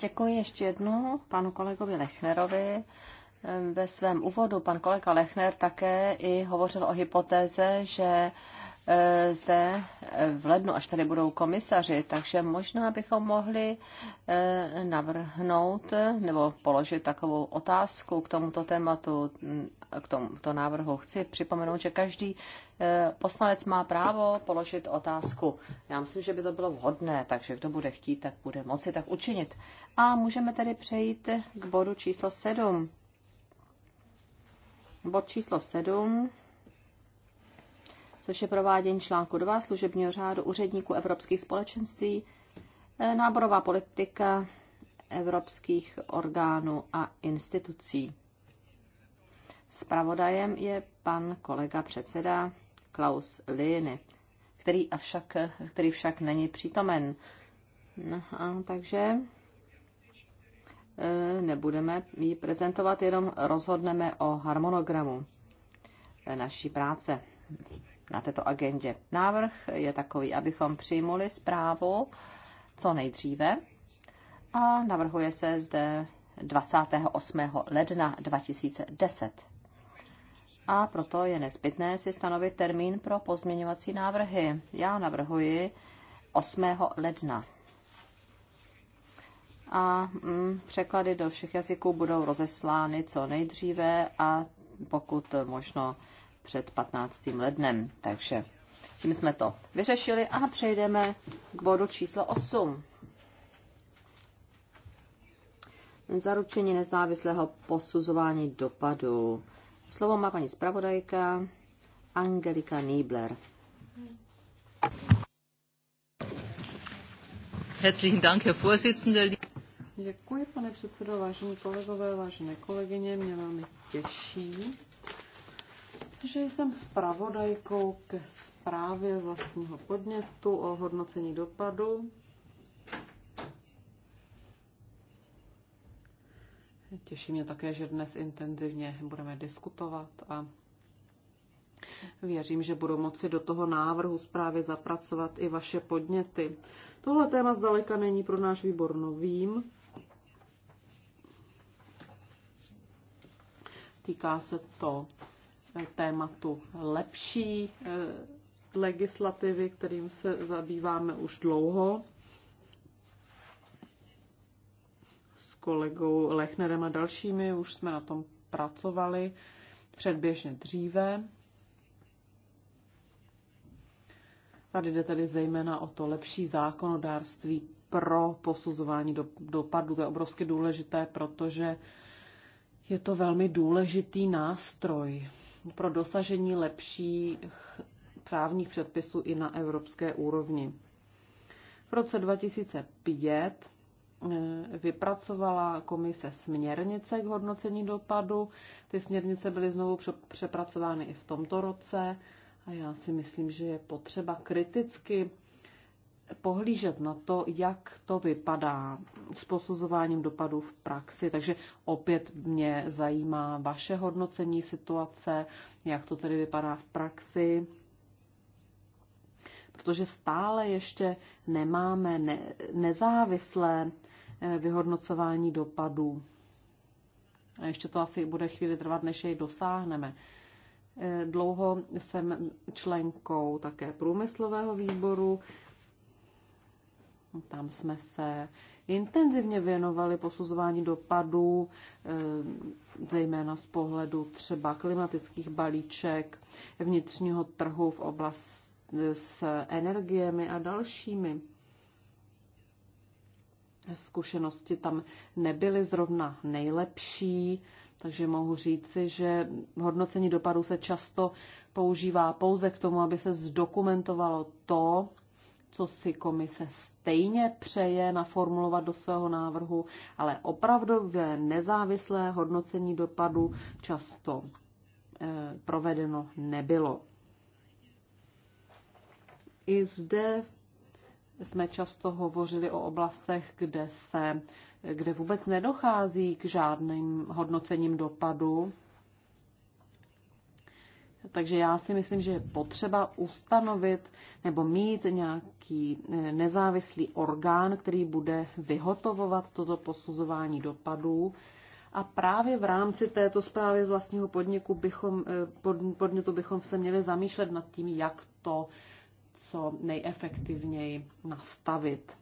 Děkuji ještě jednou panu kolegovi Lechnerovi Ehm, ve svém úvodu pan kolega Lechner také i hovořil o hypotéze, že eh, zde eh, v lednu, až tady budou komisaři, takže možná bychom mohli eh, navrhnout nebo položit takovou otázku k tomuto tématu, hm, k tomuto návrhu. Chci připomenout, že každý poslanec má právo položit otázku. Já myslím, že by to bylo vhodné, takže kdo bude chtít, tak bude moci tak učinit. A můžeme tedy přejít k bodu číslo 7 bod číslo 7, což je provádění článku 2 služebního řádu úředníků Evropských společenství, eh, náborová politika evropských orgánů a institucí. Spravodajem je pan kolega předseda Klaus Liny, který, avšak, který však není přítomen. No a takže E, nebudeme ji prezentovat, jenom rozhodneme o harmonogramu e, naší práce na této agendě. Návrh je takový, abychom přijmuli zprávu co nejdříve a navrhuje se zde 28. ledna 2010. A proto je nezbytné si stanovit termín pro pozměňovací návrhy. Já navrhuji 8. ledna a mm, překlady do všech jazyků budou rozeslány co nejdříve a pokud možno před 15. lednem. Takže tím jsme to vyřešili a přejdeme k bodu číslo 8. Zaručení nezávislého posuzování dopadu. Slovo má paní zpravodajka Angelika Niebler. Herzlichen Dank, Herr Vorsitzender. Děkuji, pane předsedo, vážení kolegové, vážené kolegyně. Mě velmi těší, že jsem zpravodajkou ke zprávě vlastního podnětu o hodnocení dopadu. Těší mě také, že dnes intenzivně budeme diskutovat a Věřím, že budu moci do toho návrhu zprávy zapracovat i vaše podněty. Tohle téma zdaleka není pro náš výbor novým. Týká se to eh, tématu lepší eh, legislativy, kterým se zabýváme už dlouho s kolegou Lechnerem a dalšími. Už jsme na tom pracovali předběžně dříve. Tady jde tedy zejména o to lepší zákonodárství pro posuzování dopadů. To je obrovsky důležité, protože je to velmi důležitý nástroj pro dosažení lepších právních předpisů i na evropské úrovni. V roce 2005 eh, vypracovala komise směrnice k hodnocení dopadu. Ty směrnice byly znovu přepracovány i v tomto roce a já si myslím, že je potřeba kriticky pohlížet na to, jak to vypadá s posuzováním dopadů v praxi. Takže opět mě zajímá vaše hodnocení situace, jak to tedy vypadá v praxi, protože stále ještě nemáme ne, nezávislé eh, vyhodnocování dopadů. A ještě to asi bude chvíli trvat, než jej dosáhneme. Eh, dlouho jsem členkou také průmyslového výboru tam jsme se intenzivně věnovali posuzování dopadů, eh, zejména z pohledu třeba klimatických balíček, vnitřního trhu v oblasti eh, s energiemi a dalšími. Zkušenosti tam nebyly zrovna nejlepší, takže mohu říci, že hodnocení dopadů se často používá pouze k tomu, aby se zdokumentovalo to, co si komise stejně přeje naformulovat do svého návrhu, ale opravdové nezávislé hodnocení dopadu často eh, provedeno nebylo. I zde jsme často hovořili o oblastech, kde, se, kde vůbec nedochází k žádným hodnocením dopadu takže já si myslím, že je potřeba ustanovit nebo mít nějaký eh, nezávislý orgán, který bude vyhotovovat toto posuzování dopadů. A právě v rámci této zprávy z vlastního podniku bychom, eh, pod, podnětu bychom se měli zamýšlet nad tím, jak to co nejefektivněji nastavit.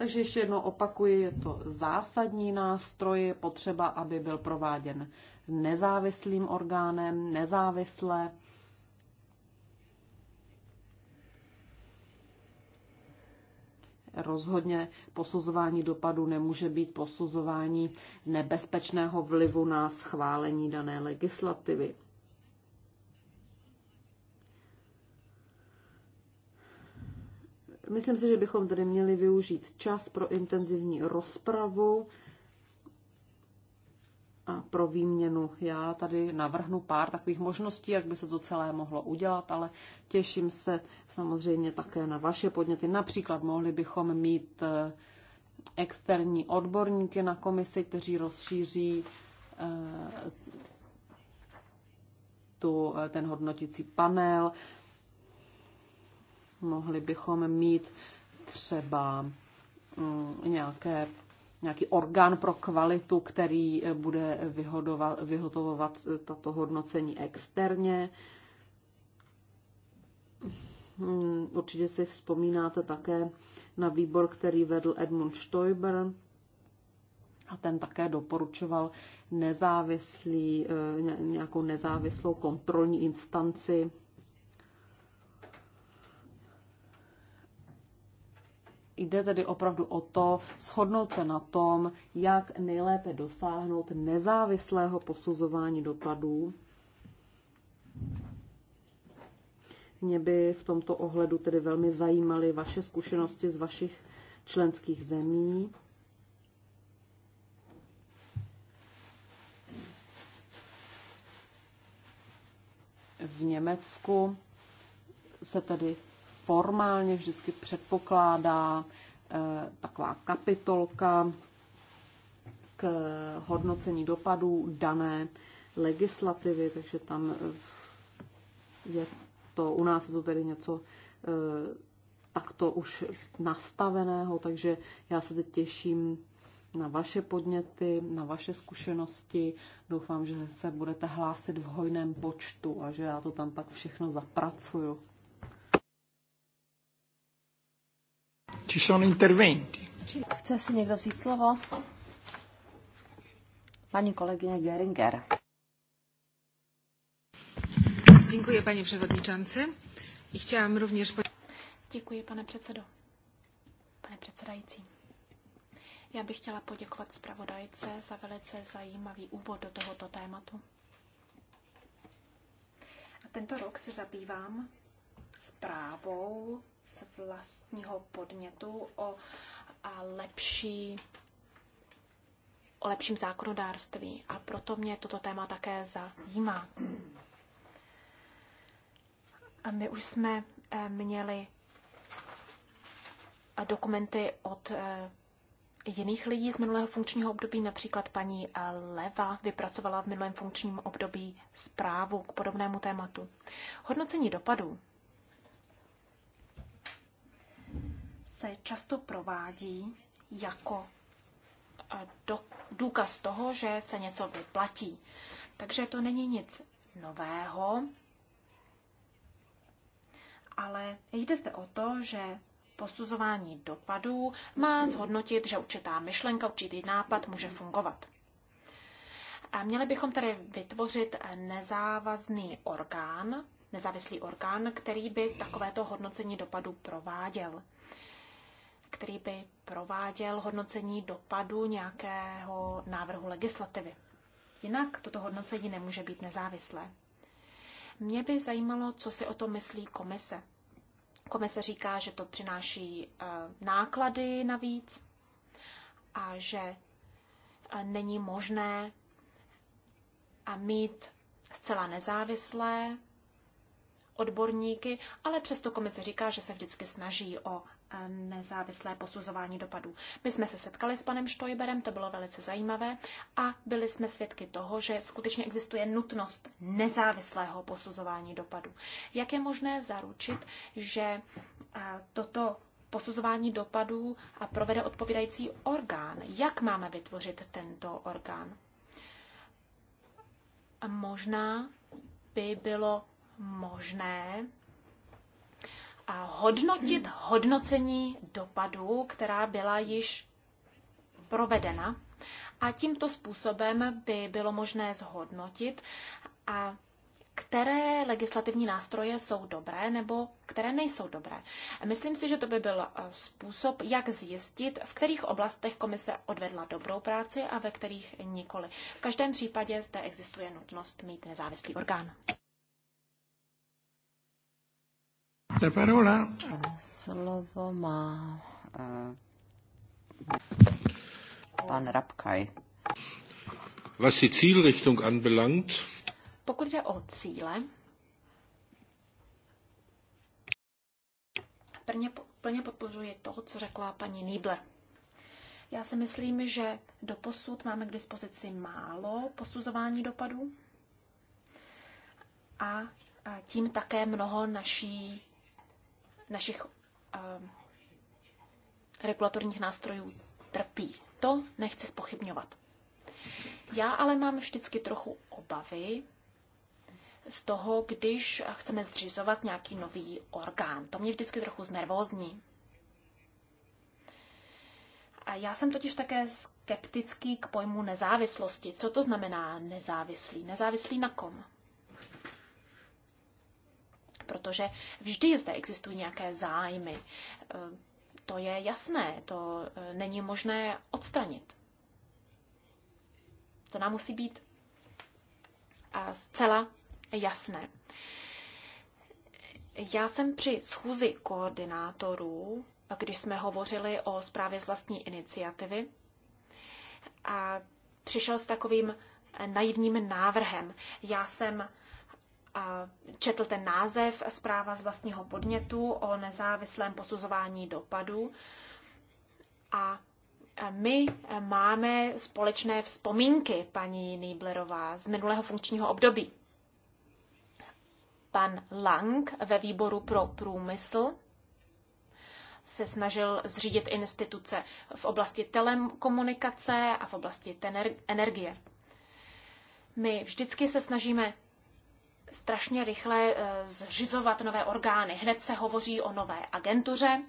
Takže ještě jednou opakuji, je to zásadní nástroj, je potřeba, aby byl prováděn nezávislým orgánem, nezávisle. Rozhodně posuzování dopadu nemůže být posuzování nebezpečného vlivu na schválení dané legislativy. Myslím si, že bychom tady měli využít čas pro intenzivní rozpravu a pro výměnu. Já tady navrhnu pár takových možností, jak by se to celé mohlo udělat, ale těším se samozřejmě také na vaše podněty. Například mohli bychom mít eh, externí odborníky na komisi, kteří rozšíří eh, tu, eh, ten hodnotící panel, Mohli bychom mít třeba mm, nějaké, nějaký orgán pro kvalitu, který eh, bude vyhotovovat eh, tato hodnocení externě. Mm, určitě si vzpomínáte také na výbor, který vedl Edmund Stoiber a ten také doporučoval nezávislý, eh, nějakou nezávislou kontrolní instanci Jde tedy opravdu o to, shodnout se na tom, jak nejlépe dosáhnout nezávislého posuzování dopadů. Mě by v tomto ohledu tedy velmi zajímaly vaše zkušenosti z vašich členských zemí. V Německu se tedy formálně vždycky předpokládá eh, taková kapitolka k hodnocení dopadů dané legislativy, takže tam eh, je to, u nás je to tedy něco eh, takto už nastaveného, takže já se teď těším na vaše podněty, na vaše zkušenosti. Doufám, že se budete hlásit v hojném počtu a že já to tam pak všechno zapracuju. Ci sono interventi. Chce si někdo vzít slovo? Paní kolegyně Geringer. Děkuji, paní převodničance. Chtěla bych rovněž... Děkuji, pane předsedo. Pane předsedající. Já bych chtěla poděkovat zpravodajce za velice zajímavý úvod do tohoto tématu. A tento rok se zabývám zprávou z vlastního podnětu o a lepší o lepším zákonodárství a proto mě toto téma také zajímá. A my už jsme eh, měli eh, dokumenty od eh, jiných lidí z minulého funkčního období, například paní Leva vypracovala v minulém funkčním období zprávu k podobnému tématu. Hodnocení dopadů se často provádí jako eh, důkaz toho, že se něco vyplatí. Takže to není nic nového, ale jde zde o to, že posuzování dopadů má zhodnotit, že určitá myšlenka, určitý nápad může fungovat. A měli bychom tedy vytvořit nezávazný orgán, nezávislý orgán, který by takovéto hodnocení dopadů prováděl který by prováděl hodnocení dopadu nějakého návrhu legislativy. Jinak toto hodnocení nemůže být nezávislé. Mě by zajímalo, co si o tom myslí komise. Komise říká, že to přináší eh, náklady navíc a že eh, není možné eh, mít zcela nezávislé odborníky, ale přesto komise říká, že se vždycky snaží o nezávislé posuzování dopadů. My jsme se setkali s panem Štojberem, to bylo velice zajímavé a byli jsme svědky toho, že skutečně existuje nutnost nezávislého posuzování dopadů. Jak je možné zaručit, že toto posuzování dopadů a provede odpovídající orgán? Jak máme vytvořit tento orgán? A možná by bylo možné a hodnotit hodnocení dopadů, která byla již provedena. A tímto způsobem by bylo možné zhodnotit, a které legislativní nástroje jsou dobré nebo které nejsou dobré. Myslím si, že to by byl eh, způsob, jak zjistit, v kterých oblastech komise odvedla dobrou práci a ve kterých nikoli. V každém případě zde existuje nutnost mít nezávislý orgán. Slovo má eh, pan Rabkaj. Was die Zielrichtung anbelangt, pokud jde o cíle, plně, plně podpořuji toho, co řekla paní Nýble. Já si myslím, že do posud máme k dispozici málo posuzování dopadů a tím také mnoho naší našich ehm, regulatorních nástrojů trpí. To nechci spochybňovat. Já ale mám vždycky trochu obavy z toho, když chceme zřizovat nějaký nový orgán. To mě vždycky trochu znervózní. A já jsem totiž také skeptický k pojmu nezávislosti. Co to znamená nezávislý? Nezávislý na kom? protože vždy zde existují nějaké zájmy. E, to je jasné, to e, není možné odstranit. To nám musí být e, zcela jasné. Já jsem při schůzi koordinátorů, když jsme hovořili o zprávě z vlastní iniciativy, a přišel s takovým naivním návrhem. Já jsem četl ten název Zpráva z vlastního podnětu o nezávislém posuzování dopadů. A my máme společné vzpomínky, paní Nýblerová, z minulého funkčního období. Pan Lang ve výboru pro průmysl se snažil zřídit instituce v oblasti telekomunikace a v oblasti energie. My vždycky se snažíme strašně rychle eh, zřizovat nové orgány. Hned se hovoří o nové agentuře.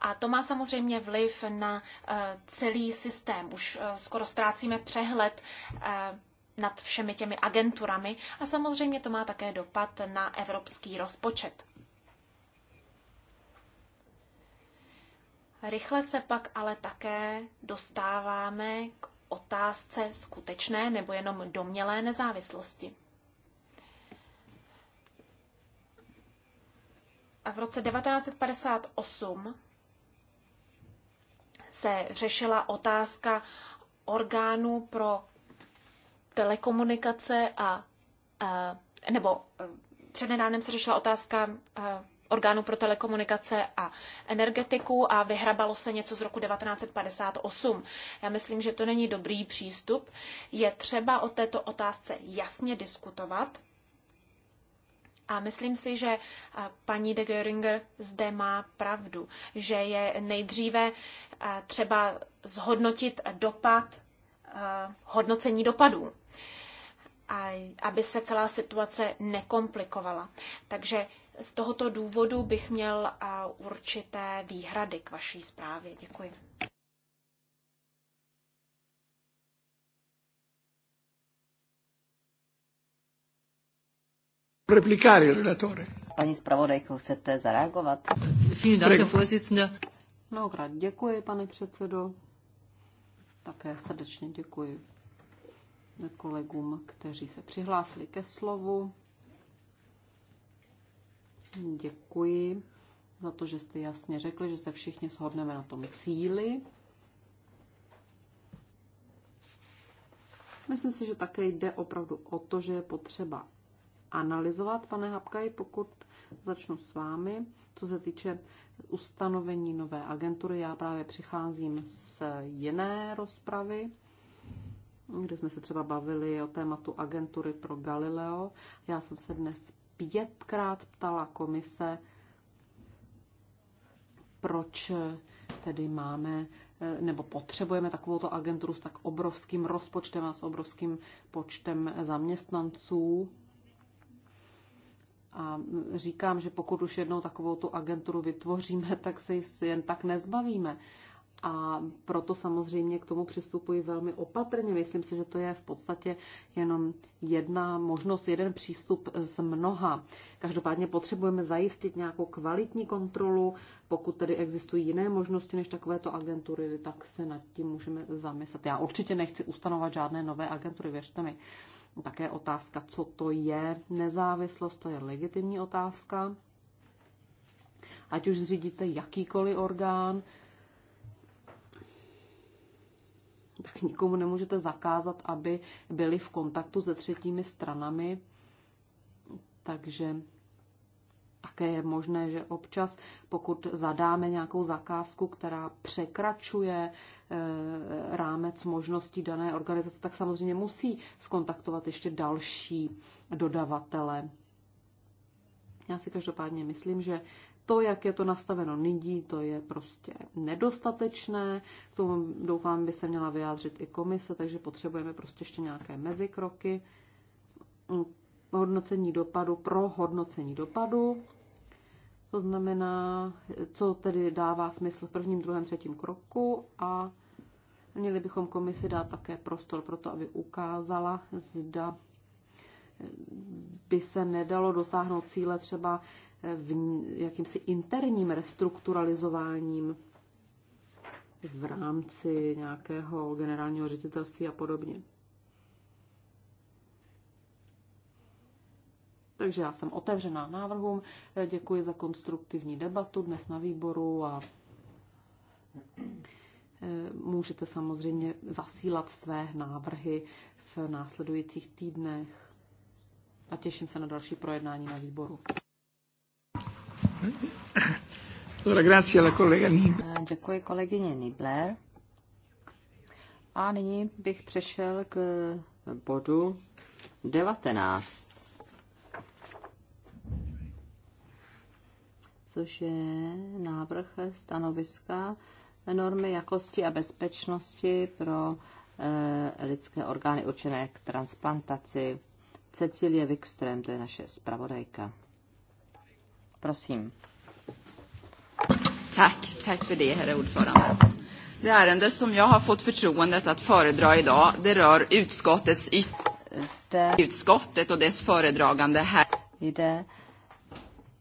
A to má samozřejmě vliv na eh, celý systém. Už eh, skoro ztrácíme přehled nad všemi těmi agenturami a samozřejmě to má také dopad na evropský rozpočet. Rychle se pak ale také dostáváme k otázce skutečné nebo jenom domělé nezávislosti. A v roce 1958 se řešila otázka orgánů pro telekomunikace a, a nebo eh, přednedávnem se řešila otázka a, eh, orgánu pro telekomunikace a energetiku a vyhrabalo se něco z roku 1958. Já myslím, že to není dobrý přístup. Je třeba o této otázce jasně diskutovat. A myslím si, že paní de Göringer zde má pravdu, že je nejdříve třeba zhodnotit dopad, hodnocení dopadů a aby se celá situace nekomplikovala. Takže z tohoto důvodu bych měl eh, určité výhrady k vaší zprávě. Děkuji. relatore. Paní zpravodajko, chcete zareagovat? Mnohokrát děkuji, pane předsedo. Také srdečně děkuji kolegům, kteří se přihlásili ke slovu. Děkuji za to, že jste jasně řekli, že se všichni shodneme na tom cíli. Myslím si, že také jde opravdu o to, že je potřeba analyzovat, pane Hapkaj, pokud začnu s vámi. Co se týče ustanovení nové agentury, já právě přicházím z jiné rozpravy, kde jsme se třeba bavili o tématu agentury pro Galileo. Já jsem se dnes pětkrát ptala komise, proč tedy máme eh, nebo potřebujeme takovou agenturu s tak obrovským rozpočtem a s obrovským počtem zaměstnanců. A říkám, že pokud už jednou takovou tu agenturu vytvoříme, tak se ji jen tak nezbavíme a proto samozřejmě k tomu přistupuji velmi opatrně. Myslím si, že to je v podstatě jenom jedna možnost, jeden přístup z mnoha. Každopádně potřebujeme zajistit nějakou kvalitní kontrolu. Pokud tedy existují jiné možnosti než takovéto agentury, tak se nad tím můžeme zamyslet. Já určitě nechci ustanovat žádné nové agentury, věřte mi. Také otázka, co to je nezávislost, to je legitimní otázka. Ať už zřídíte jakýkoliv orgán, tak nikomu nemůžete zakázat, aby byli v kontaktu se třetími stranami. Takže také je možné, že občas, pokud zadáme nějakou zakázku, která překračuje eh, rámec možností dané organizace, tak samozřejmě musí skontaktovat ještě další dodavatele. Já si každopádně myslím, že to, jak je to nastaveno nyní, to je prostě nedostatečné. K tomu doufám, by se měla vyjádřit i komise, takže potřebujeme prostě ještě nějaké mezikroky. Hodnocení dopadu pro hodnocení dopadu. To znamená, co tedy dává smysl v prvním, druhém, třetím kroku a měli bychom komisi dát také prostor pro to, aby ukázala, zda by se nedalo dosáhnout cíle třeba v jakýmsi interním restrukturalizováním v rámci nějakého generálního ředitelství a podobně. Takže já jsem otevřená návrhům. Děkuji za konstruktivní debatu dnes na výboru a e, můžete samozřejmě zasílat své návrhy v následujících týdnech a těším se na další projednání na výboru. Eh, děkuji kolegyně Nibler. A nyní bych přešel k bodu 19. Což je návrh stanoviska normy jakosti a bezpečnosti pro eh, lidské orgány určené k transplantaci. Cecilie Wikström, to je naše zpravodajka. Prosím. Tack, tack för det, herr ordförande. Det ärende som jag har fått förtroendet att föredra idag, det rör utskottets yttre utskottet och dess föredragande här. Jde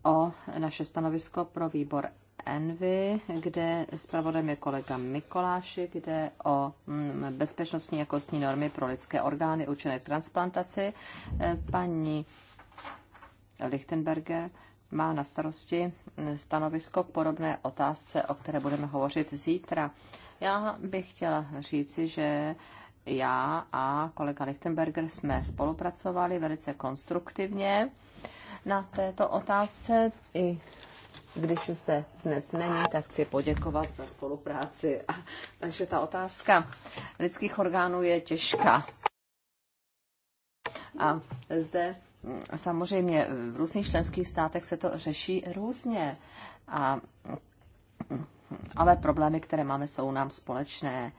o naše stanovisko pro výbor Envy, kde zpravodajem je kolega Mikoláši, kde o mm, bezpečnostní a kostní normy pro lidské orgány učené k transplantaci. E, paní Lichtenberger má na starosti stanovisko k podobné otázce, o které budeme hovořit zítra. Já bych chtěla říci, že já a kolega Lichtenberger jsme spolupracovali velice konstruktivně na této otázce. I když jste dnes není, tak chci poděkovat za spolupráci. A, takže ta otázka lidských orgánů je těžká. A zde samozřejmě eh, v různých členských státech se to řeší různě. A, ale problémy, které máme, jsou nám společné.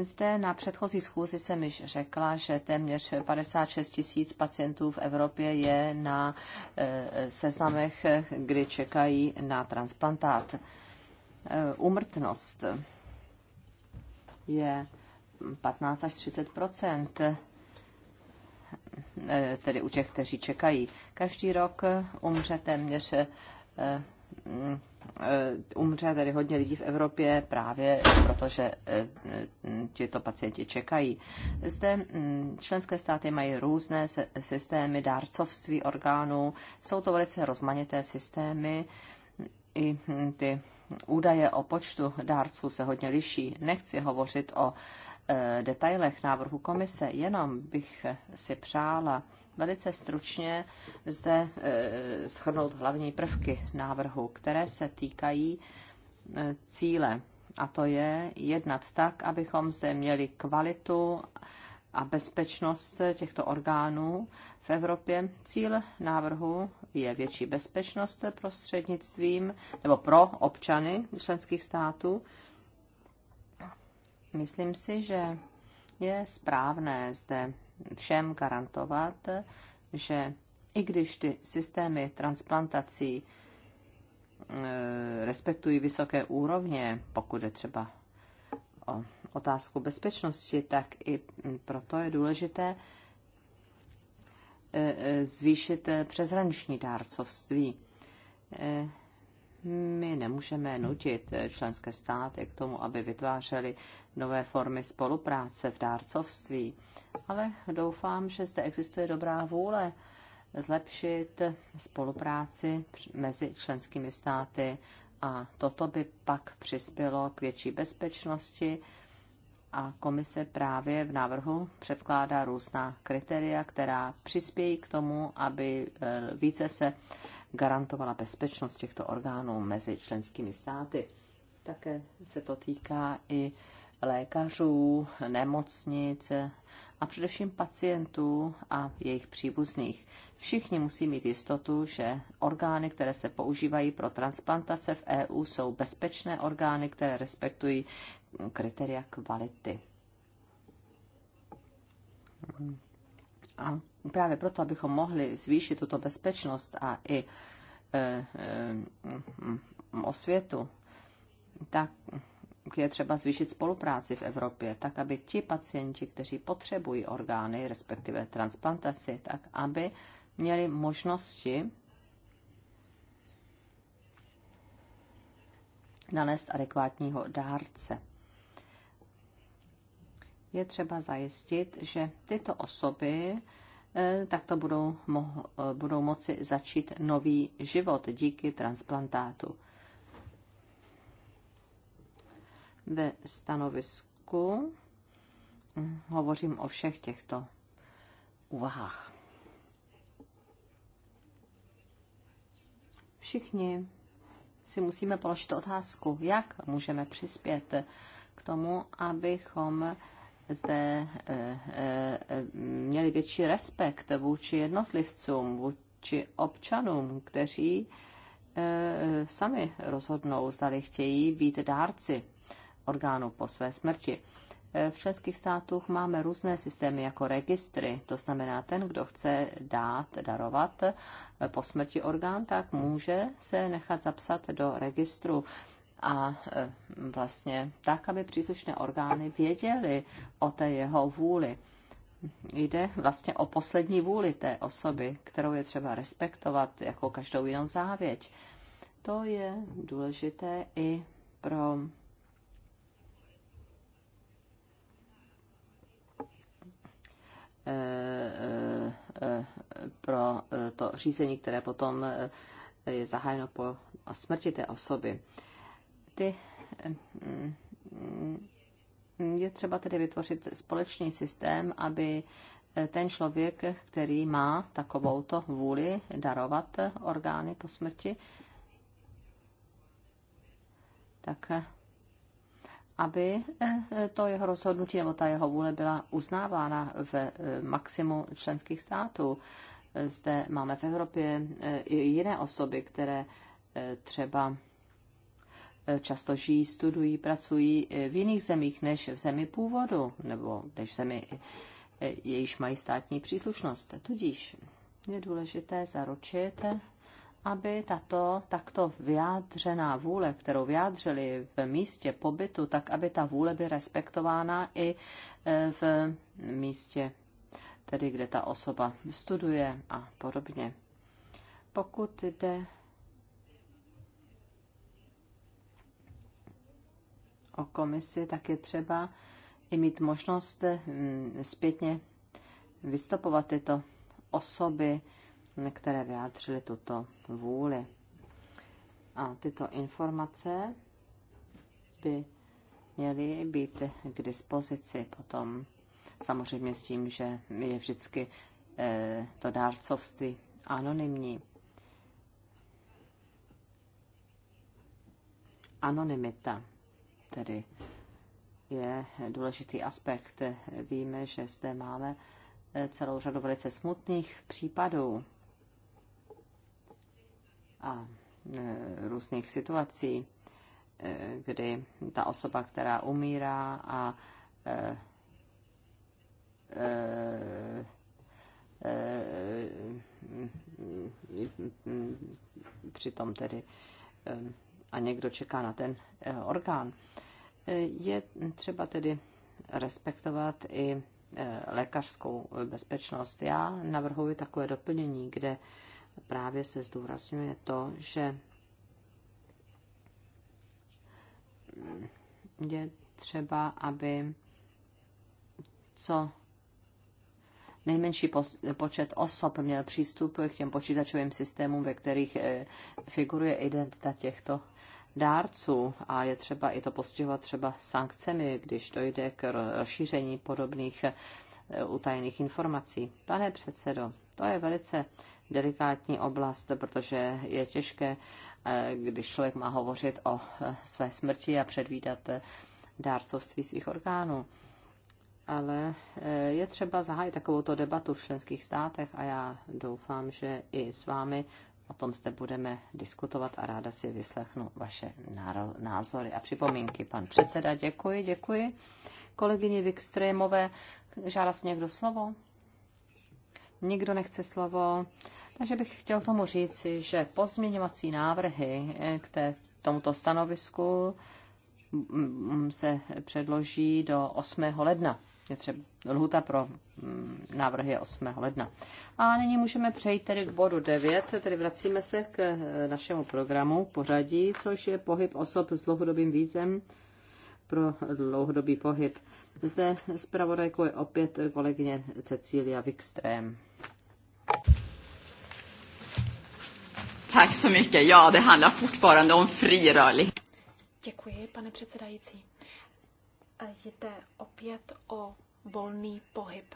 Zde na předchozí schůzi jsem již řekla, že téměř 56 tisíc pacientů v Evropě je na eh, seznamech, kdy čekají na transplantát. Eh, úmrtnost je 15 až 30 Eh, tedy u těch, kteří čekají. Každý rok eh, umře téměř eh, mm, umře tedy hodně lidí v Evropě právě protože mm, tito pacienti čekají. Zde mm, členské státy mají různé systémy dárcovství orgánů, jsou to velice rozmanité systémy, i ty údaje o počtu dárců se hodně liší. Nechci hovořit o Eh, detailech návrhu komise, jenom bych si přála velice stručně zde eh, shrnout hlavní prvky návrhu, které se týkají eh, cíle. A to je jednat tak, abychom zde měli kvalitu a bezpečnost těchto orgánů v Evropě. Cíl návrhu je větší bezpečnost prostřednictvím nebo pro občany členských států Myslím si, že je správné zde všem garantovat, že i když ty systémy transplantací e, respektují vysoké úrovně, pokud je třeba o otázku bezpečnosti, tak i proto je důležité e, e, zvýšit přeshraniční dárcovství my nemůžeme nutit členské státy k tomu, aby vytvářely nové formy spolupráce v dárcovství, ale doufám, že zde existuje dobrá vůle zlepšit spolupráci mezi členskými státy a toto by pak přispělo k větší bezpečnosti a komise právě v návrhu předkládá různá kritéria, která přispějí k tomu, aby eh, více se garantovala bezpečnost těchto orgánů mezi členskými státy. Také se to týká i lékařů, nemocnic a především pacientů a jejich příbuzných. Všichni musí mít jistotu, že orgány, které se používají pro transplantace v EU, jsou bezpečné orgány, které respektují kritéria kvality. A právě proto, abychom mohli zvýšit tuto bezpečnost a i e, e, osvětu, tak je třeba zvýšit spolupráci v Evropě, tak aby ti pacienti, kteří potřebují orgány, respektive transplantaci, tak aby měli možnosti nalézt adekvátního dárce je třeba zajistit, že tyto osoby eh, takto budou, mo- eh, budou moci začít nový život díky transplantátu. Ve stanovisku hm, hovořím o všech těchto úvahách. Všichni si musíme položit otázku, jak můžeme přispět k tomu, abychom zde eh, eh, měli větší respekt vůči jednotlivcům, vůči občanům, kteří eh, sami rozhodnou, zda chtějí být dárci orgánu po své smrti. V členských státech máme různé systémy jako registry, to znamená ten, kdo chce dát, darovat po smrti orgán, tak může se nechat zapsat do registru a e, vlastně tak, aby příslušné orgány věděly o té jeho vůli. Jde vlastně o poslední vůli té osoby, kterou je třeba respektovat jako každou jinou závěť. To je důležité i pro e, e, pro to řízení, které potom je zahájeno po smrti té osoby ty mm, je třeba tedy vytvořit společný systém, aby ten člověk, který má takovouto vůli darovat orgány po smrti, tak aby to jeho rozhodnutí nebo ta jeho vůle byla uznávána v maximu členských států. Zde máme v Evropě i jiné osoby, které třeba často žijí, studují, pracují v jiných zemích než v zemi původu nebo než v zemi, jejíž mají státní příslušnost. Tudíž je důležité zaručit, aby tato takto vyjádřená vůle, kterou vyjádřili v místě pobytu, tak aby ta vůle byla respektována i e, v místě, tedy kde ta osoba studuje a podobně. Pokud jde o komisi, tak je třeba i mít možnost mm, zpětně vystupovat tyto osoby, které vyjádřily tuto vůli. A tyto informace by měly být k dispozici potom. Samozřejmě s tím, že je vždycky eh, to dárcovství anonymní. Anonymita tedy je důležitý aspekt. Víme, že zde máme celou řadu velice smutných případů a různých situací, kdy ta osoba, která umírá a přitom tedy a někdo čeká na ten eh, orgán. Eh, je třeba tedy respektovat i eh, lékařskou bezpečnost. Já navrhuji takové doplnění, kde právě se zdůrazňuje to, že mm, je třeba, aby co nejmenší počet osob měl přístup k těm počítačovým systémům, ve kterých eh, figuruje identita těchto dárců a je třeba i to postihovat třeba sankcemi, když dojde k rozšíření podobných eh, utajených informací. Pane předsedo, to je velice delikátní oblast, protože je těžké, eh, když člověk má hovořit o své smrti a předvídat dárcovství svých orgánů ale eh, je třeba zahájit takovouto debatu v členských státech a já doufám, že i s vámi o tom zde budeme diskutovat a ráda si vyslechnu vaše názory a připomínky. Pan předseda, děkuji, děkuji. Kolegyně Vikstrémové, žádá si někdo slovo? Nikdo nechce slovo. Takže bych chtěl tomu říci, že pozměňovací návrhy eh, k té, tomuto stanovisku se předloží do 8. ledna je třeba lhuta pro mm, návrhy 8. ledna. A nyní můžeme přejít tedy k bodu 9, tedy vracíme se k eh, našemu programu pořadí, což je pohyb osob s dlouhodobým vízem pro dlouhodobý pohyb. Zde zpravodajku je opět kolegyně Cecília Wikström. Tack så mycket. Ja, det handlar fortfarande om fri rörlighet. Děkuji, pane předsedající jde opět o volný pohyb.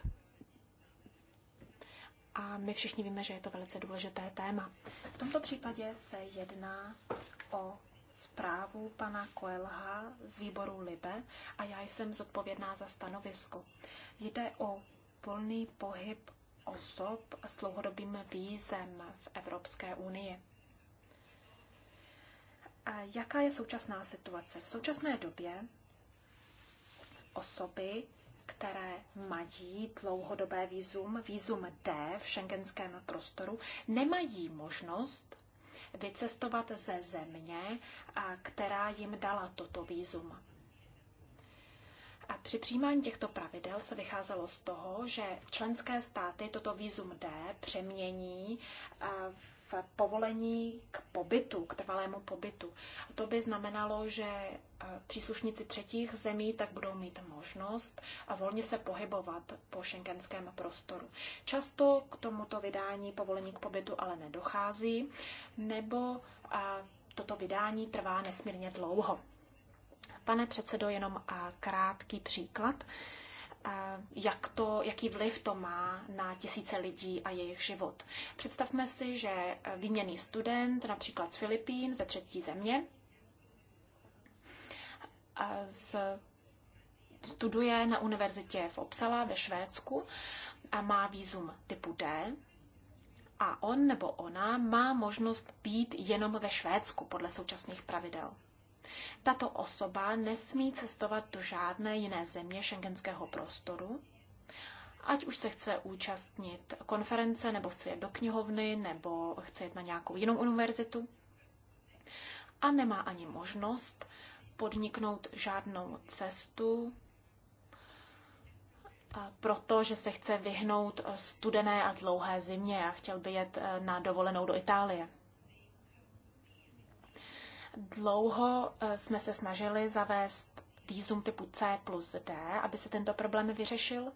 A my všichni víme, že je to velice důležité téma. V tomto případě se jedná o zprávu pana Koelha z výboru Libe a já jsem zodpovědná za stanovisko. Jde o volný pohyb osob s dlouhodobým vízem v Evropské unii. A jaká je současná situace? V současné době osoby, které mají dlouhodobé výzum, výzum D v šengenském prostoru, nemají možnost vycestovat ze země, která jim dala toto výzum. A při přijímání těchto pravidel se vycházelo z toho, že členské státy toto výzum D přemění v v povolení k pobytu, k trvalému pobytu. A to by znamenalo, že e, příslušníci třetích zemí tak budou mít možnost a volně se pohybovat po šengenském prostoru. Často k tomuto vydání povolení k pobytu ale nedochází, nebo toto vydání trvá nesmírně dlouho. Pane předsedo, jenom krátký příklad jak to, jaký vliv to má na tisíce lidí a jejich život. Představme si, že eh, výměný student, například z Filipín, ze třetí země, z, studuje na univerzitě v Opsala ve Švédsku a má výzum typu D, a on nebo ona má možnost být jenom ve Švédsku podle současných pravidel. Tato osoba nesmí cestovat do žádné jiné země šengenského prostoru, ať už se chce účastnit konference, nebo chce jít do knihovny, nebo chce jít na nějakou jinou univerzitu. A nemá ani možnost podniknout žádnou cestu, protože se chce vyhnout studené a dlouhé zimě a chtěl by jet e, na dovolenou do Itálie. Dlouho eh, jsme se snažili zavést výzum typu C plus D, aby se tento problém vyřešil.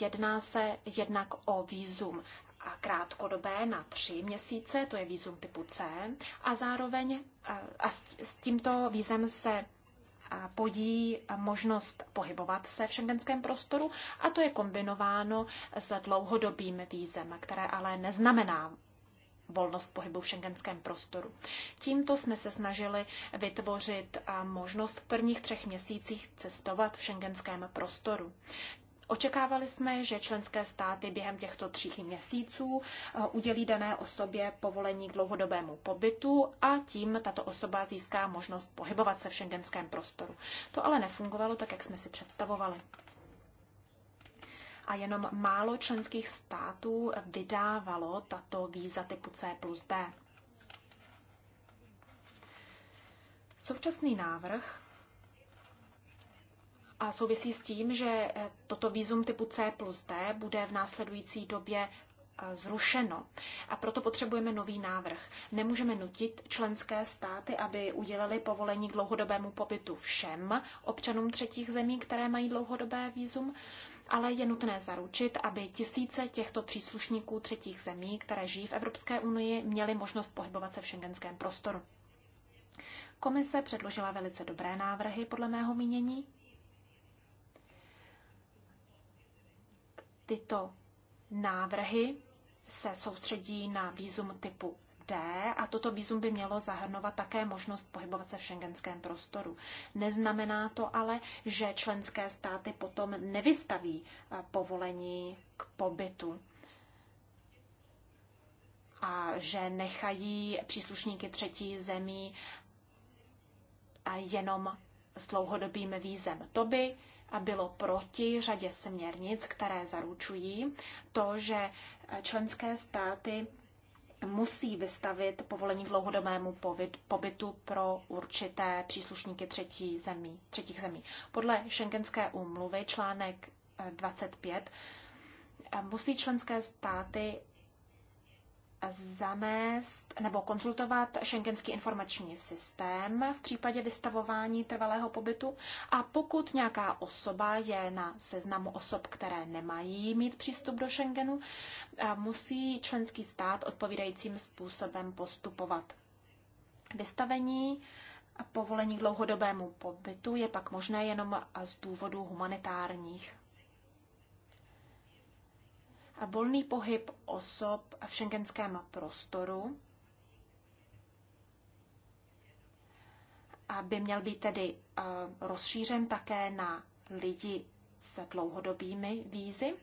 Jedná se jednak o výzum a krátkodobé na tři měsíce, to je výzum typu C, a zároveň eh, a s tímto vízem se eh, podí možnost pohybovat se v šengenském prostoru a to je kombinováno s dlouhodobým vízem, které ale neznamená volnost pohybu v šengenském prostoru. Tímto jsme se snažili vytvořit možnost v prvních třech měsících cestovat v šengenském prostoru. Očekávali jsme, že členské státy během těchto tří měsíců udělí dané osobě povolení k dlouhodobému pobytu a tím tato osoba získá možnost pohybovat se v šengenském prostoru. To ale nefungovalo tak, jak jsme si představovali a jenom málo členských států vydávalo tato víza typu C plus D. Současný návrh a souvisí s tím, že eh, toto výzum typu C plus D bude v následující době eh, zrušeno. A proto potřebujeme nový návrh. Nemůžeme nutit členské státy, aby udělali povolení k dlouhodobému pobytu všem občanům třetích zemí, které mají dlouhodobé výzum ale je nutné zaručit, aby tisíce těchto příslušníků třetích zemí, které žijí v Evropské unii, měly možnost pohybovat se v šengenském prostoru. Komise předložila velice dobré návrhy, podle mého mínění. Tyto návrhy se soustředí na výzum typu D a toto výzum by mělo zahrnovat také možnost pohybovat se v šengenském prostoru. Neznamená to ale, že členské státy potom nevystaví eh, povolení k pobytu a že nechají příslušníky třetí zemí eh, jenom s dlouhodobým vízem. To by a eh, bylo proti řadě směrnic, které zaručují to, že členské státy musí vystavit povolení k dlouhodobému pobytu pro určité příslušníky třetí zemí, třetích zemí. Podle šengenské úmluvy článek 25 eh, eh, musí členské státy zanést nebo konzultovat šengenský informační systém v případě vystavování trvalého pobytu a pokud nějaká osoba je na seznamu osob, které nemají mít přístup do Schengenu, musí členský stát odpovídajícím způsobem postupovat. Vystavení a povolení k dlouhodobému pobytu je pak možné jenom z důvodu humanitárních volný pohyb osob v šengenském prostoru by měl být tedy eh, rozšířen také na lidi s dlouhodobými vízy,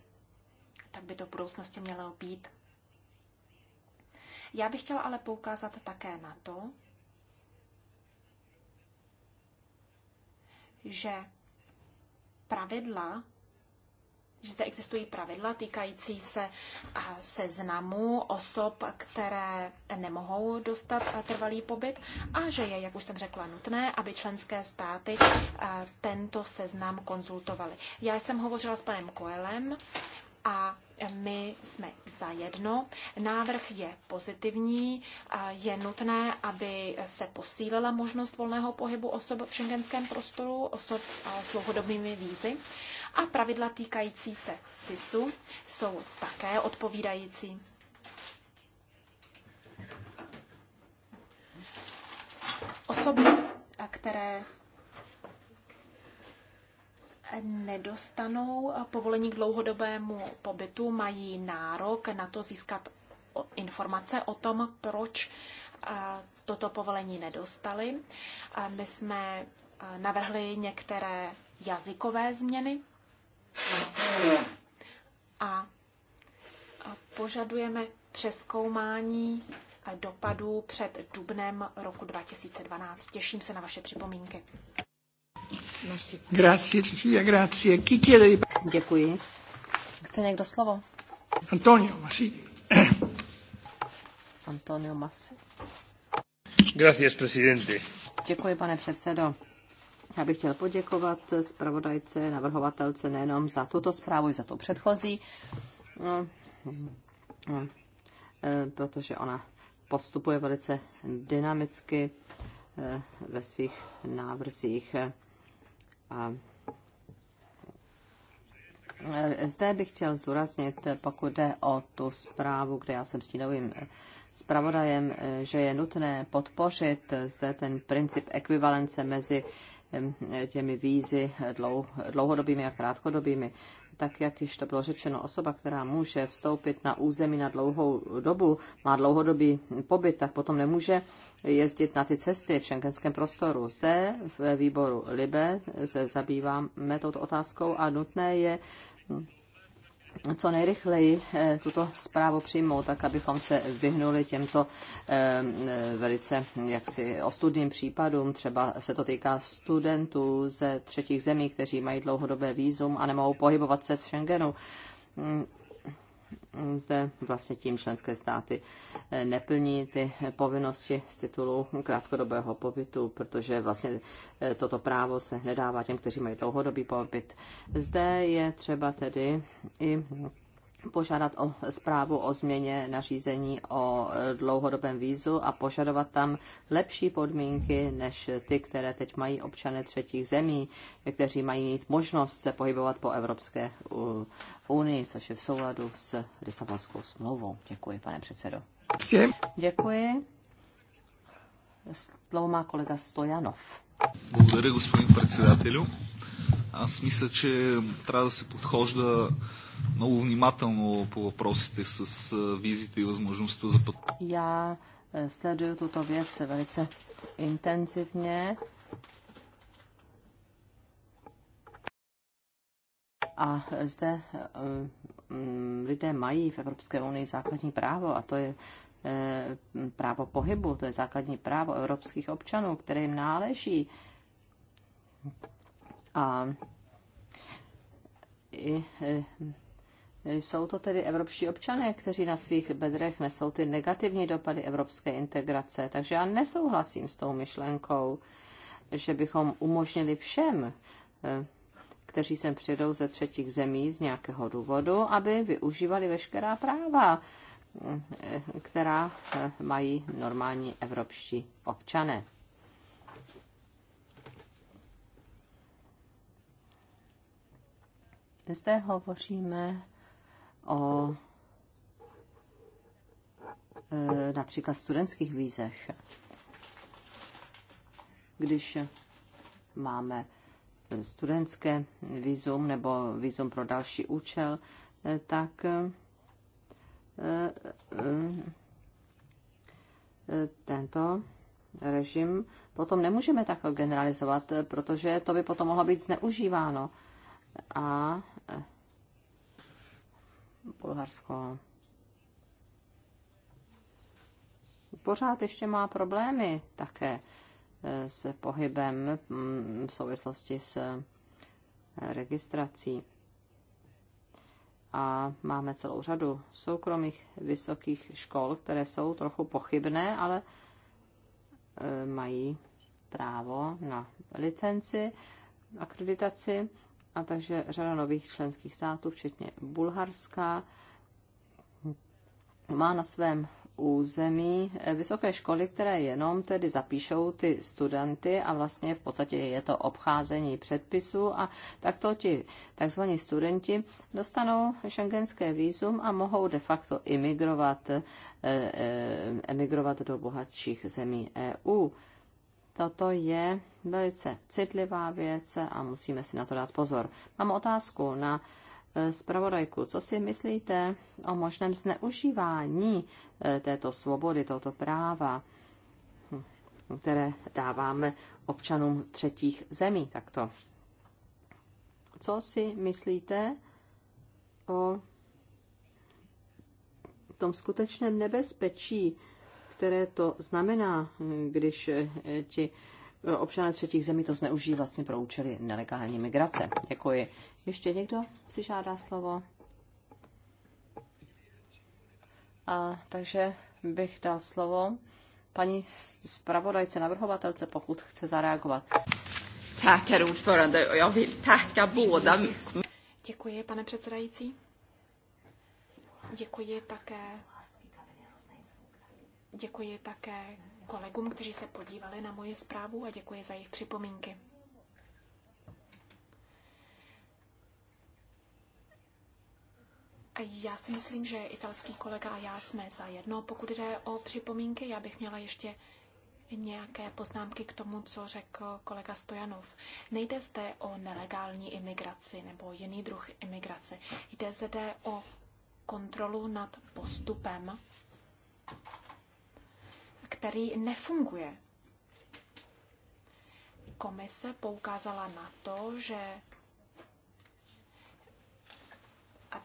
tak by to v budoucnosti mělo být. Já bych chtěla ale poukázat také na to, že pravidla že zde existují pravidla týkající se seznamu osob, které nemohou dostat trvalý pobyt a že je, jak už jsem řekla, nutné, aby členské státy tento seznam konzultovaly. Já jsem hovořila s panem Koelem a my jsme zajedno. Návrh je pozitivní, je nutné, aby se posílila možnost volného pohybu osob v šengenském prostoru, osob s dlouhodobými vízy a pravidla týkající se SISu jsou také odpovídající. Osoby, které nedostanou povolení k dlouhodobému pobytu, mají nárok na to získat informace o tom, proč toto povolení nedostali. My jsme navrhli některé jazykové změny. A požadujeme přeskoumání eh, dopadů před dubnem roku 2012. Těším se na vaše připomínky. Grazie, grazie. Děkuji. Chce někdo slovo? Antonio Masi. Antonio Massi. Gracias, presidente. Děkuji, pane předsedo. Já bych chtěl poděkovat zpravodajce, navrhovatelce nejenom za tuto zprávu, i za to předchozí, no, no, e, protože ona postupuje velice dynamicky e, ve svých návrzích. E, a zde bych chtěl zdůraznit, pokud jde o tu zprávu, kde já jsem tím zpravodajem, že je nutné podpořit zde ten princip ekvivalence mezi těmi vízy dlou, dlouhodobými a krátkodobými. Tak, jak již to bylo řečeno, osoba, která může vstoupit na území na dlouhou dobu, má dlouhodobý pobyt, tak potom nemůže jezdit na ty cesty v šengenském prostoru. Zde v výboru LIBE se zabýváme touto otázkou a nutné je co nejrychleji eh, tuto zprávu přijmout, tak abychom se vyhnuli těmto eh, eh, velice jaksi ostudným případům. Třeba se to týká studentů ze třetích zemí, kteří mají dlouhodobé výzum a nemohou pohybovat se v Schengenu mm, zde vlastně tím členské státy eh, neplní ty povinnosti z titulu krátkodobého pobytu, protože vlastně eh, toto právo se nedává těm, kteří mají dlouhodobý pobyt. Zde je třeba tedy i požádat o zprávu o změně nařízení o dlouhodobém vízu a požadovat tam lepší podmínky než ty, které teď mají občané třetích zemí, kteří mají mít možnost se pohybovat po Evropské unii, což je v souladu s Lisabonskou smlouvou. Děkuji, pane předsedo. Děkuji. Slovo má kolega Stojanov. Děkuji, господин председателю. Аз мисля, че že да се много внимателно по въпросите с визите и възможността за път. Я следую tuto věc velice intenzivně. A zde eh, mm, lidé mají v Evropské unii základní právo a to je eh, právo pohybu, to je základní právo evropských občanů, které jim náleží. A i eh, jsou to tedy evropští občané, kteří na svých bedrech nesou ty negativní dopady evropské integrace. Takže já nesouhlasím s tou myšlenkou, že bychom umožnili všem, eh, kteří sem přijdou ze třetích zemí z nějakého důvodu, aby využívali veškerá práva, eh, která eh, mají normální evropští občané. Zde hovoříme o e, například studentských vízech. Když máme studentské vízum nebo vízum pro další účel, e, tak e, tento režim potom nemůžeme takhle generalizovat, protože to by potom mohlo být zneužíváno. A Bulharsko pořád ještě má problémy také eh, s pohybem mm, v souvislosti s eh, registrací. A máme celou řadu soukromých vysokých škol, které jsou trochu pochybné, ale eh, mají právo na licenci, akreditaci a takže řada nových členských států, včetně Bulharska, má na svém území vysoké školy, které jenom tedy zapíšou ty studenty a vlastně v podstatě je to obcházení předpisů a takto ti takzvaní studenti dostanou šengenské výzum a mohou de facto emigrovat, eh, eh, emigrovat do bohatších zemí EU. Toto je velice citlivá věc a musíme si na to dát pozor. Mám otázku na e, zpravodajku. Co si myslíte o možném zneužívání e, této svobody, tohoto práva, hm, které dáváme občanům třetích zemí takto? Co si myslíte o tom skutečném nebezpečí, které to znamená, když eh, ti eh, občané třetích zemí to zneužijí vlastně pro účely nelegální migrace. Děkuji. Ještě někdo si žádá slovo? A takže bych dal slovo paní zpravodajce, navrhovatelce, pokud chce zareagovat. Děkuji, pane předsedající. Děkuji také Děkuji také kolegům, kteří se podívali na moje zprávu a děkuji za jejich připomínky. Já si myslím, že italský kolega a já jsme za jedno. Pokud jde o připomínky, já bych měla ještě nějaké poznámky k tomu, co řekl kolega Stojanov. Nejde zde o nelegální imigraci nebo jiný druh imigrace. Jde zde o kontrolu nad postupem který nefunguje. Komise poukázala na to, že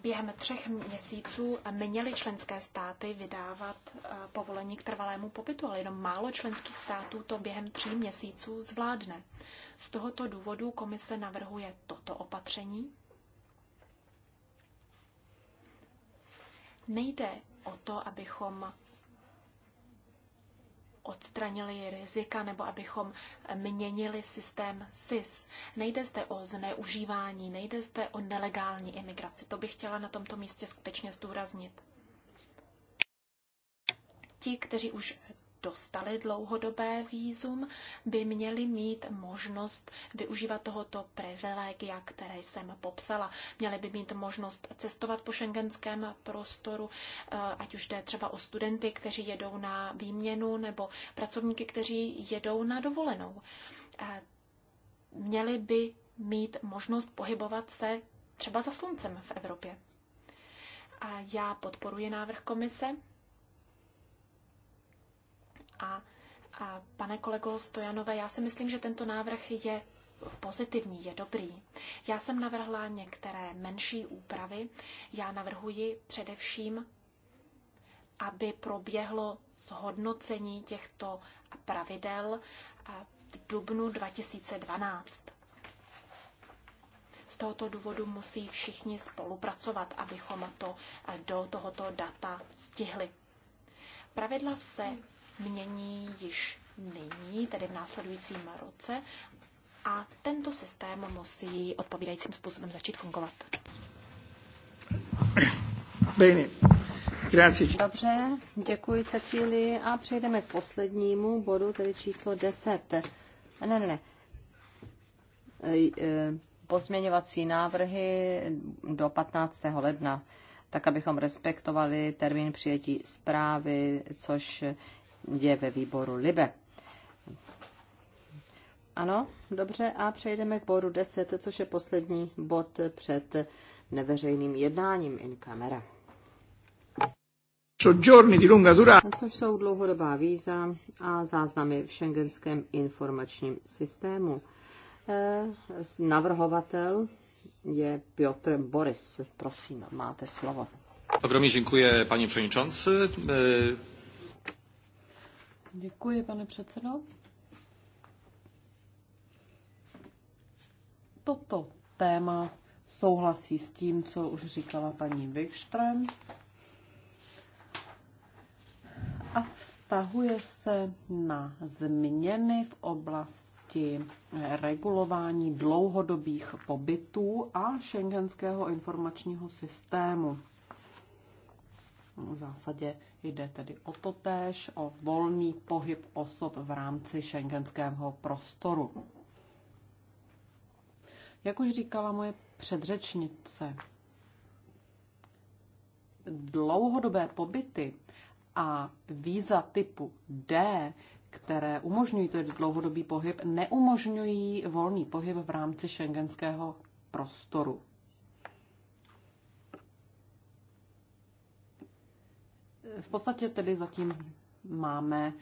během třech měsíců měly členské státy vydávat eh, povolení k trvalému pobytu, ale jenom málo členských států to během tří měsíců zvládne. Z tohoto důvodu komise navrhuje toto opatření. Nejde o to, abychom odstranili rizika nebo abychom měnili systém SIS. Nejde zde o zneužívání, nejde zde o nelegální imigraci. To bych chtěla na tomto místě skutečně zdůraznit. Ti, kteří už dostali dlouhodobé výzum, by měli mít možnost využívat tohoto privilegia, které jsem popsala. Měli by mít možnost cestovat po šengenském prostoru, eh, ať už jde třeba o studenty, kteří jedou na výměnu, nebo pracovníky, kteří jedou na dovolenou. Eh, měli by mít možnost pohybovat se třeba za sluncem v Evropě. A já podporuji návrh komise a, a pane kolego Stojanové, já si myslím, že tento návrh je pozitivní, je dobrý. Já jsem navrhla některé menší úpravy. Já navrhuji především, aby proběhlo zhodnocení těchto pravidel v dubnu 2012. Z tohoto důvodu musí všichni spolupracovat, abychom to do tohoto data stihli. Pravidla se mění již nyní, tedy v následujícím roce, a tento systém musí odpovídajícím způsobem začít fungovat. Bene. Grazie. Dobře, děkuji Cecíli a přejdeme k poslednímu bodu, tedy číslo 10. Ne, ne, ne. E, pozměňovací návrhy do 15. ledna tak abychom respektovali termín přijetí zprávy, což je ve výboru LIBE. Ano, dobře, a přejdeme k bodu 10, což je poslední bod před neveřejným jednáním in camera. No, což jsou dlouhodobá víza a záznamy v šengenském informačním systému. Eh, navrhovatel je Piotr Boris. Prosím, máte slovo. Ogromně děkuji, paní předsedající. Děkuji, pane předsedo. Toto téma souhlasí s tím, co už říkala paní Wikström a vztahuje se na změny v oblasti regulování dlouhodobých pobytů a šengenského informačního systému. V zásadě Jde tedy o též, o volný pohyb osob v rámci šengenského prostoru. Jak už říkala moje předřečnice, dlouhodobé pobyty a víza typu D, které umožňují tedy dlouhodobý pohyb, neumožňují volný pohyb v rámci šengenského prostoru. v podstatě tedy zatím máme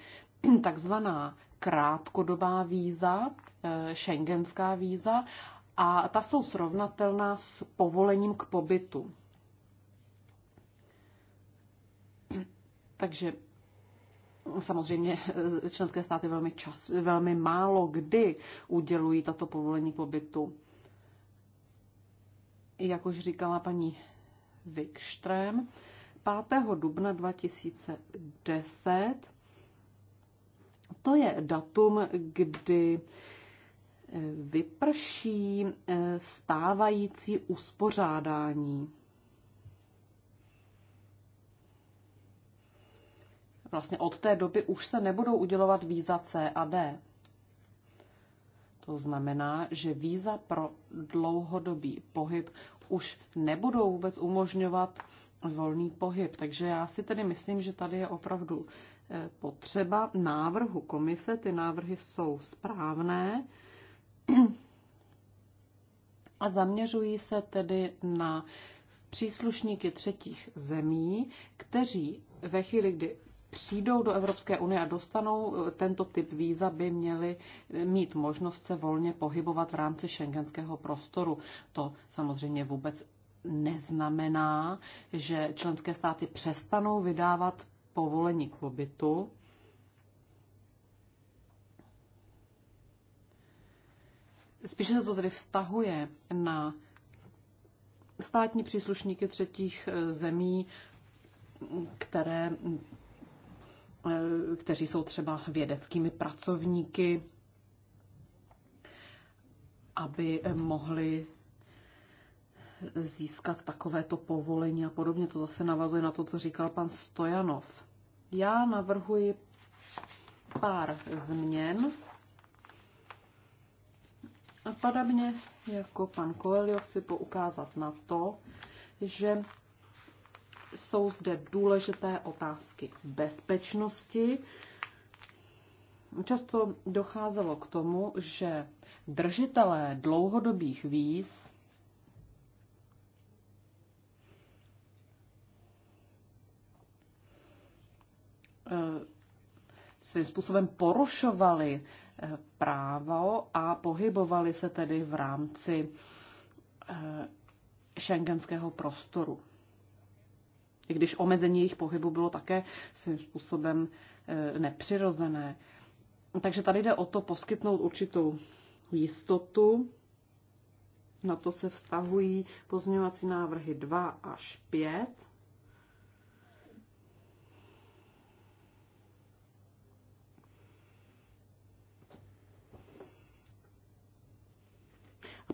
takzvaná krátkodobá víza, eh, šengenská víza, a ta jsou srovnatelná s povolením k pobytu. Takže samozřejmě eh, členské státy velmi, čas, velmi málo kdy udělují tato povolení k pobytu. Jak už říkala paní Wikström, 5. dubna 2010. To je datum, kdy eh, vyprší eh, stávající uspořádání. Vlastně od té doby už se nebudou udělovat víza C a D. To znamená, že víza pro dlouhodobý pohyb už nebudou vůbec umožňovat volný pohyb. Takže já si tedy myslím, že tady je opravdu eh, potřeba návrhu komise. Ty návrhy jsou správné a zaměřují se tedy na příslušníky třetích zemí, kteří ve chvíli, kdy přijdou do Evropské unie a dostanou eh, tento typ víza, by měli eh, mít možnost se volně pohybovat v rámci šengenského prostoru. To samozřejmě vůbec neznamená, že členské státy přestanou vydávat povolení k pobytu. Spíše se to tedy vztahuje na státní příslušníky třetích eh, zemí, které, eh, kteří jsou třeba vědeckými pracovníky, aby eh, mohli získat takovéto povolení a podobně. To zase navazuje na to, co říkal pan Stojanov. Já navrhuji pár změn. A podobně jako pan Coelho chci poukázat na to, že jsou zde důležité otázky bezpečnosti. Často docházelo k tomu, že držitelé dlouhodobých víz svým způsobem porušovali eh, právo a pohybovali se tedy v rámci eh, šengenského prostoru. I když omezení jejich pohybu bylo také svým způsobem eh, nepřirozené. Takže tady jde o to poskytnout určitou jistotu. Na to se vztahují pozměňovací návrhy 2 až 5.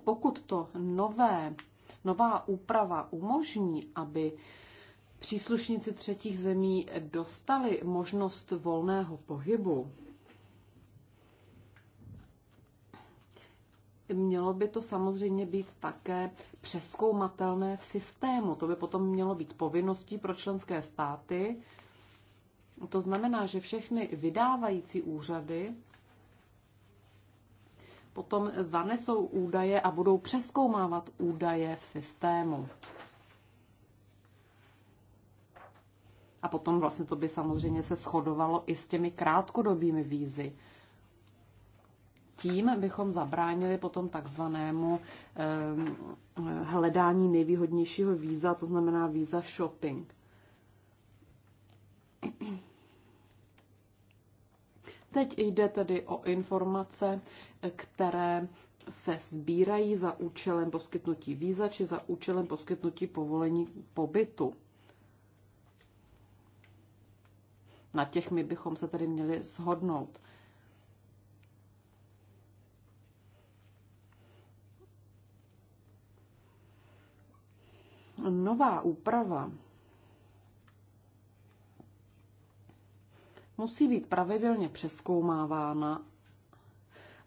pokud to nové, nová úprava umožní, aby příslušníci třetích zemí dostali možnost volného pohybu, mělo by to samozřejmě být také přeskoumatelné v systému. To by potom mělo být povinností pro členské státy. To znamená, že všechny vydávající úřady potom zanesou údaje a budou přeskoumávat údaje v systému. A potom vlastně to by samozřejmě se shodovalo i s těmi krátkodobými vízy. Tím bychom zabránili potom takzvanému eh, hledání nejvýhodnějšího víza, to znamená víza shopping. Teď jde tedy o informace, které se sbírají za účelem poskytnutí víza či za účelem poskytnutí povolení pobytu. Na těch my bychom se tedy měli shodnout. Nová úprava musí být pravidelně přeskoumávána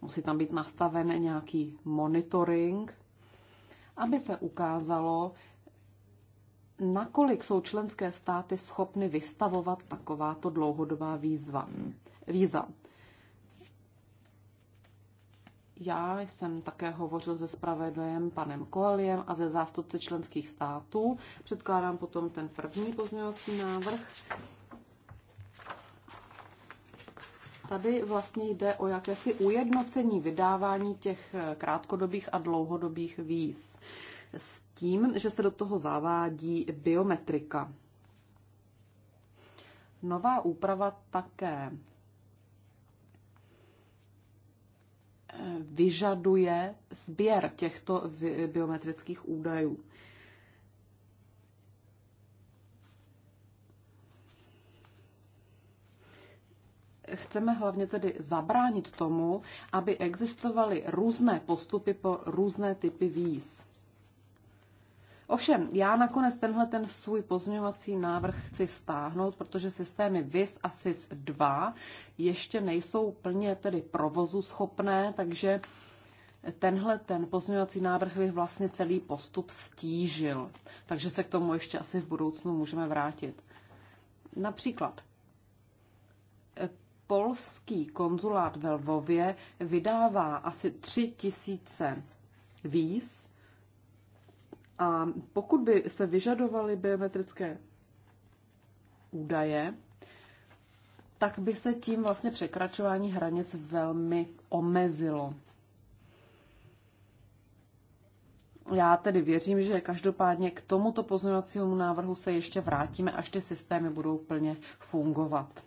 Musí tam být nastaven nějaký monitoring, aby se ukázalo, nakolik jsou členské státy schopny vystavovat takováto dlouhodobá výzva. Víza. Já jsem také hovořil se spravedlem panem Koaliem a ze zástupce členských států. Předkládám potom ten první pozměňovací návrh, Tady vlastně jde o jakési ujednocení vydávání těch eh, krátkodobých a dlouhodobých víz s tím, že se do toho zavádí biometrika. Nová úprava také eh, vyžaduje sběr těchto biometrických údajů. chceme hlavně tedy zabránit tomu, aby existovaly různé postupy po různé typy víz. Ovšem, já nakonec tenhle ten svůj pozměňovací návrh chci stáhnout, protože systémy VIS a SIS 2 ještě nejsou plně tedy provozu schopné, takže tenhle ten pozměňovací návrh bych vlastně celý postup stížil. Takže se k tomu ještě asi v budoucnu můžeme vrátit. Například polský konzulát ve Lvově vydává asi tři tisíce víz a pokud by se vyžadovaly biometrické údaje, tak by se tím vlastně překračování hranic velmi omezilo. Já tedy věřím, že každopádně k tomuto pozměňovacímu návrhu se ještě vrátíme, až ty systémy budou plně fungovat.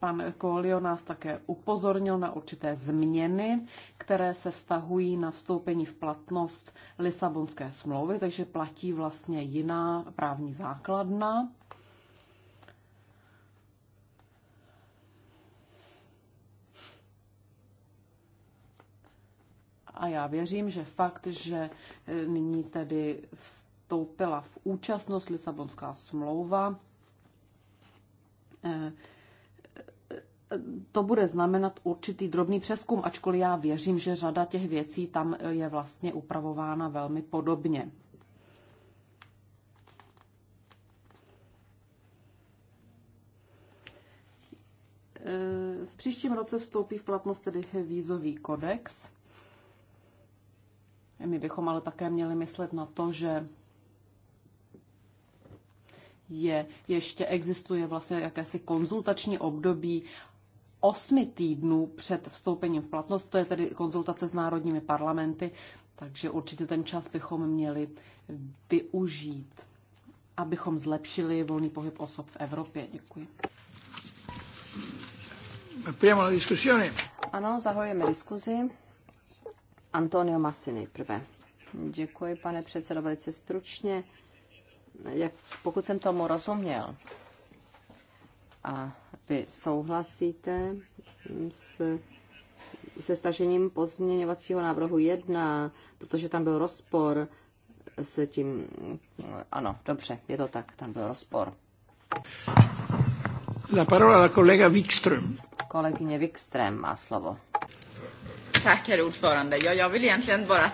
Pan Kolio nás také upozornil na určité změny, které se vztahují na vstoupení v platnost Lisabonské smlouvy, takže platí vlastně jiná právní základna. A já věřím, že fakt, že e, nyní tedy vstoupila v účastnost Lisabonská smlouva, eh, to bude znamenat určitý drobný přeskum, ačkoliv já věřím, že řada těch věcí tam je vlastně upravována velmi podobně. V příštím roce vstoupí v platnost tedy vízový kodex. My bychom ale také měli myslet na to, že je, ještě existuje vlastně jakési konzultační období osmi týdnů před vstoupením v platnost, to je tedy konzultace s národními parlamenty, takže určitě ten čas bychom měli využít, abychom zlepšili volný pohyb osob v Evropě. Děkuji. Ano, zahajujeme diskuzi. Antonio Massi nejprve. Děkuji, pane předsedo, velice stručně. Jak, pokud jsem tomu rozuměl, a vy souhlasíte s, se stažením pozměňovacího návrhu 1, protože tam byl rozpor s tím... Ano, dobře, je to tak, tam byl rozpor. La parola la kolega Wikström. Kolegyně Wikström má slovo. Tak, herr ordförande. jo, jag vill egentligen bara...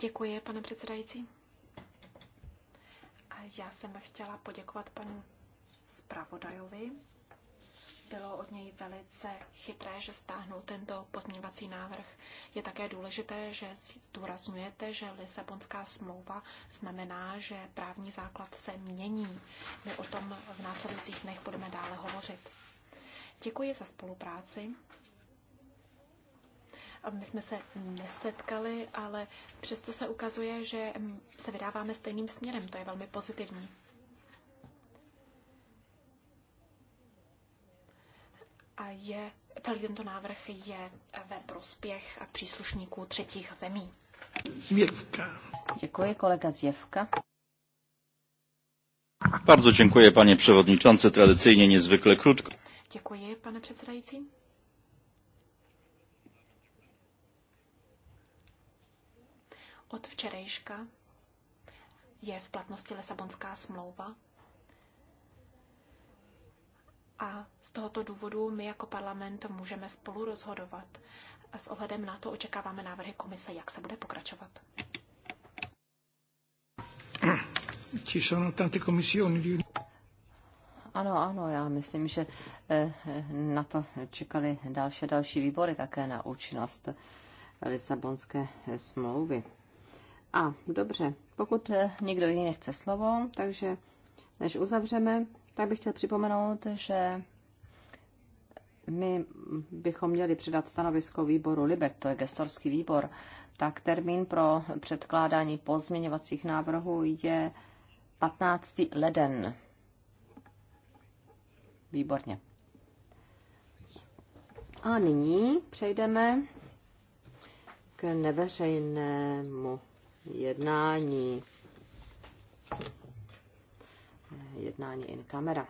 Děkuji, pane předsedající. Já jsem chtěla poděkovat panu zpravodajovi bylo od něj velice chytré, že stáhnul tento pozměňovací návrh. Je také důležité, že zdůrazňujete, že Lisabonská smlouva znamená, že právní základ se mění. My o tom v následujících dnech budeme dále hovořit. Děkuji za spolupráci. My jsme se nesetkali, ale přesto se ukazuje, že se vydáváme stejným směrem. To je velmi pozitivní. je, celý tento návrh je ve prospěch příslušníků třetích zemí. Zjevka. Děkuji, kolega Zjevka. Bardzo dziękuję, panie przewodniczący. Tradycyjnie niezwykle krótko. Děkuji, pane předsedající. Od včerejška je v platnosti lesabonská smlouva a z tohoto důvodu my jako parlament můžeme spolu rozhodovat. A s ohledem na to očekáváme návrhy komise, jak se bude pokračovat. No, ano, ano, já myslím, že eh, eh, na to čekali další další výbory také na účinnost Lisabonské smlouvy. A dobře, pokud eh, nikdo jiný nechce slovo, takže než uzavřeme tak bych chtěl připomenout, že my bychom měli předat stanovisko výboru LIBEK, to je gestorský výbor, tak termín pro předkládání pozměňovacích návrhů je 15. leden. Výborně. A nyní přejdeme k neveřejnému jednání jednání in camera.